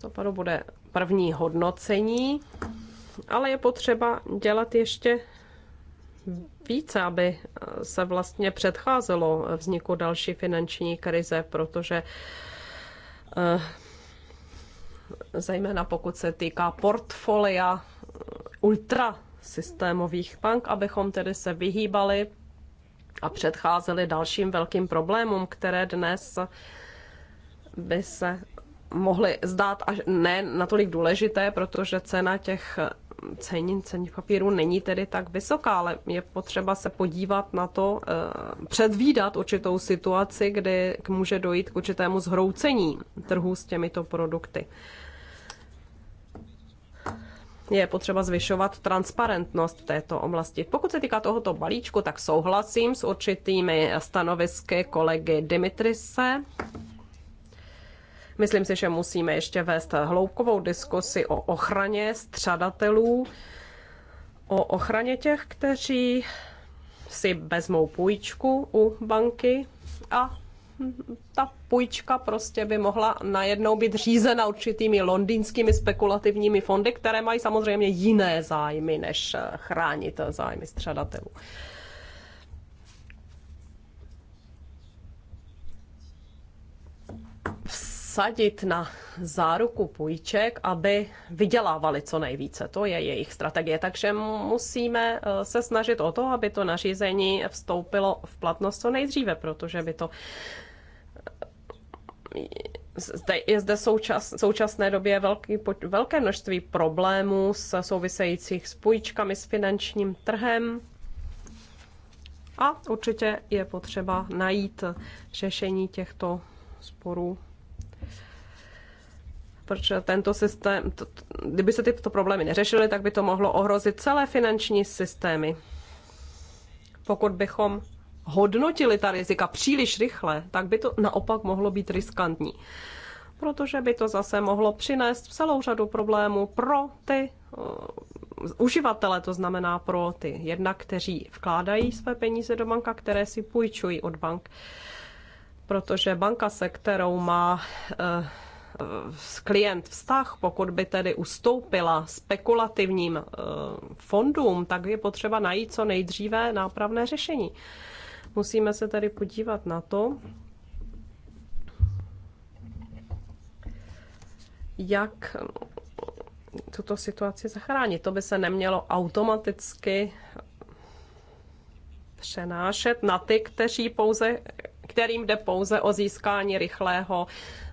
to bude první hodnocení, ale je potřeba dělat ještě více, aby se vlastně předcházelo vzniku další finanční krize, protože eh, zejména pokud se týká portfolia eh, ultra systémových bank, abychom tedy se vyhýbali a předcházeli dalším velkým problémům, které dnes by se mohly zdát až ne natolik důležité, protože cena těch cenin, cení papíru není tedy tak vysoká, ale je potřeba se podívat na to, eh, předvídat určitou situaci, kdy může dojít k určitému zhroucení trhu s těmito produkty. Vlastně je potřeba zvyšovat transparentnost v této oblasti. Pokud se týká tohoto balíčku, tak souhlasím s určitými stanovisky kolegy Dimitrise. Myslím si, že musíme ještě vést hloubkovou diskusi o ochraně střadatelů, o ochraně těch, kteří si vezmou půjčku u banky a ta půjčka prostě by mohla najednou být řízena určitými londýnskými spekulativními fondy, které mají samozřejmě jiné zájmy, než eh, chránit eh, zájmy střadatelů. vsadit na záruku půjček, aby vydělávali co nejvíce. To je jejich strategie. Takže musíme eh, se snažit o to, aby to nařízení vstoupilo v platnost co nejdříve, protože by to je zde součas, v současné době velký, velké množství problémů s souvisejících s půjčkami, s finančním trhem. A určitě je potřeba najít řešení těchto sporů. Protože tento systém, to, kdyby se tyto problémy neřešily, tak by to mohlo ohrozit celé finanční systémy. Pokud bychom hodnotili ta rizika příliš rychle, tak by to naopak mohlo být riskantní. Protože by to zase mohlo přinést celou řadu problémů pro ty uh, uživatele, to znamená pro ty jednak, kteří vkládají své peníze do banka, které si půjčují od bank. Protože banka, se kterou má eh, klient vztah, pokud by tedy ustoupila spekulativním eh, fondům, tak je potřeba najít co nejdříve nápravné řešení. Musíme se tady podívat na to, jak tuto situaci zachránit. To by se nemělo automaticky přenášet na ty, kteří pouze, kterým jde pouze o získání rychlého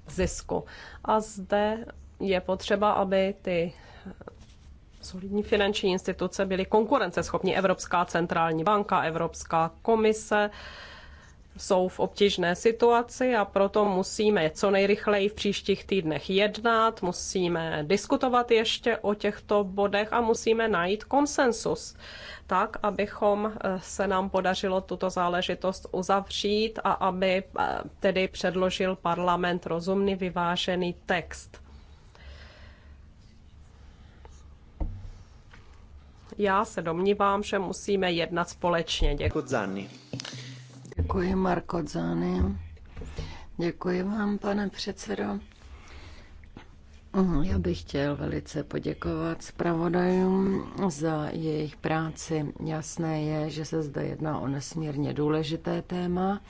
zisku. A zde je potřeba, aby ty solidní finanční instituce byly konkurenceschopní. Evropská centrální banka, Evropská komise jsou v obtížné situaci a proto musíme co nejrychleji v příštích týdnech jednat, musíme diskutovat ještě o těchto bodech a musíme najít konsensus tak, abychom eh, se nám podařilo tuto záležitost uzavřít a aby eh, tedy předložil parlament rozumný vyvážený text Já se domnívám, že musíme jednat společně. Děkuji. Zani. Děkuji, Marko Zani. Děkuji vám, pane předsedo. Mm, já bych chtěl velice poděkovat zpravodajům za jejich práci. Jasné je, že se zde jedná o nesmírně důležité téma.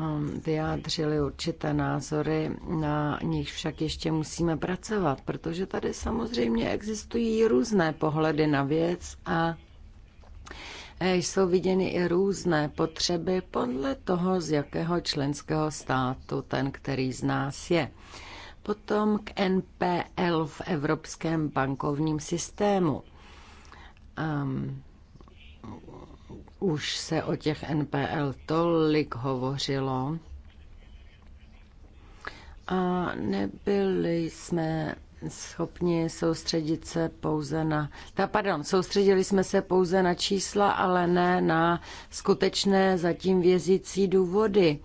Um, vyjádřili určité názory, na nich však ještě musíme pracovat, protože tady samozřejmě existují různé pohledy na věc a e, jsou viděny i různé potřeby podle toho, z jakého členského státu ten, který z nás je. Potom k NPL v Evropském bankovním systému. Um, už se o těch NPL tolik hovořilo a nebyli jsme schopni soustředit se pouze na... Ta, pardon, soustředili jsme se pouze na čísla, ale ne na skutečné zatím vězící důvody.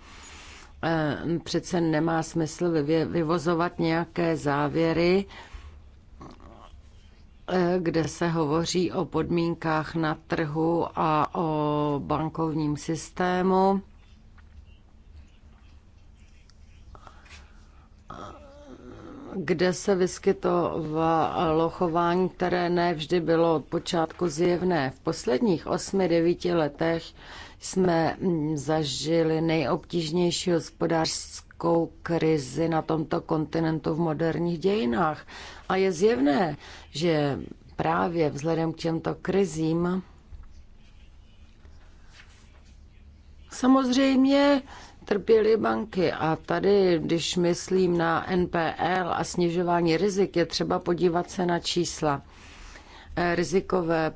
Ehm, přece nemá smysl vyvozovat nějaké závěry, kde se hovoří o podmínkách na trhu a o bankovním systému. kde se vyskytovalo chování, které ne vždy bylo od počátku zjevné. V posledních 8-9 letech jsme zažili nejobtížnější hospodářské velkou krizi na tomto kontinentu v moderních dějinách. A je zjevné, že právě vzhledem k těmto krizím samozřejmě trpěly banky. A tady, když myslím na NPL a snižování rizik, je třeba podívat se na čísla. Eh, rizikové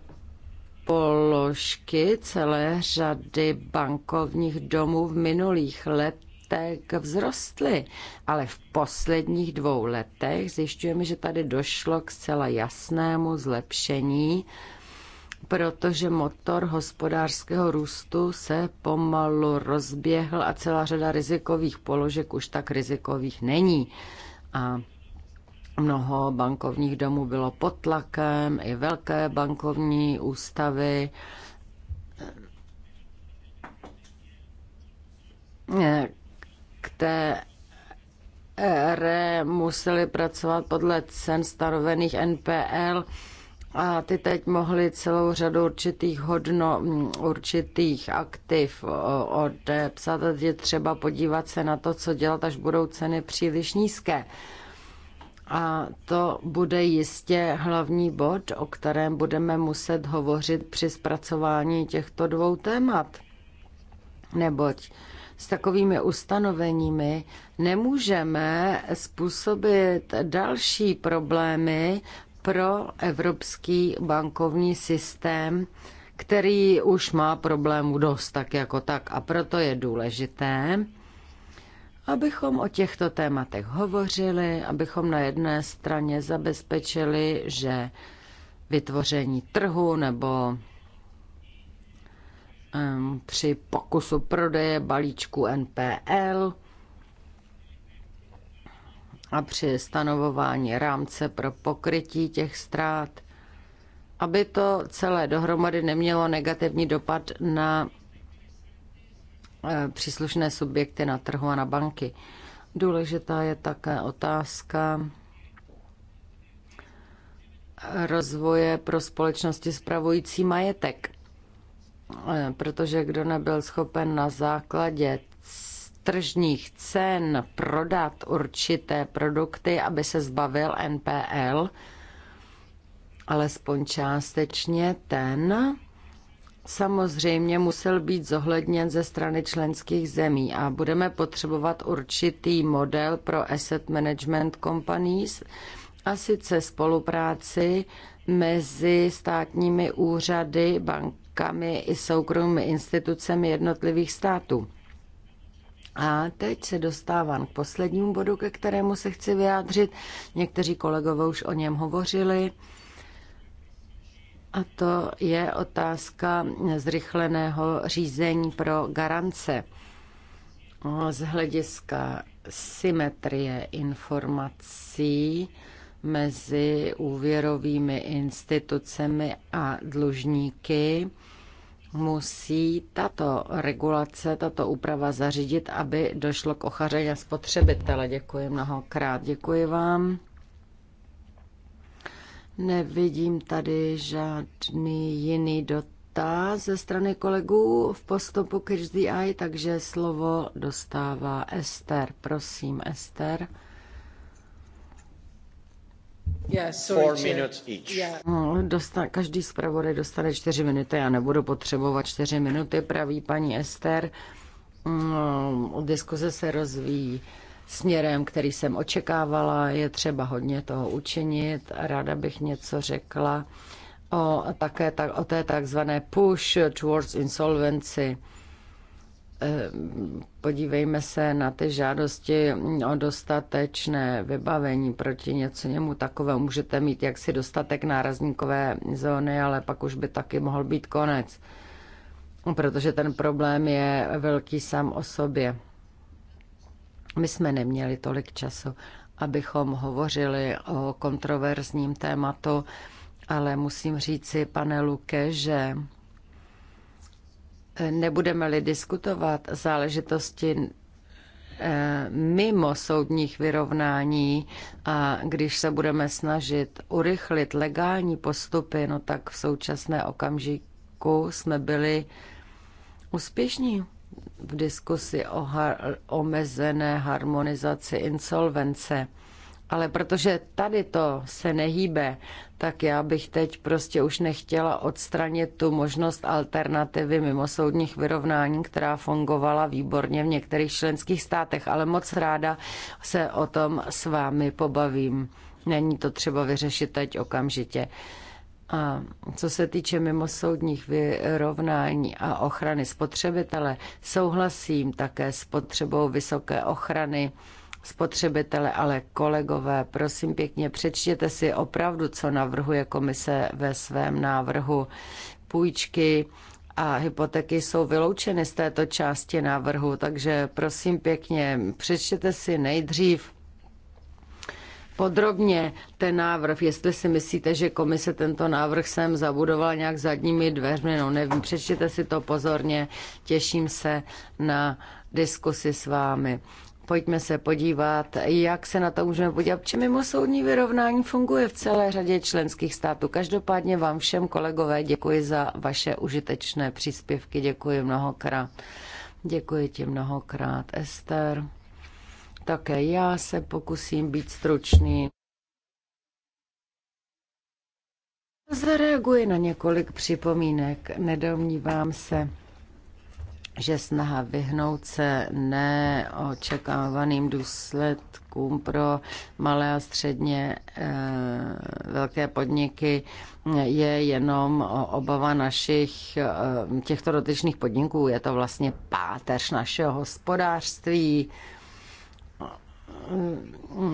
položky celé řady bankovních domů v minulých letech jednotek vzrostly, ale v posledních dvou letech zjišťujeme, že tady došlo k zcela jasnému zlepšení, protože motor hospodářského růstu se pomalu rozběhl a celá řada rizikových položek už tak rizikových není. A mnoho bankovních domů bylo pod tlakem, i velké bankovní ústavy které museli pracovat podle cen stanovených NPL a ty teď mohly celou řadu určitých hodno, určitých aktiv odepsat. A je třeba podívat se na to, co dělat, až budou ceny příliš nízké. A to bude jistě hlavní bod, o kterém budeme muset hovořit při zpracování těchto dvou témat. Neboť s takovými ustanoveními nemůžeme způsobit další problémy pro evropský bankovní systém, který už má problémů dost tak jako tak. A proto je důležité, abychom o těchto tématech hovořili, abychom na jedné straně zabezpečili, že vytvoření trhu nebo při pokusu prodeje balíčku NPL a při stanovování rámce pro pokrytí těch ztrát, aby to celé dohromady nemělo negativní dopad na eh, příslušné subjekty na trhu a na banky. Důležitá je také otázka rozvoje pro společnosti spravující majetek. Eh, protože kdo nebyl schopen na základě tržních cen prodat určité produkty, aby se zbavil NPL, alespoň částečně ten samozřejmě musel být zohledněn ze strany členských zemí a budeme potřebovat určitý model pro asset management companies a sice spolupráci mezi státními úřady, bank, bankami i soukromými institucemi jednotlivých států. A teď se dostávám k poslednímu bodu, ke kterému se chci vyjádřit. Někteří kolegové už o něm hovořili. A to je otázka zrychleného řízení pro garance z hlediska symetrie informací mezi úvěrovými institucemi a dlužníky musí tato regulace, tato úprava zařídit, aby došlo k ochaření spotřebitele. Děkuji mnohokrát. Děkuji vám. Nevidím tady žádný jiný dotaz ze strany kolegů v postupu Catch the Eye, takže slovo dostává Ester. Prosím, Ester. Yeah, sorry, no, dostan, každý zpravodaj dostane čtyři minuty, já nebudu potřebovat čtyři minuty, praví paní Ester. No, diskuze se rozvíjí směrem, který jsem očekávala, je třeba hodně toho učinit. Ráda bych něco řekla o, také tak, o té takzvané push towards insolvency. Eh, podívejme se na ty žádosti o dostatečné vybavení proti něco němu takové Můžete mít jaksi dostatek nárazníkové zóny, ale pak už by taky mohl být konec, protože ten problém je velký sám o sobě. My jsme neměli tolik času, abychom hovořili o kontroverzním tématu, ale musím říci, pane Luke, že nebudeme-li diskutovat záležitosti eh, mimo soudních vyrovnání a když se budeme snažit urychlit legální postupy, no tak v současné okamžiku jsme byli úspěšní v diskusi o har- omezené harmonizaci insolvence. Ale protože tady to se nehýbe, tak já bych teď prostě už nechtěla odstranit tu možnost alternativy mimosoudních vyrovnání, která fungovala výborně v některých členských státech, ale moc ráda se o tom s vámi pobavím. Není to třeba vyřešit teď okamžitě. A co se týče mimosoudních vyrovnání a ochrany spotřebitele, souhlasím také s potřebou vysoké ochrany spotřebitele, ale kolegové, prosím pěkně, přečtěte si opravdu, co navrhuje komise ve svém návrhu. Půjčky a hypotéky jsou vyloučeny z této části návrhu, takže prosím pěkně, přečtěte si nejdřív podrobně ten návrh, jestli si myslíte, že komise tento návrh sem zabudovala nějak zadními dveřmi, no nevím, přečtěte si to pozorně, těším se na diskusi s vámi. Pojďme se podívat, jak se na to můžeme podívat, či mimo soudní vyrovnání funguje v celé řadě členských států. Každopádně vám všem kolegové děkuji za vaše užitečné příspěvky, děkuji mnohokrát. Děkuji ti mnohokrát, Ester. Také já se pokusím být stručný. Zareaguji na několik připomínek. Nedomnívám se, že snaha vyhnout se neočekávaným důsledkům pro malé a středně eh, velké podniky je jenom obava našich eh, těchto dotyčných podniků. Je to vlastně páteř našeho hospodářství.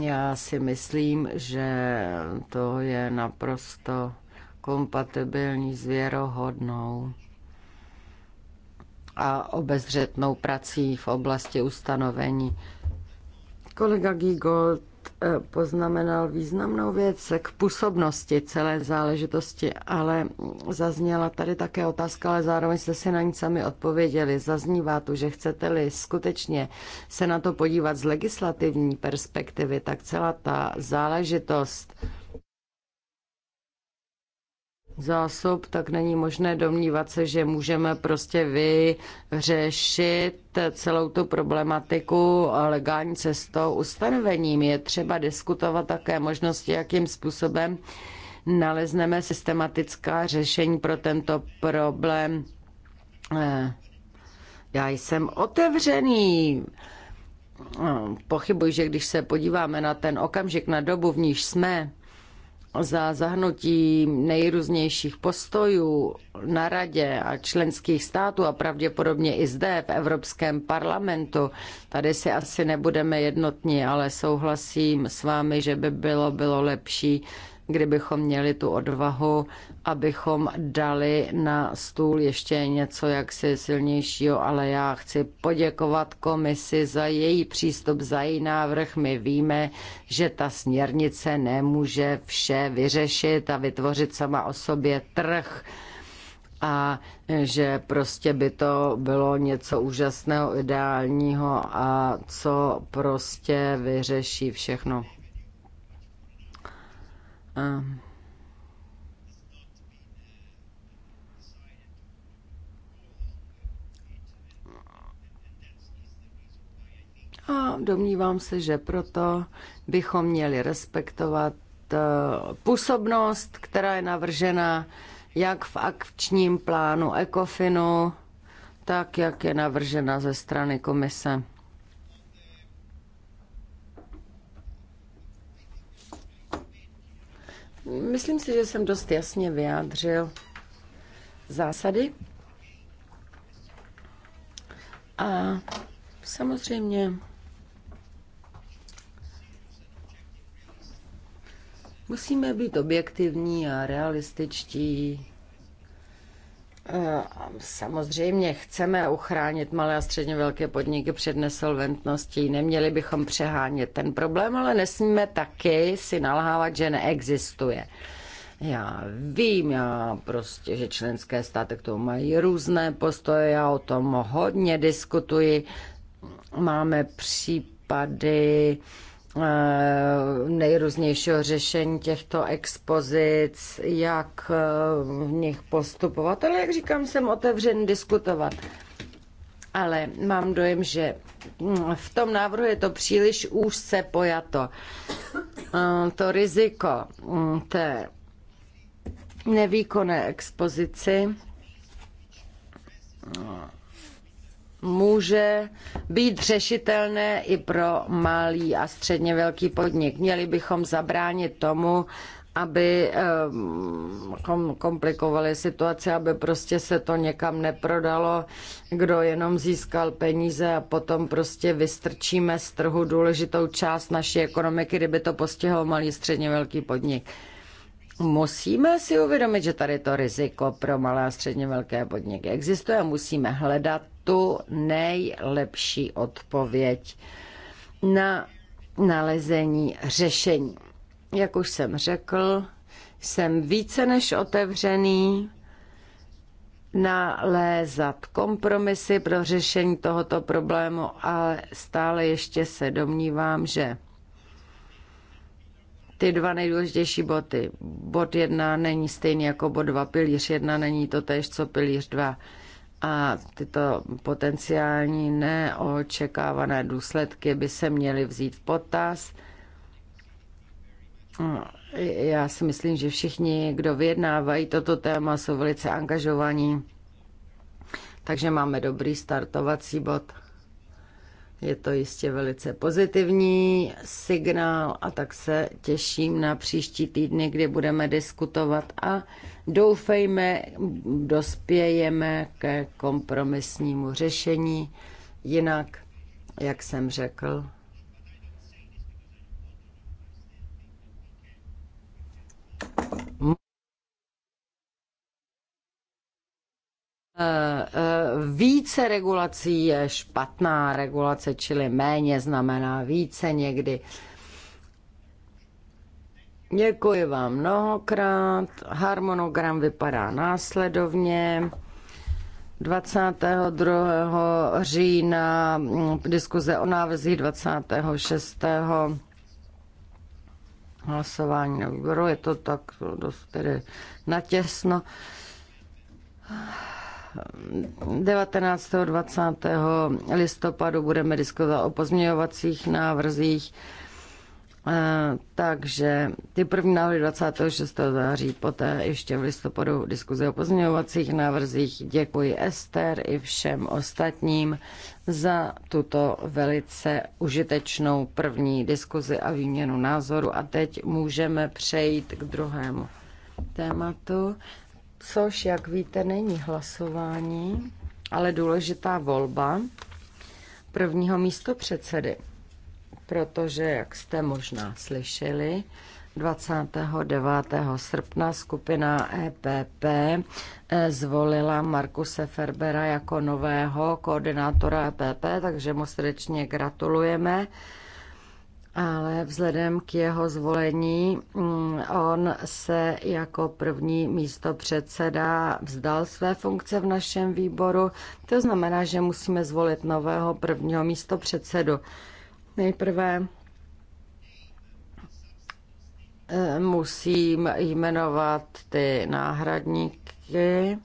Já si myslím, že to je naprosto kompatibilní s věrohodnou a obezřetnou prací v oblasti ustanovení. Kolega Gigold eh, poznamenal významnou věc k působnosti celé záležitosti, ale zazněla tady také otázka, ale zároveň jste si na ní sami odpověděli. Zaznívá tu, že chcete-li skutečně se na to podívat z legislativní perspektivy, tak celá ta záležitost zásob, tak není možné domnívat se, že můžeme prostě vyřešit celou tu problematiku legální cestou ustanovením. Je třeba diskutovat také možnosti, jakým způsobem nalezneme systematická řešení pro tento problém. Eh, já jsem otevřený. Ehm, pochybuji, že když se podíváme na ten okamžik, na dobu, v níž jsme, za zahnutí nejrůznějších postojů na radě a členských států a pravděpodobně i zde v Evropském parlamentu. Tady si asi nebudeme jednotní, ale souhlasím s vámi, že by bylo, bylo lepší kdybychom měli tu odvahu, abychom dali na stůl ještě něco jaksi silnějšího, ale já chci poděkovat komisi za její přístup, za její návrh. My víme, že ta směrnice nemůže vše vyřešit a vytvořit sama o sobě trh a že prostě by to bylo něco úžasného, ideálního a co prostě vyřeší všechno. A A domnívám se, že proto bychom měli respektovat e, působnost, která je navržena jak v akčním plánu ECOFINu, tak jak je navržena ze strany komise. Myslím si, že jsem dost jasně vyjádřil zásady. A samozřejmě musíme být objektivní a realističtí Eh, samozřejmě chceme uchránit malé a středně velké podniky před nesolventností, neměli bychom přehánět ten problém, ale nesmíme taky si nalhávat, že neexistuje. Já vím, já prostě, že členské státy k tomu mají různé postoje, já o tom hodně diskutuji. Máme případy, Eh, nejrůznějšího řešení těchto expozic, jak eh, v nich postupovat, ale jak říkám, jsem otevřen diskutovat. Ale mám dojem, že hm, v tom návrhu je to příliš úzce pojato. Eh, to riziko hm, té nevýkonné expozici může být řešitelné i pro malý a středně velký podnik. Měli bychom zabránit tomu, aby eh, komplikovali situaci, aby prostě se to někam neprodalo, kdo jenom získal peníze a potom prostě vystrčíme z trhu důležitou část naší ekonomiky, kdyby to postihlo malý středně velký podnik. Musíme si uvědomit, že tady to riziko pro malé a středně velké podniky existuje a musíme hledat tu nejlepší odpověď na nalezení řešení. Jak už jsem řekl, jsem více než otevřený nalézat kompromisy pro řešení tohoto problému, ale stále ještě se domnívám, že ty dva nejdůležitější boty. Bod jedna není stejný jako bod dva. Pilíř jedna není to tež, co pilíř dva a tyto potenciální neočekávané důsledky by se měly vzít v potaz. Já si myslím, že všichni, kdo vyjednávají toto téma, jsou velice angažovaní, takže máme dobrý startovací bod. Je to jistě velice pozitivní signál a tak se těším na příští týdny, kdy budeme diskutovat a doufejme, dospějeme ke kompromisnímu řešení. Jinak, jak jsem řekl, Eh, eh, více regulací je špatná regulace, čili méně znamená více někdy. Děkuji vám mnohokrát. Harmonogram vypadá následovně. 22. října mm, diskuze o návrzích 26. hlasování na výboru. Je to tak dost tedy natěsno. 19. 20. listopadu budeme diskutovat o pozměňovacích návrzích. Eh, takže ty první návrhy 26. září, poté ještě v listopadu diskuze o pozměňovacích návrzích. Děkuji Ester i všem ostatním za tuto velice užitečnou první diskuzi a výměnu názoru. A teď můžeme přejít k druhému tématu což, jak víte, není hlasování, ale důležitá volba prvního místo předsedy, protože, jak jste možná slyšeli, 29. srpna skupina EPP eh, zvolila Markuse Ferbera jako nového koordinátora EPP, takže mu srdečně gratulujeme ale vzhledem k jeho zvolení mm, on se jako první místo předseda vzdal své funkce v našem výboru. To znamená, že musíme zvolit nového prvního místo předsedu. Nejprve eh, musím jmenovat ty náhradníky.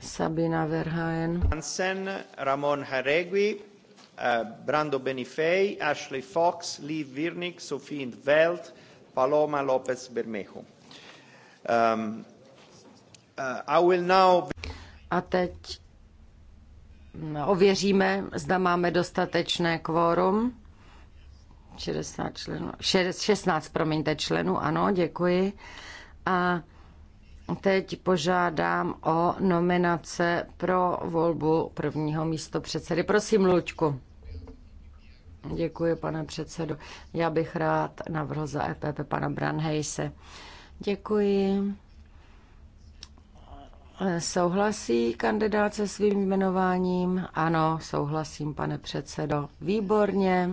Sabina Verhaen. Hansen, Ramon Haregui, Eh, Brando Benifei, Ashley Fox, Lee Virnik, Sophie Veld, Paloma Lopez Bermejo. Um, uh, I will now... A teď mm, ověříme, zda máme dostatečné kvórum. 60 členů, 16, promiňte, členů, ano, děkuji. A teď požádám o nominace pro volbu prvního místo předsedy. Prosím, Luďku. Děkuji, pane předsedo. Já bych rád navrhl za EPP pana Branhejse. Děkuji. Souhlasí kandidát se svým jmenováním? Ano, souhlasím, pane předsedo. Výborně.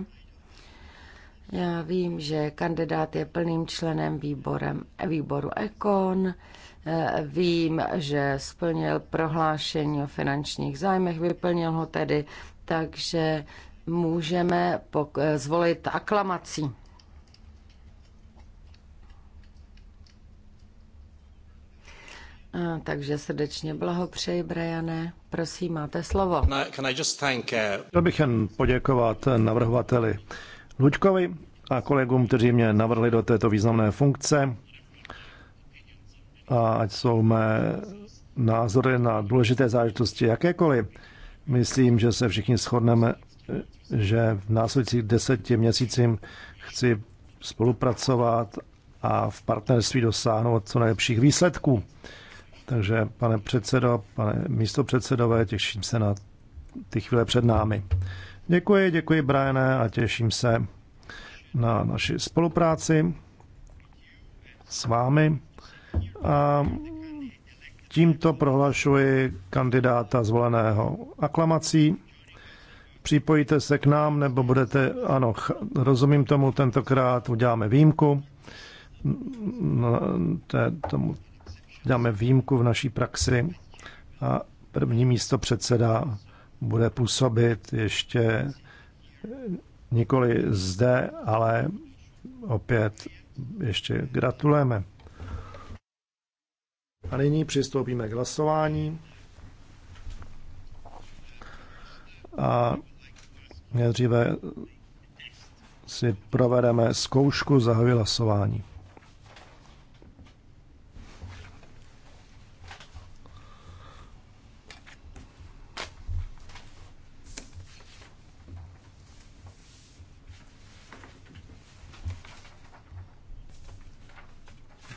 Já vím, že kandidát je plným členem výborem, výboru EKON. Vím, že splnil prohlášení o finančních zájmech, vyplnil ho tedy, takže můžeme eh, zvolit aklamací. Eh, takže srdečně blahopřeji, Briané. Prosím, máte slovo. Eh, Chtěl bych jen poděkovat navrhovateli Lučkovi a kolegům, kteří mě navrhli do této významné funkce. A ať jsou mé názory na důležité záležitosti jakékoliv, myslím, že se všichni shodneme že v následujících deseti měsících chci spolupracovat a v partnerství dosáhnout co nejlepších výsledků. Takže, pane předsedo, pane místopředsedové, těším se na ty chvíle před námi. Děkuji, děkuji, Brianne, a těším se na naši spolupráci s vámi. A tímto prohlašuji kandidáta zvoleného aklamací připojíte se k nám, nebo budete, ano, rozumím tomu, tentokrát uděláme výjimku, no, té, tomu dáme výjimku v naší praxi a první místo předseda bude působit ještě nikoli zde, ale opět ještě gratulujeme. A nyní přistoupíme k hlasování. A Nejdříve si provedeme zkoušku, za hlasování.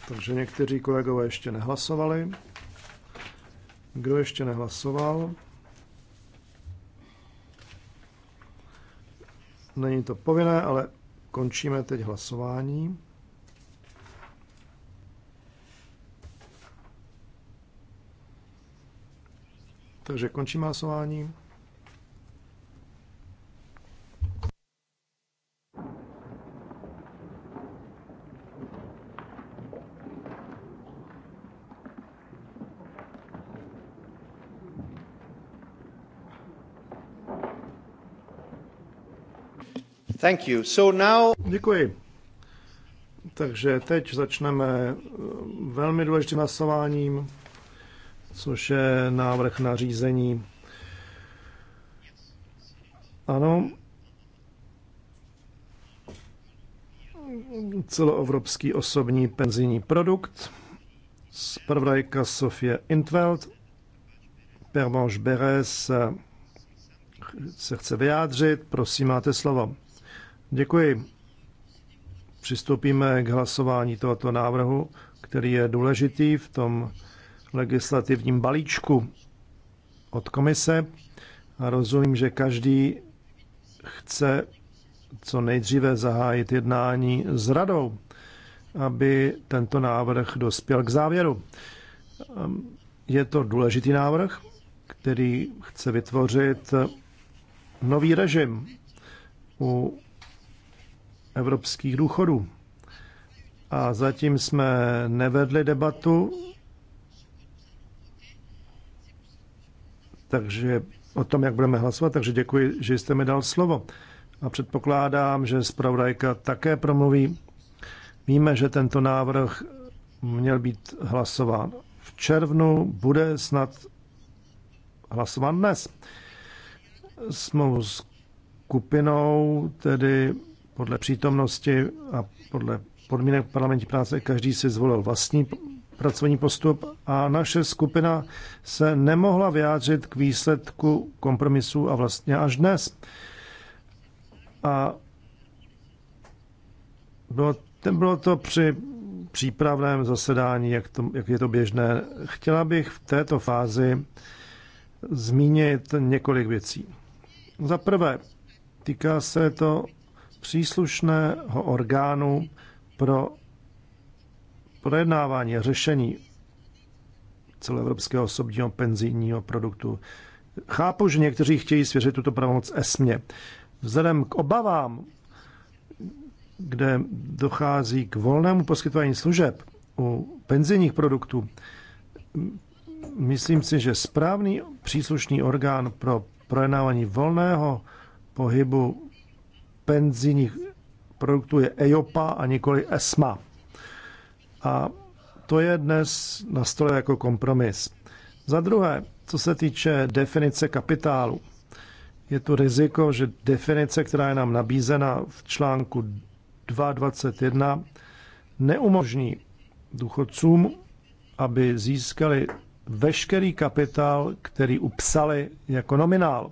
Takže někteří kolegové ještě nehlasovali. Kdo ještě nehlasoval? Není to povinné, ale končíme teď hlasování. Takže končím hlasování. Thank you. So now... Děkuji. Takže teď začneme eh, velmi důležitým hlasováním, což je návrh na řízení. Ano. Celoevropský osobní penzijní produkt. Zpravodajka Sofie Intveld. Permanche Beres eh, se chce vyjádřit. Prosím, máte slovo. Děkuji. Přistoupíme k hlasování tohoto návrhu, který je důležitý v tom legislativním balíčku od komise. A rozumím, že každý chce co nejdříve zahájit jednání s radou, aby tento návrh dospěl k závěru. Je to důležitý návrh, který chce vytvořit nový režim u evropských důchodů. A zatím jsme nevedli debatu, takže o tom, jak budeme hlasovat, takže děkuji, že jste mi dal slovo. A předpokládám, že zpravodajka také promluví. Víme, že tento návrh měl být hlasován v červnu, bude snad hlasován dnes. S mou skupinou tedy podle přítomnosti a podle podmínek parlamentní práce každý si zvolil vlastní pracovní postup a naše skupina se nemohla vyjádřit k výsledku kompromisu a vlastně až dnes. A bylo, bylo to při přípravném zasedání, jak, to, jak je to běžné. Chtěla bych v této fázi zmínit několik věcí. Za prvé, týká se to příslušného orgánu pro projednávání a řešení celoevropského osobního penzijního produktu. Chápu, že někteří chtějí svěřit tuto pravomoc ESMě. Vzhledem k obavám, kde dochází k volnému poskytování služeb u penzijních produktů, myslím si, že správný příslušný orgán pro projednávání volného pohybu penzijních produktů je EIOPA a nikoli ESMA. A to je dnes na stole jako kompromis. Za druhé, co se týče definice kapitálu, je tu riziko, že definice, která je nám nabízena v článku 2.21, neumožní důchodcům, aby získali veškerý kapitál, který upsali jako nominál.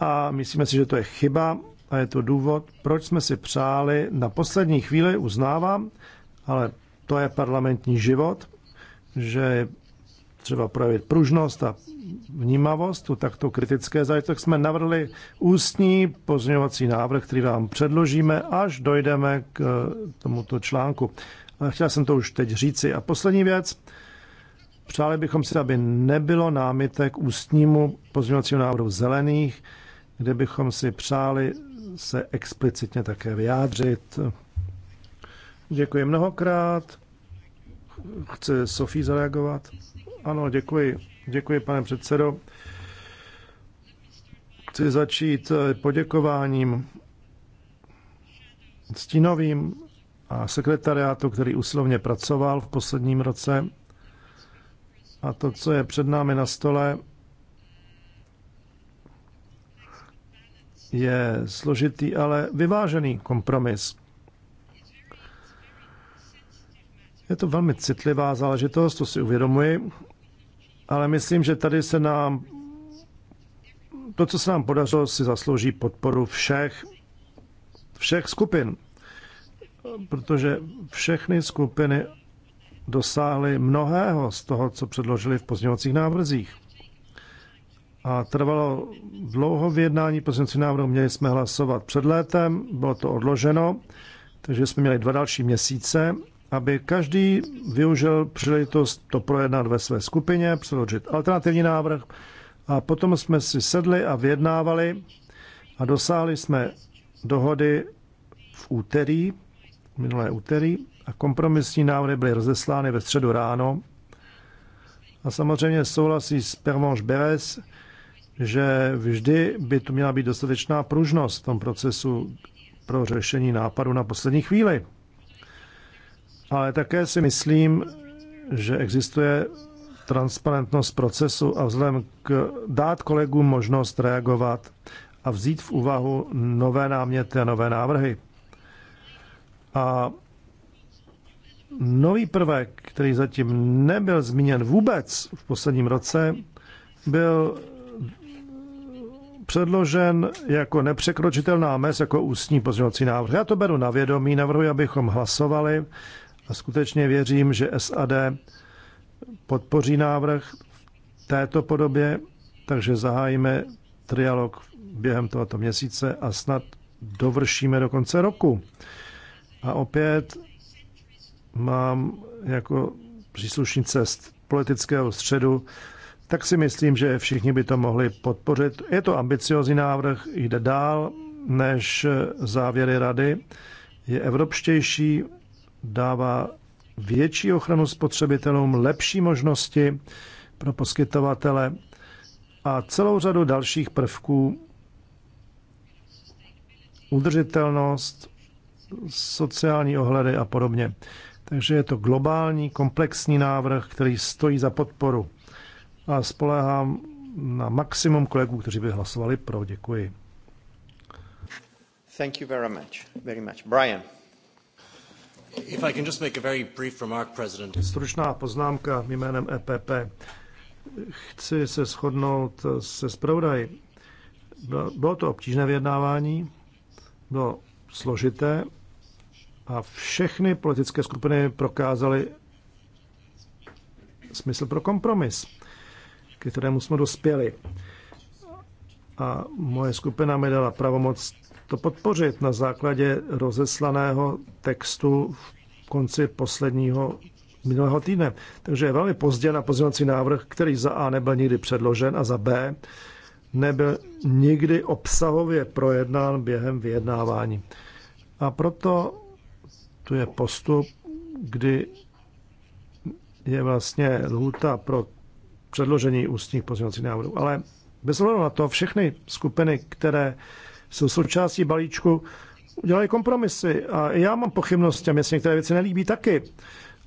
A myslíme si, že to je chyba a je to důvod, proč jsme si přáli na poslední chvíli, uznávám, ale to je parlamentní život, že je třeba projevit pružnost a vnímavost u takto kritické tak jsme navrhli ústní pozměňovací návrh, který vám předložíme, až dojdeme k eh, tomuto článku. Ale chtěl jsem to už teď říci. A poslední věc, přáli bychom si, aby nebylo námitek ústnímu pozměňovacího návrhu zelených, kde bychom si přáli se explicitně také vyjádřit. Děkuji mnohokrát. Chce Sofie zareagovat? Ano, děkuji. Děkuji, pane předsedo. Chci začít eh, poděkováním stínovým a sekretariátu, který usilovně pracoval v posledním roce. A to, co je před námi na stole, je složitý, ale vyvážený kompromis. Je to velmi citlivá záležitost, to si uvědomuji, ale myslím, že tady se nám to, co se nám podařilo, si zaslouží podporu všech, všech skupin, protože všechny skupiny dosáhly mnohého z toho, co předložili v pozdějovacích návrzích a trvalo dlouho v jednání pozemcí návrhu. Měli jsme hlasovat před létem, bylo to odloženo, takže jsme měli dva další měsíce, aby každý využil příležitost to projednat ve své skupině, předložit alternativní návrh a potom jsme si sedli a vyjednávali a dosáhli jsme dohody v úterý, minulé úterý, a kompromisní návrhy byly rozeslány ve středu ráno. A samozřejmě souhlasí s Permanche Beres, že vždy by tu měla být dostatečná pružnost v tom procesu pro řešení nápadu na poslední chvíli. Ale také si myslím, že existuje transparentnost procesu a vzhledem k dát kolegům možnost reagovat a vzít v úvahu nové náměty a nové návrhy. A nový prvek, který zatím nebyl zmíněn vůbec v posledním roce, byl předložen jako nepřekročitelná mez, jako ústní pozměňovací návrh. Já to beru na vědomí, navrhuji, abychom hlasovali a skutečně věřím, že SAD podpoří návrh v této podobě, takže zahájíme trialog během tohoto měsíce a snad dovršíme do konce roku. A opět mám jako příslušnice politického středu tak si myslím, že všichni by to mohli podpořit. Je to ambiciozní návrh, jde dál než závěry rady, je evropštější, dává větší ochranu spotřebitelům, lepší možnosti pro poskytovatele a celou řadu dalších prvků udržitelnost, sociální ohledy a podobně. Takže je to globální, komplexní návrh, který stojí za podporu a spolehám na maximum kolegů, kteří by hlasovali pro. Děkuji. Thank you very much. Very much. Brian. If I can just make a very brief remark, President. Stručná poznámka jménem EPP. Chci se shodnout se zpravodaj. Bylo to obtížné vyjednávání, bylo složité a všechny politické skupiny prokázaly smysl pro kompromis ke kterému jsme dospěli. A moje skupina mi dala pravomoc to podpořit na základě rozeslaného textu v konci posledního minulého týdne. Takže je velmi pozdě na pozměňovací návrh, který za A nebyl nikdy předložen a za B nebyl nikdy obsahově projednán během vyjednávání. A proto tu je postup, kdy je vlastně lhůta pro předložení ústních pozměňovacích návrhů. Ale bez ohledu na to, všechny skupiny, které jsou součástí balíčku, udělají kompromisy. A já mám pochybnosti, a mě se některé věci nelíbí taky.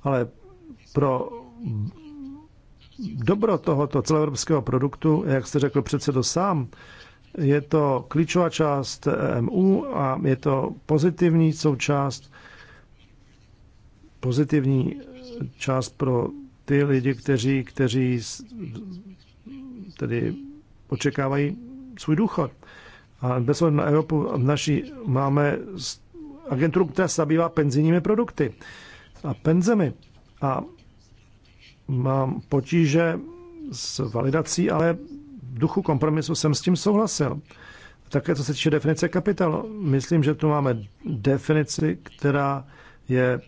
Ale pro dobro tohoto celoevropského produktu, jak jste řekl předsedo sám, je to klíčová část MU a je to pozitivní součást, pozitivní část pro ty lidi, kteří, kteří tedy očekávají svůj důchod. A bez na Evropu v naší máme agenturu, která se zabývá penzijními produkty a penzemi. A mám potíže s validací, ale v duchu kompromisu jsem s tím souhlasil. Také co se týče definice kapitálu, myslím, že tu máme definici, která je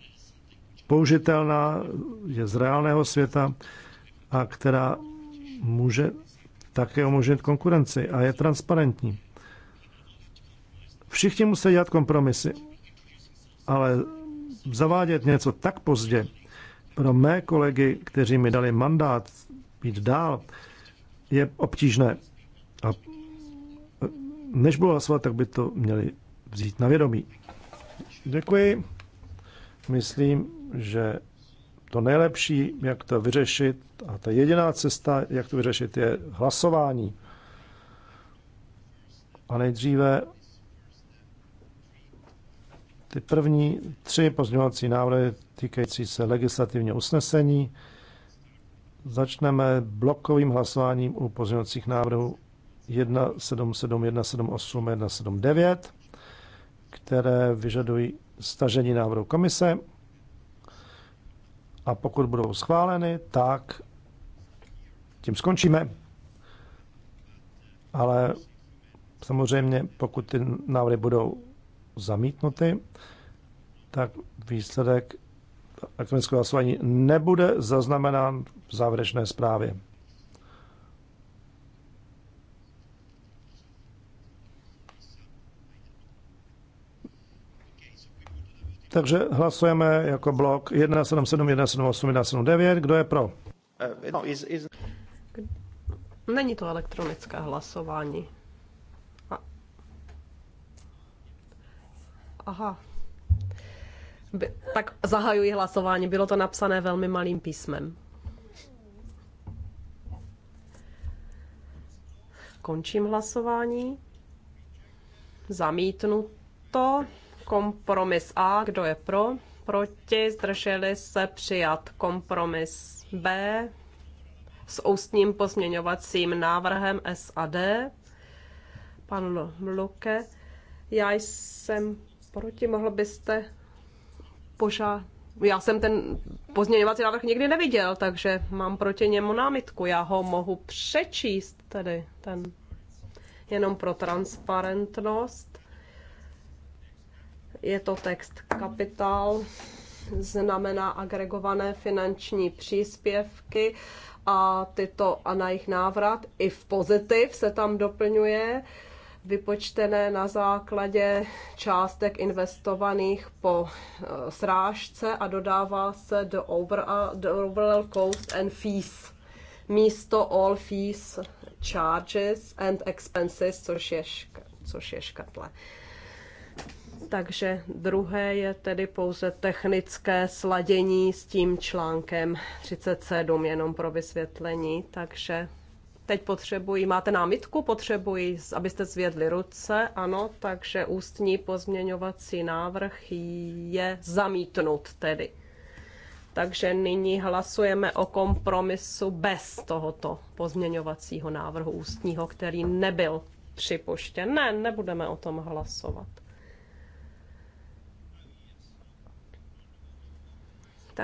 použitelná, je z reálného světa a která může také umožnit konkurenci a je transparentní. Všichni musí dělat kompromisy, ale zavádět něco tak pozdě pro mé kolegy, kteří mi dali mandát být dál, je obtížné. A než bylo hlasovat, tak by to měli vzít na vědomí. Děkuji. Myslím, že to nejlepší, jak to vyřešit, a ta jediná cesta, jak to vyřešit, je hlasování. A nejdříve ty první tři pozměňovací návrhy týkající se legislativního usnesení. Začneme blokovým hlasováním u pozměňovacích návrhů 177, 178, 179, které vyžadují stažení návrhu komise a pokud budou schváleny, tak tím skončíme. Ale samozřejmě, pokud ty návrhy budou zamítnuty, tak výsledek elektronického hlasování nebude zaznamenán v závěrečné zprávě. Takže hlasujeme jako blok 177, 178, 179. Kdo je pro? No, Není to elektronické hlasování. Aha. By, tak zahajuji hlasování. Bylo to napsané velmi malým písmem. Končím hlasování. Zamítnu to. Kompromis A, kdo je pro? Proti, zdrželi se přijat. Kompromis B s ústním pozměňovacím návrhem SAD. Pan Luke, já jsem proti, mohl byste požádat. Já jsem ten pozměňovací návrh nikdy neviděl, takže mám proti němu námitku. Já ho mohu přečíst tedy, ten jenom pro transparentnost. Je to text kapitál, znamená agregované finanční příspěvky a tyto a na jejich návrat i v pozitiv se tam doplňuje vypočtené na základě částek investovaných po eh, srážce a dodává se do over, eh, overall cost and fees místo all fees, charges and expenses, což je, šk- což je škrtle. Takže druhé je tedy pouze technické sladění s tím článkem 37, jenom pro vysvětlení. Takže teď potřebuji, máte námitku, potřebuji, abyste zvědli ruce, ano, takže ústní pozměňovací návrh je zamítnut tedy. Takže nyní hlasujeme o kompromisu bez tohoto pozměňovacího návrhu ústního, který nebyl připuštěn. Ne, nebudeme o tom hlasovat.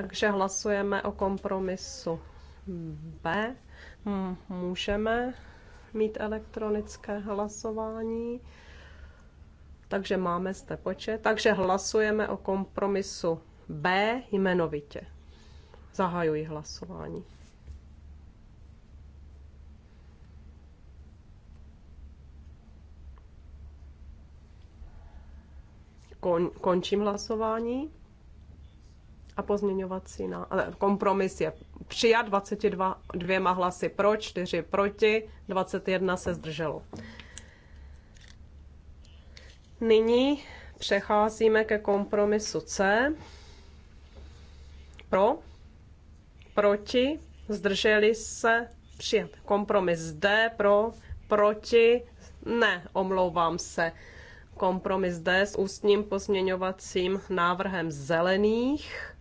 Takže hlasujeme o kompromisu B. Můžeme mít elektronické hlasování. Takže máme zde počet. Takže hlasujeme o kompromisu B jmenovitě. Zahajuji hlasování. končím hlasování a pozměňovací na, ale kompromis je přijat 22 dvěma hlasy pro, 4 proti, 21 se zdrželo. Nyní přecházíme ke kompromisu C. Pro, proti, zdrželi se, přijat. Kompromis D pro, proti, ne, omlouvám se. Kompromis D s ústním pozměňovacím návrhem zelených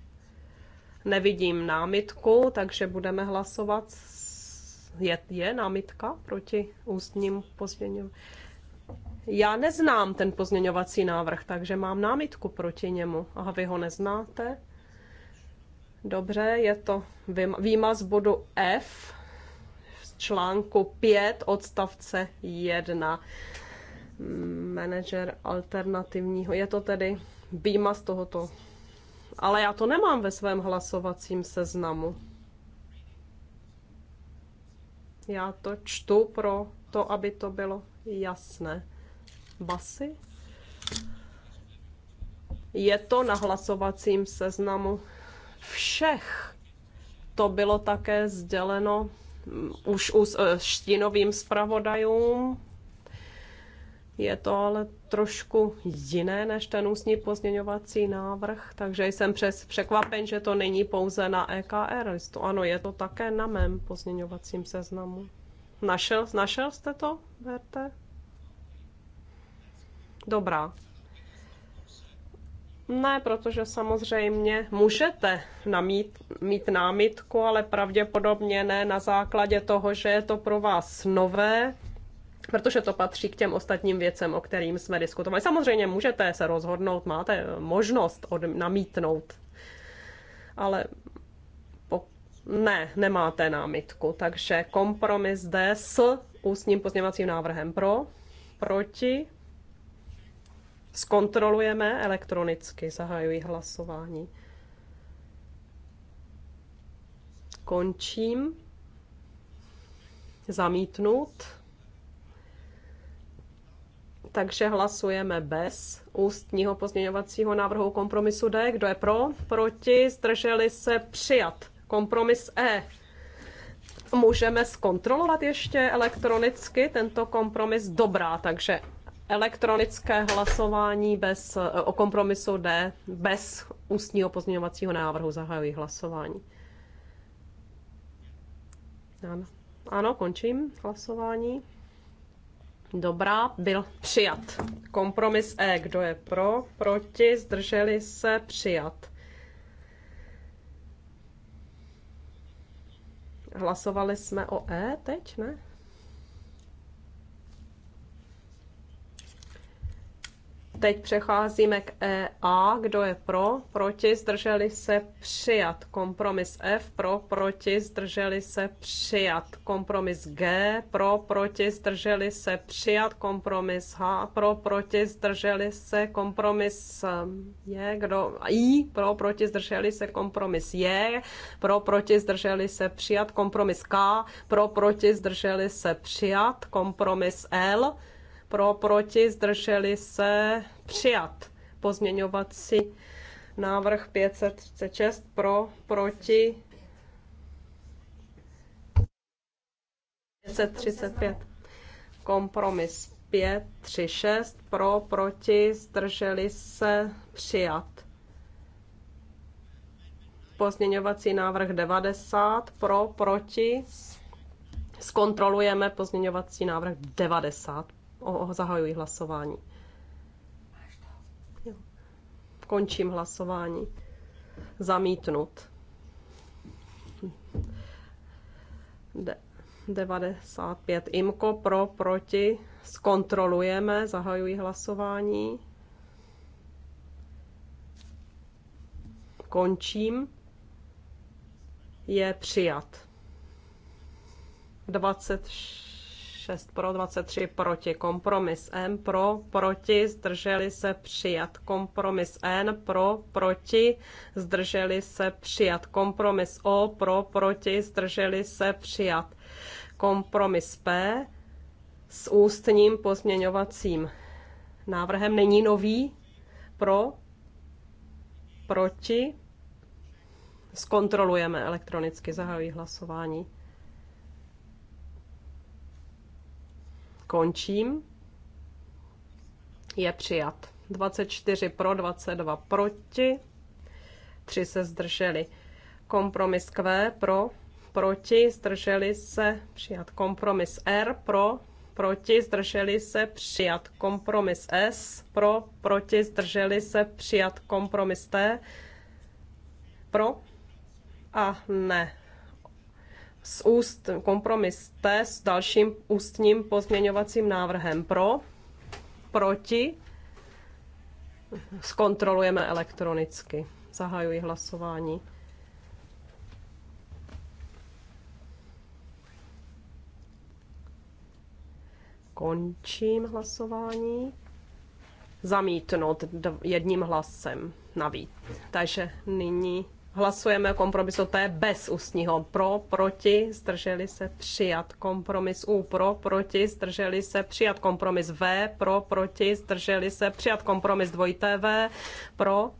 Nevidím námitku, takže budeme hlasovat. Je, je námitka proti ústním pozměňovacím? Já neznám ten pozměňovací návrh, takže mám námitku proti němu. A vy ho neznáte? Dobře, je to výmaz bodu F z článku 5 odstavce 1. Manager alternativního. Je to tedy výmaz tohoto ale já to nemám ve svém hlasovacím seznamu. Já to čtu pro to, aby to bylo jasné. Basy? Je to na hlasovacím seznamu všech. To bylo také sděleno mm, už s eh, štínovým zpravodajům je to ale trošku jiné než ten ústní pozměňovací návrh, takže jsem přes překvapen, že to není pouze na EKR. listu. ano, je to také na mém pozměňovacím seznamu. Našel, našel jste to, Berte? Dobrá. Ne, protože samozřejmě můžete namít, mít námitku, ale pravděpodobně ne na základě toho, že je to pro vás nové, protože to patří k těm ostatním věcem, o kterým jsme diskutovali. Samozřejmě můžete se rozhodnout, máte možnost od, namítnout, ale po, ne, nemáte námitku, takže kompromis jde s ústním pozněvacím návrhem pro, proti, zkontrolujeme elektronicky, zahajuji hlasování. Končím. Zamítnout takže hlasujeme bez ústního pozměňovacího návrhu kompromisu D. Kdo je pro? Proti? Zdrželi se? Přijat. Kompromis E. Můžeme zkontrolovat ještě elektronicky tento kompromis. Dobrá, takže elektronické hlasování bez, o kompromisu D bez ústního pozměňovacího návrhu. zahajují hlasování. Ano, ano končím hlasování. Dobrá, byl přijat. Kompromis E, kdo je pro, proti, zdrželi se, přijat. Hlasovali jsme o E teď, ne? Teď přecházíme k EA. Kdo je pro? Proti? Zdrželi se přijat. Kompromis F. Pro? Proti? Zdrželi se přijat. Kompromis G. Pro? Proti? Zdrželi se přijat. Kompromis H. Pro? Proti? Zdrželi se. Kompromis um, je. Kdo? I. Pro? Proti? Zdrželi se. Kompromis je. Pro? Proti? Zdrželi se přijat. Kompromis K. Pro? Proti? Zdrželi se přijat. Kompromis L pro, proti, zdrželi se, přijat. Pozměňovací návrh 536 pro, proti, 535. Kompromis 536 pro, proti, zdrželi se, přijat. Pozměňovací návrh 90, pro, proti, zkontrolujeme pozměňovací návrh 90. O, zahajuji hlasování. Jo. Končím hlasování. Zamítnut. De, 95. Imko pro, proti. Zkontrolujeme. Zahajuji hlasování. Končím. Je přijat. 26. 6 pro, 23 proti. Kompromis M pro, proti, zdrželi se přijat. Kompromis N pro, proti, zdrželi se přijat. Kompromis O pro, proti, zdrželi se přijat. Kompromis P s ústním pozměňovacím návrhem není nový. Pro, proti, zkontrolujeme elektronicky, zahajují hlasování. Končím. Je přijat. 24 pro, 22 proti. 3 se zdrželi. Kompromis Q pro, proti, zdrželi se, přijat. Kompromis R pro, proti, zdrželi se, přijat. Kompromis S pro, proti, zdrželi se, přijat. Kompromis T pro a ne s úst kompromis T s dalším ústním pozměňovacím návrhem pro, proti, zkontrolujeme elektronicky. Zahajuji hlasování. Končím hlasování. Zamítnout jedním hlasem navíc. Takže nyní Hlasujeme o kompromisu To je bez ústního. Pro, proti, zdrželi se přijat. Kompromis U pro, proti, zdrželi se přijat. Kompromis V pro, proti, zdrželi se přijat. Kompromis dvojité V pro,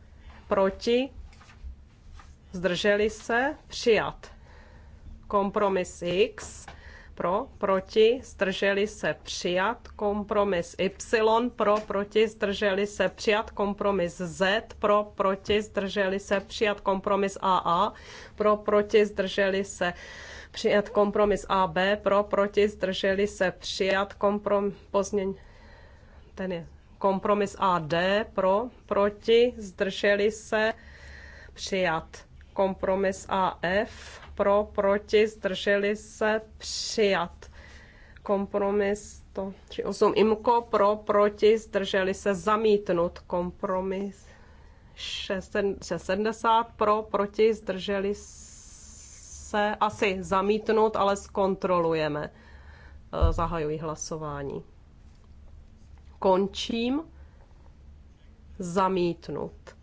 proti, zdrželi se přijat. Kompromis X pro, proti, zdrželi se přijat, kompromis Y pro, proti, zdrželi se přijat, kompromis Z pro, proti, zdrželi se přijat, kompromis AA pro, proti, zdrželi se přijat, kompromis AB pro, proti, zdrželi se přijat, kompromis, pozměň, ten je kompromis AD pro, proti, zdrželi se přijat Kompromis AF pro, proti, zdrželi se, přijat. Kompromis to osm IMKO pro, proti, zdrželi se, zamítnut. Kompromis 670 pro, proti, zdrželi se, asi zamítnut, ale zkontrolujeme. E, zahajuji hlasování. Končím. Zamítnut.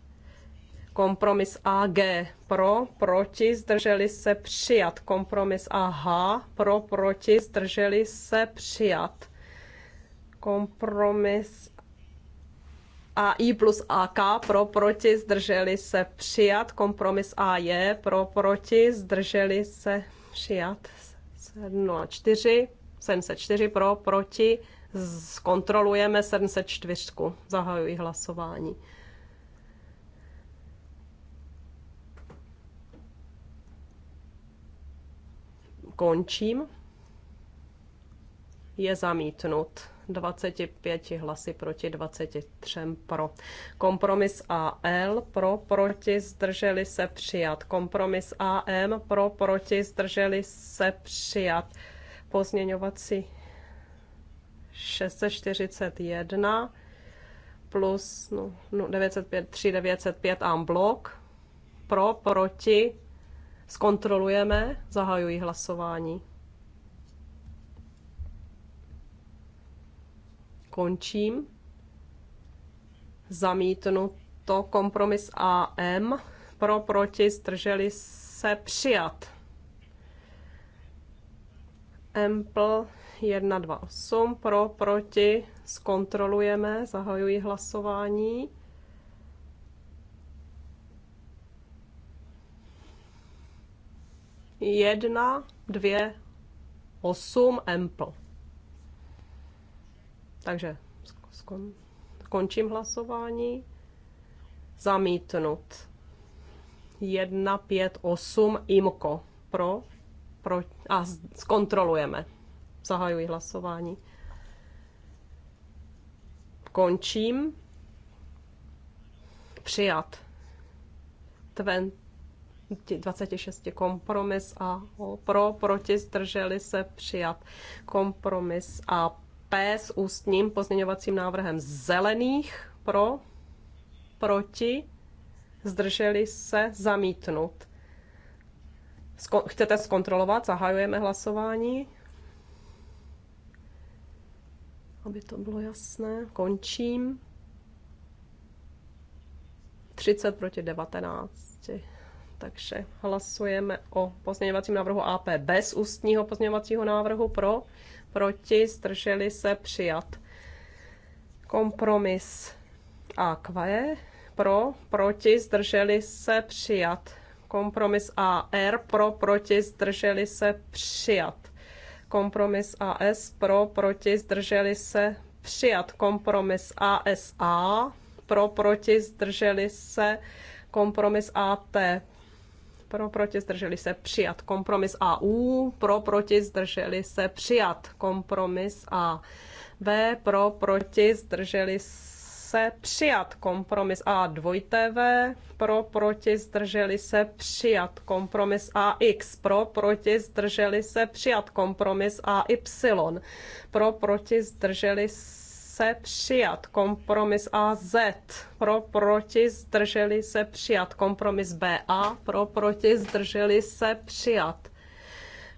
Kompromis AG pro, proti, zdrželi se přijat. Kompromis AH pro, proti, zdrželi se přijat. Kompromis AI plus AK pro, proti, zdrželi se přijat. Kompromis AJ pro, proti, zdrželi se přijat. 704, 704 pro, proti, zkontrolujeme 704. Zahajuji hlasování. Končím. Je zamítnut. 25 hlasy proti 23 pro. Kompromis AL pro, proti, zdrželi se přijat. Kompromis AM pro, proti, zdrželi se přijat. Pozměňovací 641 plus no, no 905, 3905 en blok pro, proti, Zkontrolujeme, zahajuji hlasování. Končím. to kompromis AM. Pro, proti, zdrželi se přijat. Empl 128 pro, proti, zkontrolujeme, zahajuji hlasování. 1, 2, 8 empl. Takže skon, končím hlasování. Zamítnut. 1, 5, 8 IMKO. Pro, pro a zkontrolujeme. Zahajuji hlasování. Končím. Přijat. 20. 26 kompromis a pro, proti, zdrželi se přijat kompromis a P s ústním pozměňovacím návrhem zelených pro, proti, zdrželi se zamítnut. chcete zkontrolovat? Zahajujeme hlasování. Aby to bylo jasné, končím. 30 proti 19. Takže hlasujeme o pozměňovacím návrhu AP bez ústního pozměňovacího návrhu pro, proti, zdrželi se přijat. Kompromis AQ pro, proti, zdrželi se přijat. Kompromis AR pro, proti, zdrželi se přijat. Kompromis AS pro, proti, zdrželi se přijat. Kompromis ASA pro, proti, zdrželi se kompromis AT pro, proti, zdrželi se přijat. Kompromis a u pro, proti, zdrželi se přijat. Kompromis A. V, pro, proti, zdrželi se přijat. Kompromis A dvojité V, pro, proti, zdrželi se přijat. Kompromis a x pro, proti, zdrželi se přijat. Kompromis a y pro, proti, zdrželi se se přijat. Kompromis AZ pro, proti, zdrželi se přijat. Kompromis BA pro, proti, zdrželi se přijat.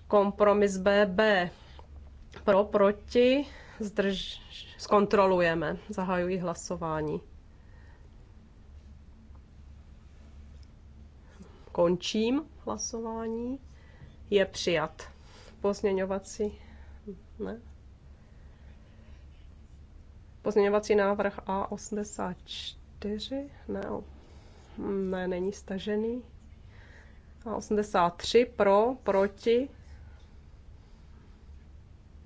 Kompromis BB pro, proti, zdrž... zkontrolujeme. zahajují hlasování. Končím hlasování. Je přijat. Pozměňovací ne. Pozměňovací návrh A84, ne, ne, není stažený. A83 pro, proti.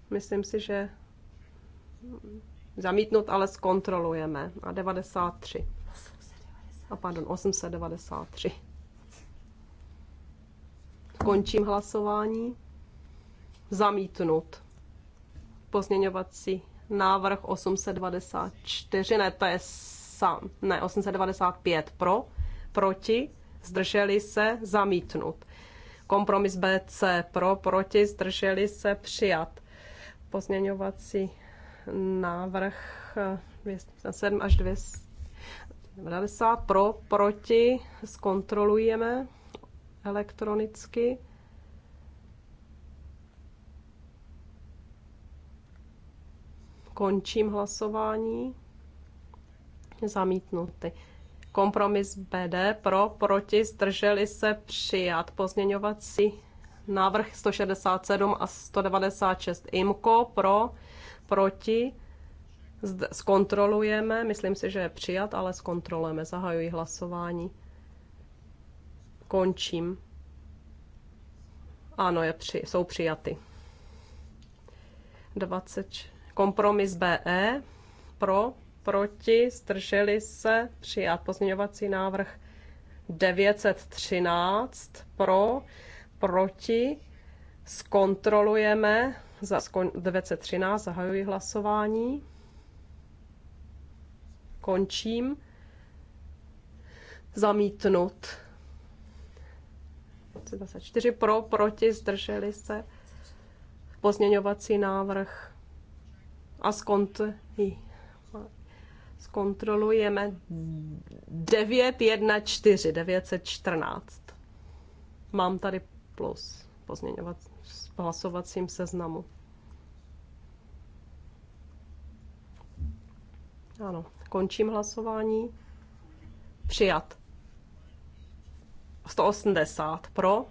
Myslím si, že zamítnout, ale zkontrolujeme. A 93. A pardon, 893. Končím hlasování. Zamítnout Pozměňovací návrh 894, ne, to je sam, ne, 895 pro, proti, zdrželi se, zamítnut. Kompromis BC pro, proti, zdrželi se, přijat. Pozměňovací návrh 207 až 290 pro, proti, zkontrolujeme elektronicky. Končím hlasování. Zamítnuty. Kompromis BD pro, proti, zdrželi se přijat. Pozměňovací návrh 167 a 196 IMKO pro, proti, zkontrolujeme, myslím si, že je přijat, ale zkontrolujeme, zahajuji hlasování. Končím. Ano, je při, jsou přijaty. 20. Kompromis BE pro, proti, strželi se, přijat pozměňovací návrh 913 pro, proti, zkontrolujeme, za 913 zahajuji hlasování, končím, zamítnut. 24 pro, proti, zdrželi se, pozměňovací návrh a zkontrolujeme 914, 914. Mám tady plus pozměňovat v hlasovacím seznamu. Ano, končím hlasování. Přijat. 180 pro,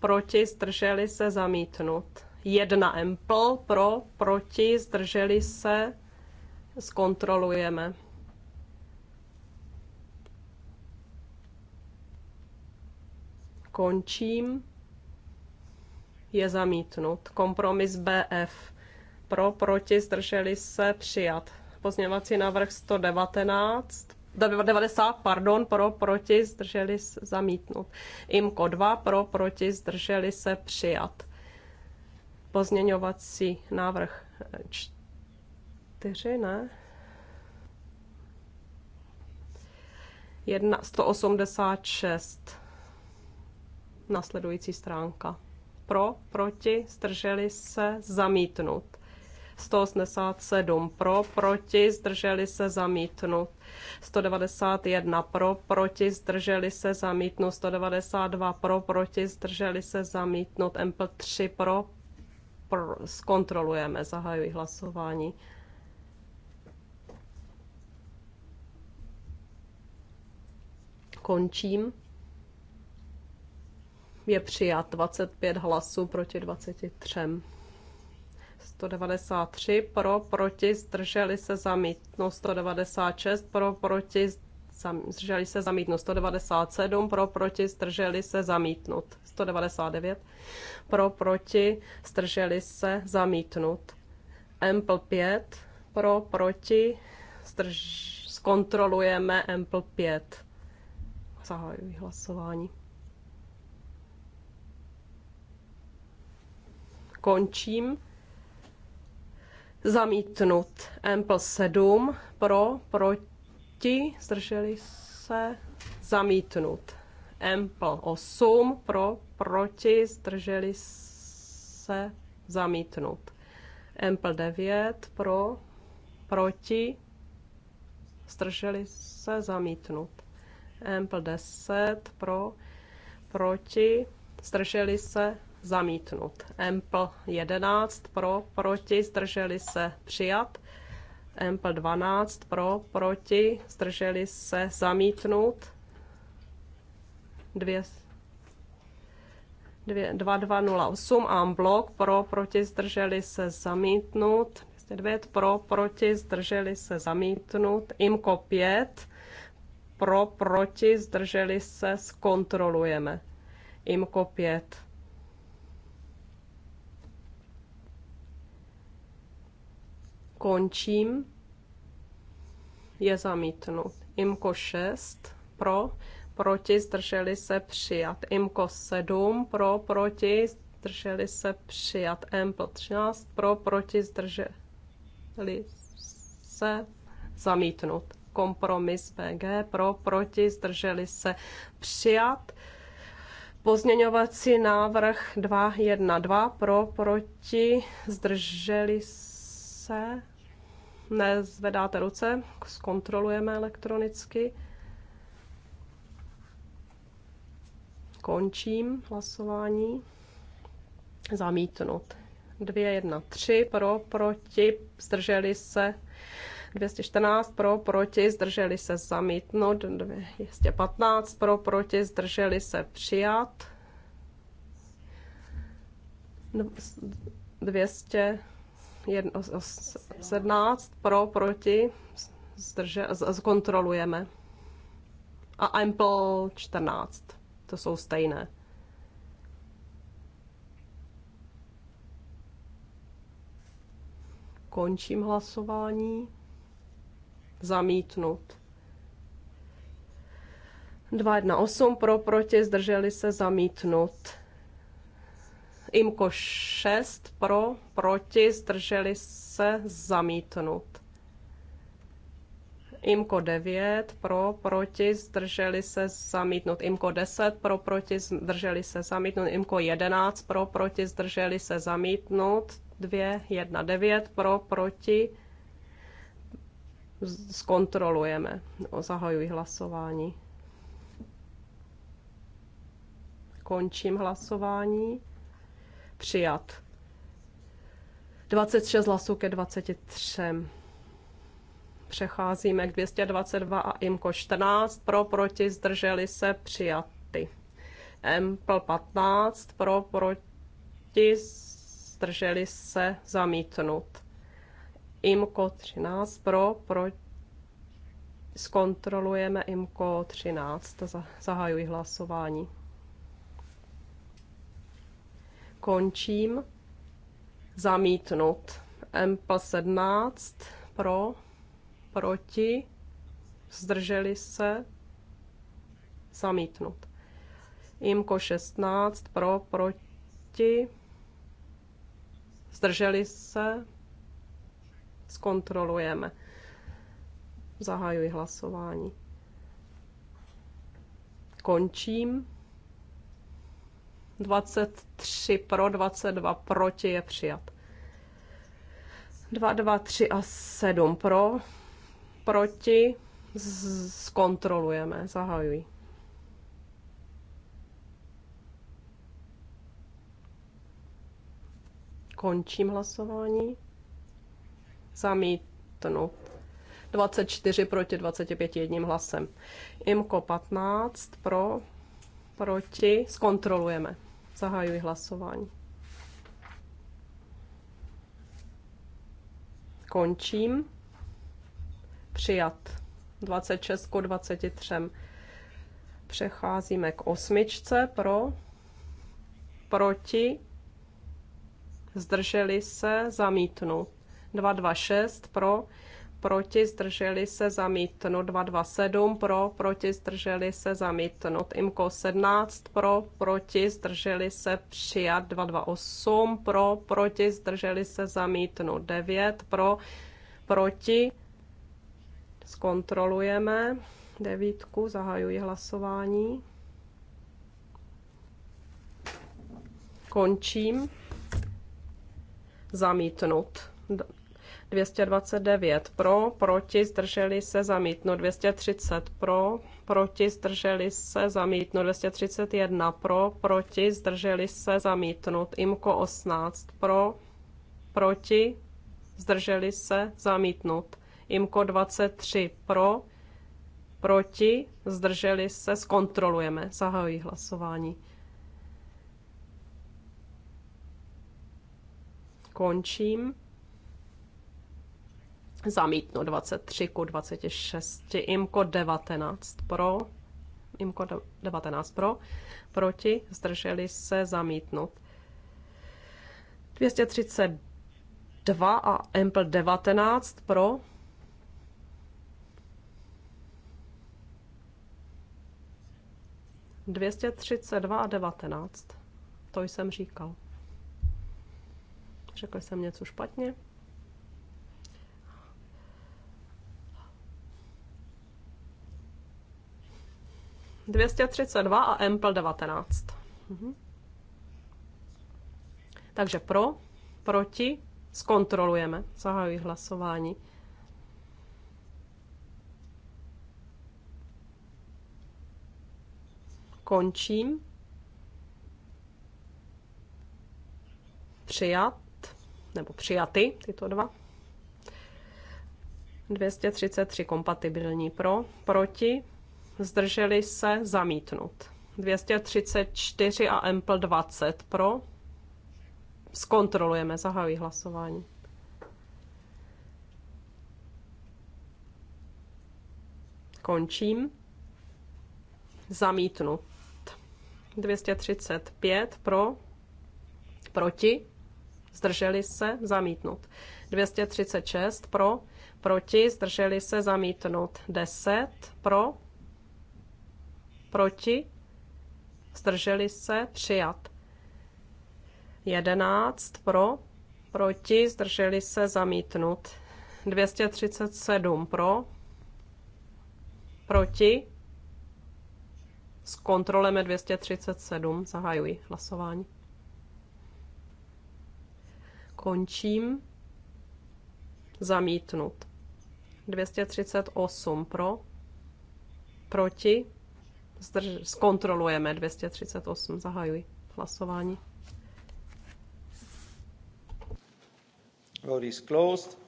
proti, zdrželi se zamítnut. 1 empl pro, proti, zdrželi se, zkontrolujeme. Končím. Je zamítnut. Kompromis BF. Pro, proti, zdrželi se, přijat. Pozměvací návrh 119. 90, pardon, pro, proti, zdrželi se, zamítnut. IMKO 2, pro, proti, zdrželi se, přijat. Pozměňovací návrh čtyři, ne? 1, 186. Nasledující stránka. Pro, proti, zdrželi se, zamítnut. 187 pro, proti, zdrželi se zamítnut. 191 pro, proti, zdrželi se zamítnut. 192 pro, proti, zdrželi se zamítnut. MP3 pro, pr- zkontrolujeme, zahajuji hlasování. Končím. Je přijat 25 hlasů proti 23. 193 pro, proti, zdrželi se zamítno 196 pro, proti, zdrželi se zamítnout. 197 pro, proti, zdrželi se zamítnout. 199 pro, proti, zdrželi se zamítnout. Ample 5 pro, proti, zdrž... zkontrolujeme Ample 5. Zahajuji hlasování. Končím. Zamítnut. Ample 7 pro, proti, proti, zdrželi se, zamítnut. Empl 8 pro, proti, zdrželi se, zamítnut. Empl 9 pro, proti, zdrželi se, zamítnut. Empl 10 pro, proti, zdrželi se, zamítnut. Empl 11 pro, proti, zdrželi se, přijat. Ample 12 pro, proti, zdrželi se zamítnout. Dvě, dvě, 2208 a blok pro, proti, zdrželi se zamítnout. 209 pro, proti, zdrželi se zamítnout. IMKO 5 pro, proti, zdrželi se, zkontrolujeme. IMKO 5. Končím. Je zamítnut. Imko 6 pro, proti, zdrželi se přijat. Imko 7 pro, proti, zdrželi se přijat. M 13 pro, proti, zdrželi se zamítnut. Kompromis BG pro, proti, zdrželi se přijat. Pozměňovací návrh 212 pro, proti, zdrželi se nezvedáte ruce, zkontrolujeme elektronicky. Končím hlasování. Zamítnut. 2, 1, 3, pro, proti, zdrželi se. 214 pro, proti, zdrželi se zamítnout, 215 pro, proti, zdrželi se přijat, 200 17 pro, proti, zdrže, zkontrolujeme. A Ample 14, to jsou stejné. Končím hlasování. Zamítnut. 218 pro, proti, zdrželi se zamítnut. IMKO 6 pro, proti, zdrželi se, zamítnut. IMKO 9 pro, proti, zdrželi se, zamítnut. IMKO 10 pro, proti, zdrželi se, zamítnut. IMKO 11 pro, proti, zdrželi se, zamítnut. 2, 1, 9 pro, proti, zkontrolujeme. No, zahajuji hlasování. Končím hlasování přijat. 26 hlasů ke 23. Přecházíme k 222 a IMKO 14. Pro, proti, zdrželi se, přijaty. MPL 15. Pro, proti, zdrželi se, zamítnut. IMKO 13. Pro, proti, zkontrolujeme IMKO 13. Zahajuji hlasování končím. Zamítnut. Empl 17 pro, proti, zdrželi se, zamítnut. Imko 16 pro, proti, zdrželi se, zkontrolujeme. Zahajuji hlasování. Končím. 23 pro, 22 proti je přijat. 2, 2, 3 a 7 pro, proti, zkontrolujeme, zahajuji. Končím hlasování. Zamítnu. 24 proti 25 jedním hlasem. IMKO 15 pro, proti, zkontrolujeme. Zahajuji hlasování. Končím. Přijat. 26 k 23. Přecházíme k osmičce pro, proti, zdrželi se, zamítnu. 226 pro, proti, zdrželi se zamítnout, 227 pro, proti, zdrželi se zamítnout, IMKO 17 pro, proti, zdrželi se přijat, 228 pro, proti, zdrželi se zamítnout, 9 pro, proti, zkontrolujeme, devítku, zahajuji hlasování. Končím. Zamítnout. 229 pro, proti, zdrželi se, zamítno 230 pro, proti, zdrželi se, zamítno 231 pro, proti, zdrželi se, zamítnut IMKO 18 pro, proti, zdrželi se, zamítnut IMKO 23 pro, proti, zdrželi se, zkontrolujeme, zahajují hlasování. Končím. Zamítnu 23 ku 26, IMKO 19 pro, IMKO 19 pro, proti, zdrželi se zamítnout. 232 a EMPL 19 pro, Dvěstě třicet dva a devatenáct. To jsem říkal. Řekl jsem něco špatně? 232 a Ample 19. Mhm. Takže pro, proti, zkontrolujeme. zahajují hlasování. Končím. Přijat, nebo přijaty tyto dva. 233 kompatibilní pro, proti, zdrželi se, zamítnut. 234 a Ample 20 pro. Zkontrolujeme, zahájí hlasování. Končím. Zamítnut. 235 pro, proti, zdrželi se, zamítnut. 236 pro, proti, zdrželi se, zamítnut. 10 pro, proti, zdrželi se, přijat. 11 pro, proti, zdrželi se, zamítnut. 237 pro, proti, s kontrolem 237 zahajuji hlasování. Končím. Zamítnut. 238 pro, proti, Zdrž, zkontrolujeme 238. Zahajuji hlasování. Vote is closed.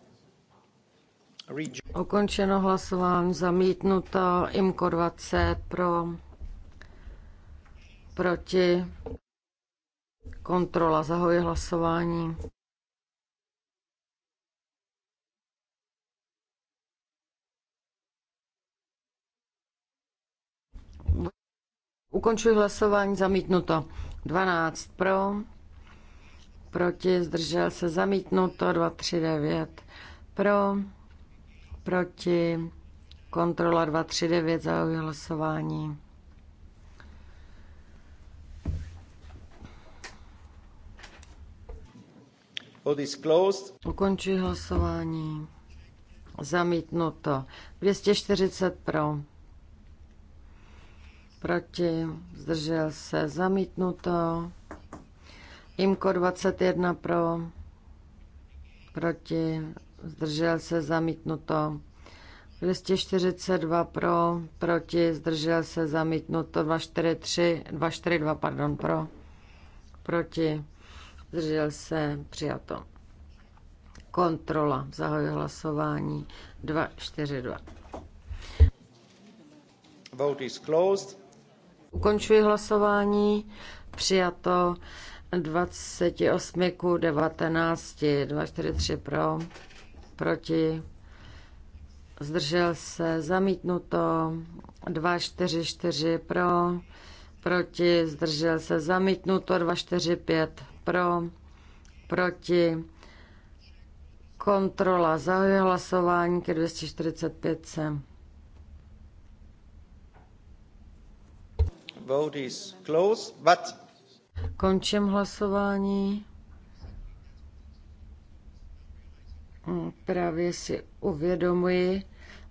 Okončeno hlasování, zamítnuto, IMKO 20 pro, proti, kontrola, zahoji hlasování. Ukončuji hlasování, zamítnuto. 12 pro, proti, zdržel se, zamítnuto. 239 pro, proti, kontrola 239, zahajuji hlasování. Ukončuji hlasování. Zamítnuto. 240 pro proti, zdržel se, zamítnuto. Imko 21 pro, proti, zdržel se, zamítnuto. 242 pro, proti, zdržel se, zamítnuto. 243, 242, pardon, pro, proti, zdržel se, přijato. Kontrola, zahoj hlasování, 242. Vote is closed. Ukončuji hlasování. Přijato 28 ku 19, 243 pro, proti, zdržel se, zamítnuto, 244 pro, proti, zdržel se, zamítnuto, 245 pro, proti, kontrola, zahajuje hlasování ke 245. Vote is closed, but... Končím hlasování. Hm, právě si uvědomuji,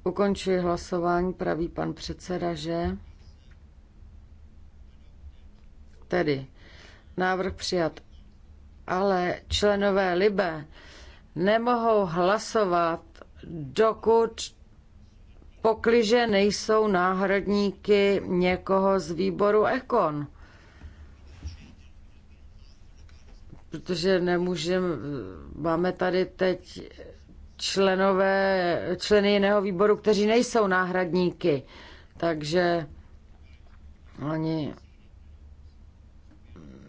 ukončuji hlasování, praví pan předseda, že... Tedy návrh přijat. Ale členové Libe nemohou hlasovat, dokud pokliže nejsou náhradníky někoho z výboru Ekon. Protože nemůžeme, máme tady teď členové, členy jiného výboru, kteří nejsou náhradníky. Takže oni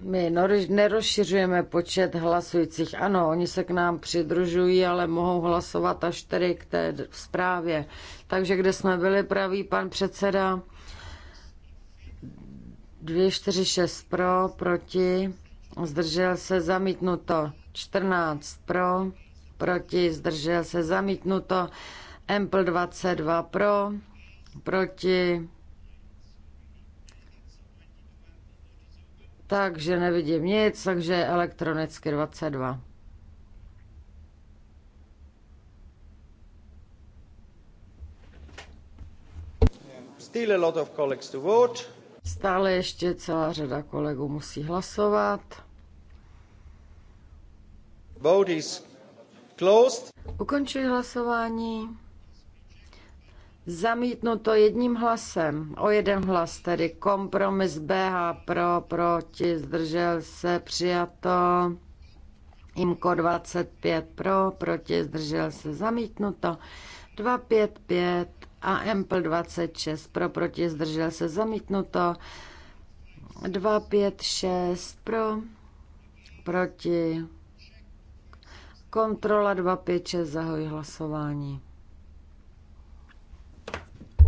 my nerozšiřujeme počet hlasujících. Ano, oni se k nám přidružují, ale mohou hlasovat až tedy k té zprávě. Takže kde jsme byli pravý pan předseda? 246 pro, proti, zdržel se zamítnuto. 14 pro, proti, zdržel se zamítnuto. Empl 22 pro, proti, Takže nevidím nic, takže elektronicky 22. Still a lot of colleagues to vote. Stále ještě celá řada kolegů musí hlasovat. Vote is closed. Ukončuji hlasování. Zamítnuto jedním hlasem, o jeden hlas, tedy kompromis BH pro, proti, zdržel se, přijato. IMKO 25 pro, proti, zdržel se, zamítnuto. 255 a EMPL 26 pro, proti, zdržel se, zamítnuto. 256 pro, proti. Kontrola 256, zahoj hlasování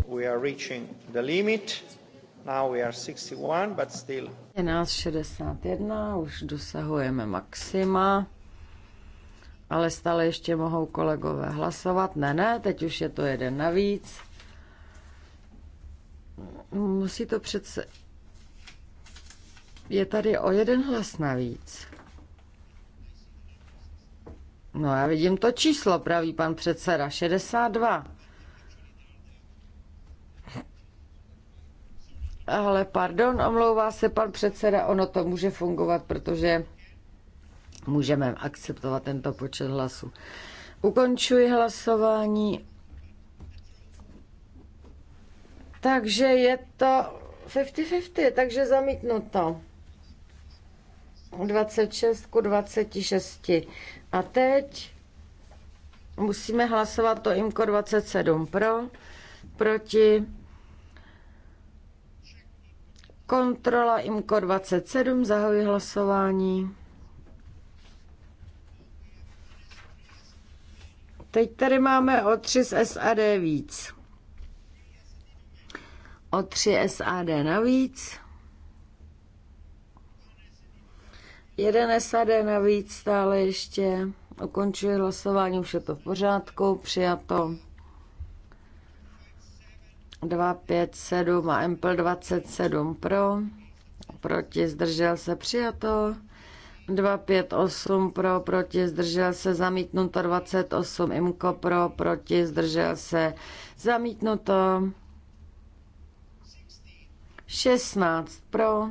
we are reaching the limit. Now we are 61, but still. nás 61, už dosahujeme maxima. Ale stále ještě mohou kolegové hlasovat. Ne, ne, teď už je to jeden navíc. Musí to přece... Je tady o jeden hlas navíc. No já vidím to číslo, praví pan předseda, 62. Ale pardon, omlouvá se pan předseda, ono to může fungovat, protože můžeme akceptovat tento počet hlasů. Ukončuji hlasování. Takže je to 50-50, takže zamítnuto. 26 ku 26. A teď musíme hlasovat to IMKO 27 pro, proti Kontrola IMKO 27, zahajuji hlasování. Teď tady máme o 3 z SAD víc. O 3 SAD navíc. Jeden SAD navíc stále ještě. Ukončuji hlasování, už je to v pořádku, přijato. 257 a Empl 27 pro, proti zdržel se přijato, 258 pro, proti zdržel se zamítnuto, 28 Imko pro, proti zdržel se zamítnuto, 16 pro,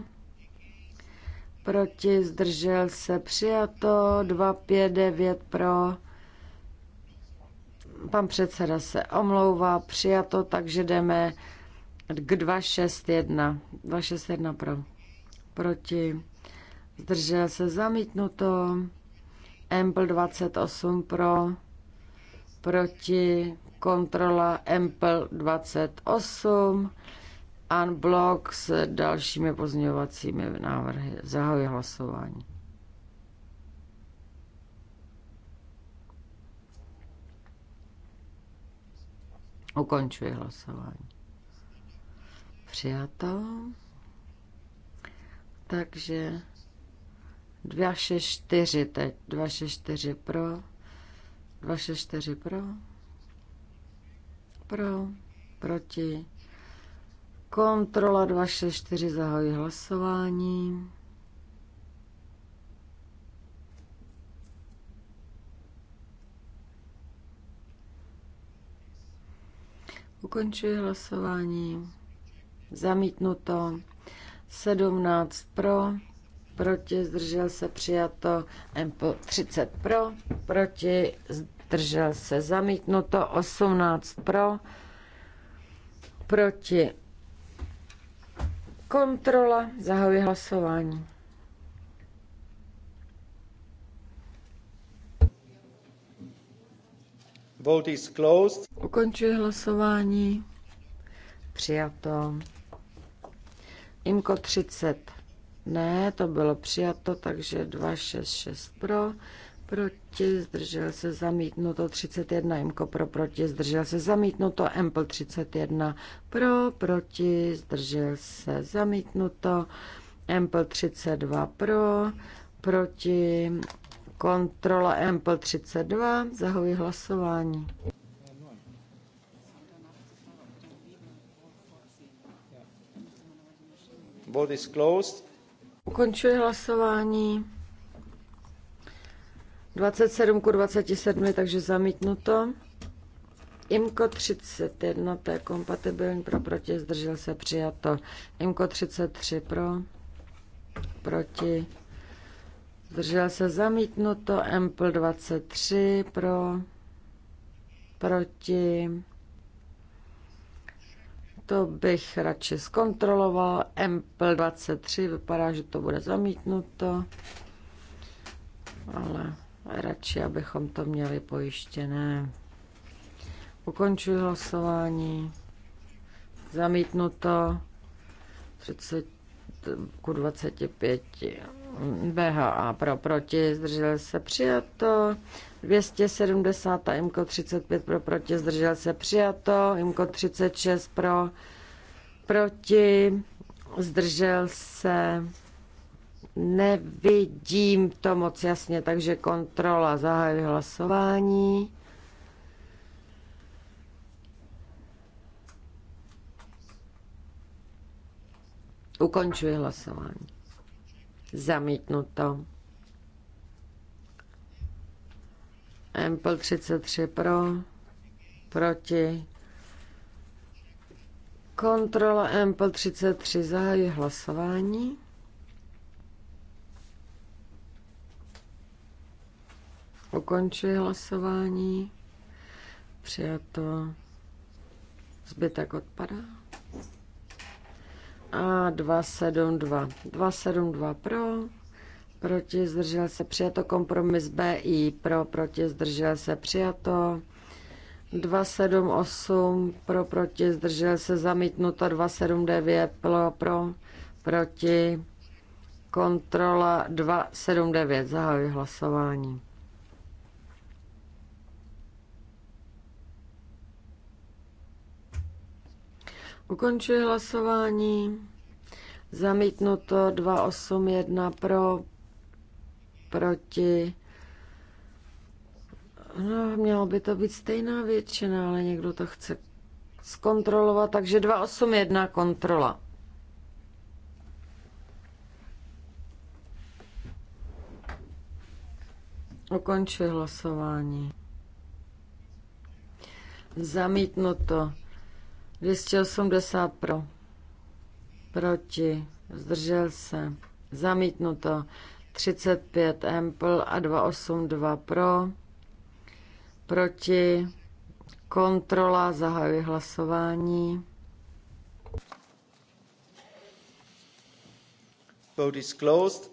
proti zdržel se přijato, 259 pro, Pan předseda se omlouvá, přijato, takže jdeme k 261. 261 pro. Proti. Zdržel se zamítnuto. Empl 28 pro. Proti. Kontrola Empl 28. Unblock s dalšími pozměňovacími návrhy. Zahajuji hlasování. Ukončuji hlasování. Přijato. Takže 264 teď. 264 pro. 264 pro. Pro. Proti. Kontrola 264 zahojí hlasování. Ukončuji hlasování. Zamítnuto. 17 pro, proti, zdržel se přijato, MPL 30 pro, proti, zdržel se zamítnuto, 18 pro, proti, kontrola, zahajuji hlasování. Vote is closed. Ukončuji hlasování. Přijato. Imko 30. Ne, to bylo přijato, takže 266 pro, proti, zdržel se zamítnuto 31, Imko pro, proti, zdržel se zamítnuto, Empl 31 pro, proti, zdržel se zamítnuto, Empl 32 pro, proti, Kontrola MPL 32, zahoji hlasování. Vote is closed. Ukončuji hlasování. 27 ku 27, takže zamítnuto. IMCO 31, to je kompatibilní pro proti, zdržel se přijato. IMCO 33 pro, proti, Zdržel se zamítnuto. Ample 23 pro. Proti. To bych radši zkontroloval. Ample 23 vypadá, že to bude zamítnuto. Ale radši, abychom to měli pojištěné. Ukončuji hlasování. Zamítnuto 30 ku 25. BHA pro proti, zdržel se přijato. 270 a IMKO 35 pro proti, zdržel se přijato. IMKO 36 pro proti, zdržel se. Nevidím to moc jasně, takže kontrola zahájí hlasování. Ukončuji hlasování. Zamítnuto. Ample 33 pro, proti. Kontrola Ample 33 zahájí hlasování. Ukončuji hlasování. Přijato. Zbytek odpadá. A 272. 272 pro, proti zdržel se přijato. Kompromis BI pro, proti zdržel se přijato. 278 pro, proti zdržel se zamítnuto. 279 pro, pro proti kontrola 279. Zahajuji hlasování. Ukončuji hlasování. Zamítnuto 281 pro, proti. No, mělo by to být stejná většina, ale někdo to chce zkontrolovat, takže 281 kontrola. Ukončuji hlasování. Zamítnuto. 280 pro. Proti. Zdržel se. Zamítnuto. 35 Ample a 282 pro. Proti. Kontrola. Zahajuji hlasování. Vote is closed.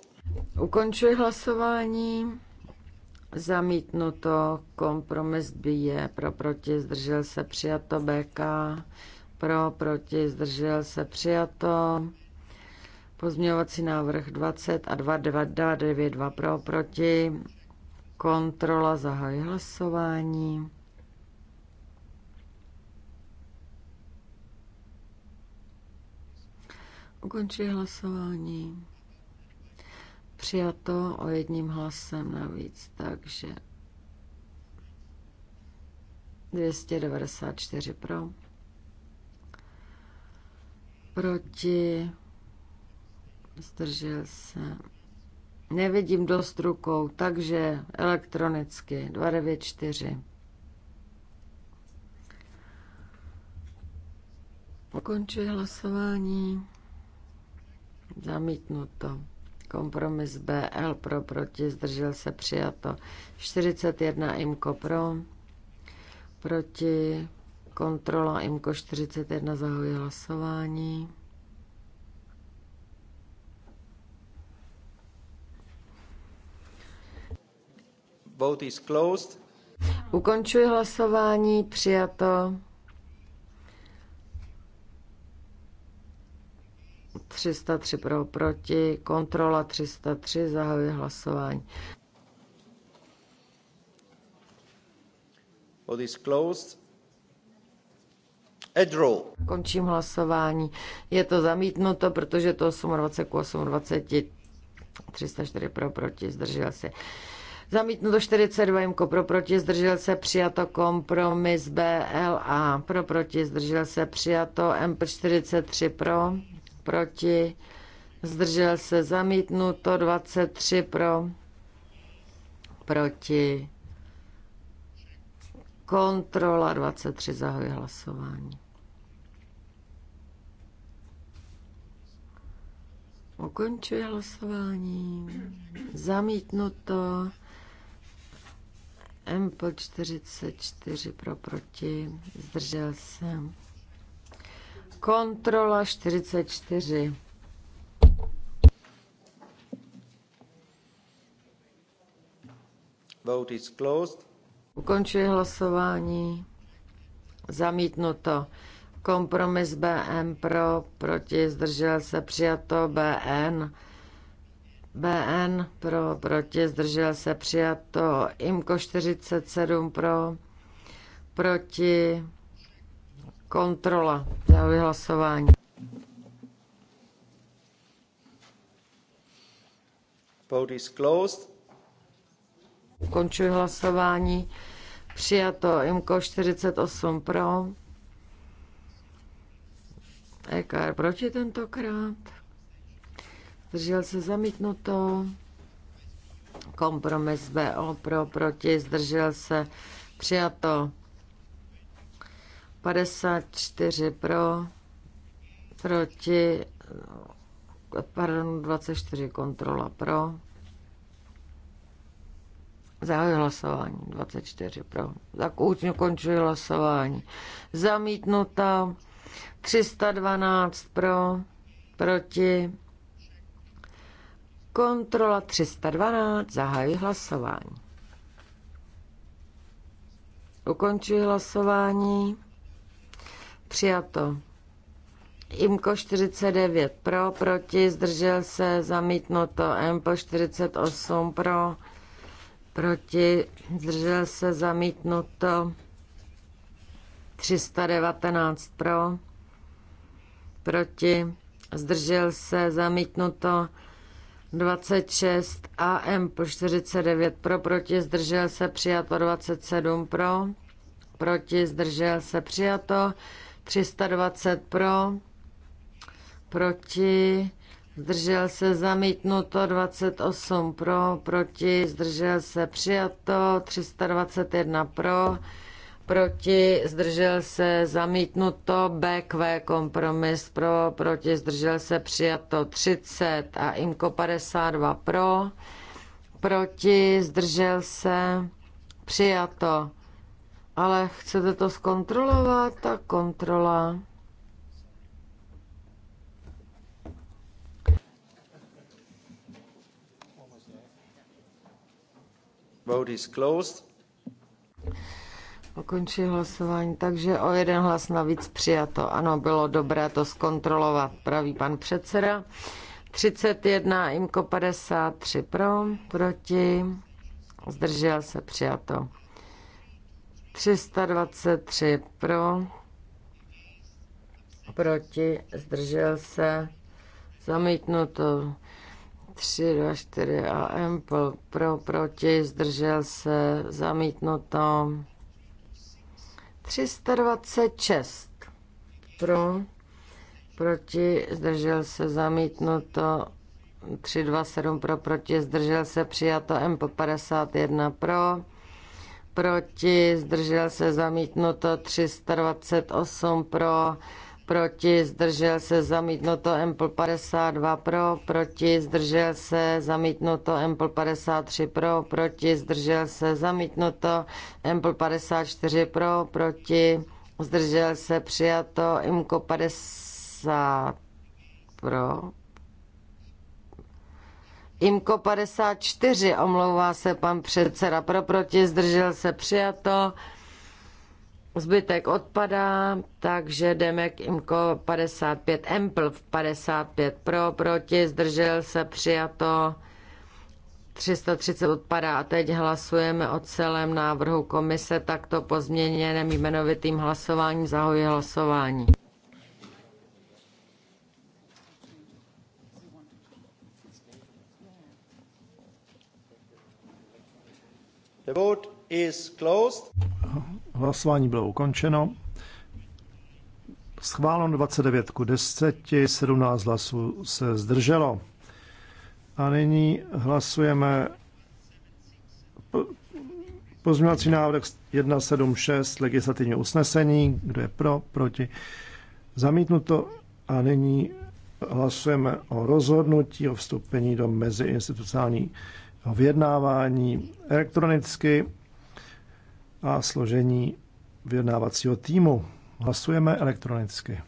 Ukončuji hlasování. Zamítnuto kompromis B je pro proti, zdržel se přijato BK pro, proti, zdržel se, přijato. Pozměňovací návrh 20 a 2 pro, proti. Kontrola zahaj hlasování. Ukončí hlasování. Přijato o jedním hlasem navíc, takže 294 pro proti, zdržel se. Nevidím dost rukou, takže elektronicky 294. Ukončuji hlasování. Zamítnuto. Kompromis BL pro proti, zdržel se přijato. 41 IMKO pro, proti, Kontrola IMKO 41 zahojí hlasování. Vote is closed. Ukončuji hlasování, přijato. 303 pro, proti, kontrola 303, zahajuji hlasování. Vote is closed. Končím hlasování. Je to zamítnuto, protože to 28 k 28, 304 pro, proti, zdržel se. Zamítnuto 42, jimko pro, proti, zdržel se, přijato kompromis BLA, pro, proti, zdržel se, přijato MP43 pro, proti, zdržel se, zamítnuto 23 pro, proti, kontrola 23, zahoj hlasování. Ukončuji hlasování. Zamítnuto. MPL 44 pro proti. Zdržel se. Kontrola 44. Vote is closed. Ukončuji hlasování. Zamítnuto. Kompromis BM pro, proti, zdržel se, přijato BN. BN pro, proti, zdržel se, přijato IMKO 47 pro, proti, kontrola, za hlasování. Vote is closed. Končuji hlasování. Přijato IMKO 48 pro proč je tentokrát. Zdržel se zamítnuto. Kompromis BO pro proti. Zdržel se přijato. 54 pro proti. Pardon, 24 kontrola pro. Zahajuji hlasování. 24 pro. Tak účně končuji hlasování. Zamítnuta. 312 pro, proti. Kontrola 312, zahajuji hlasování. Ukončuji hlasování. Přijato. IMKO 49 pro, proti, zdržel se, zamítnuto. MPO 48 pro, proti, zdržel se, zamítnuto. 319 pro, proti, zdržel se, zamítnuto 26 a po 49 pro, proti, zdržel se, přijato 27 pro, proti, zdržel se, přijato 320 pro, proti, zdržel se, zamítnuto 28 pro, proti, zdržel se, přijato 321 pro, proti, zdržel se, zamítnuto, BQ kompromis pro, proti, zdržel se, přijato 30 a IMKO 52 pro, proti, zdržel se, přijato. Ale chcete to zkontrolovat? Ta kontrola. Vote is closed. Ukončí hlasování, takže o jeden hlas navíc přijato. Ano, bylo dobré to zkontrolovat, pravý pan předseda. 31, IMKO 53 pro, proti, zdržel se přijato. 323 pro, proti, zdržel se, zamítnuto. 3, 2, 4 a Ample pro, proti, zdržel se, zamítnuto. 326 pro, proti, zdržel se zamítnuto, 327 pro, proti, zdržel se přijato, po 51 pro, proti, zdržel se zamítnuto, 328 pro, proti, zdržel se, zamítnuto, Ample 52 pro, proti, zdržel se, zamítnuto, Ample 53 pro, proti, zdržel se, zamítnuto, Ample 54 pro, proti, zdržel se, přijato, Imko 50 pro, Imko 54, omlouvá se pan předseda pro, proti, zdržel se, přijato, Zbytek odpadá, takže jdeme k IMKO 55, Ample 55 pro, proti, zdržel se, přijato. 330 odpadá a teď hlasujeme o celém návrhu komise takto pozměněném jmenovitým hlasováním. zahojí hlasování. The vote is closed. Hlasování bylo ukončeno. Schváleno 29 ku 10, 17 hlasů se zdrželo. A nyní hlasujeme pozměňovací návrh 176 legislativního usnesení. Kdo je pro, proti? Zamítnuto. A nyní hlasujeme o rozhodnutí o vstoupení do meziinstitucionálního vyjednávání elektronicky a složení vyjednávacího týmu. Hlasujeme elektronicky.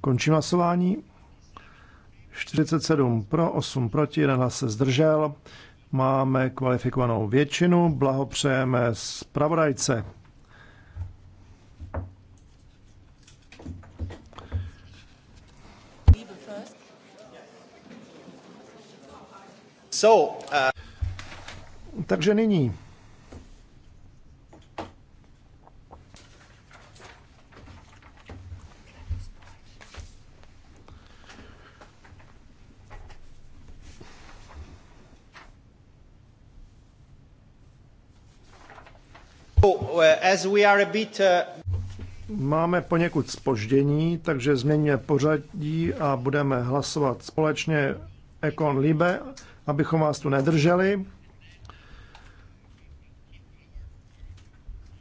Končím hlasování. 47 pro, 8 proti, jeden hlas se zdržel. Máme kvalifikovanou většinu. Blahopřejeme zpravodajce. So, uh... Takže nyní. Uh, uh, Máme poněkud spoždění, takže změníme pořadí a budeme hlasovat společně Ekon Libe, abychom vás tu nedrželi.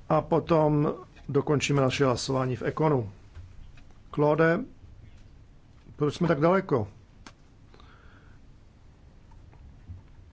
A potom dokončíme naše hlasování v Ekonu. Klode, proč jsme tak daleko?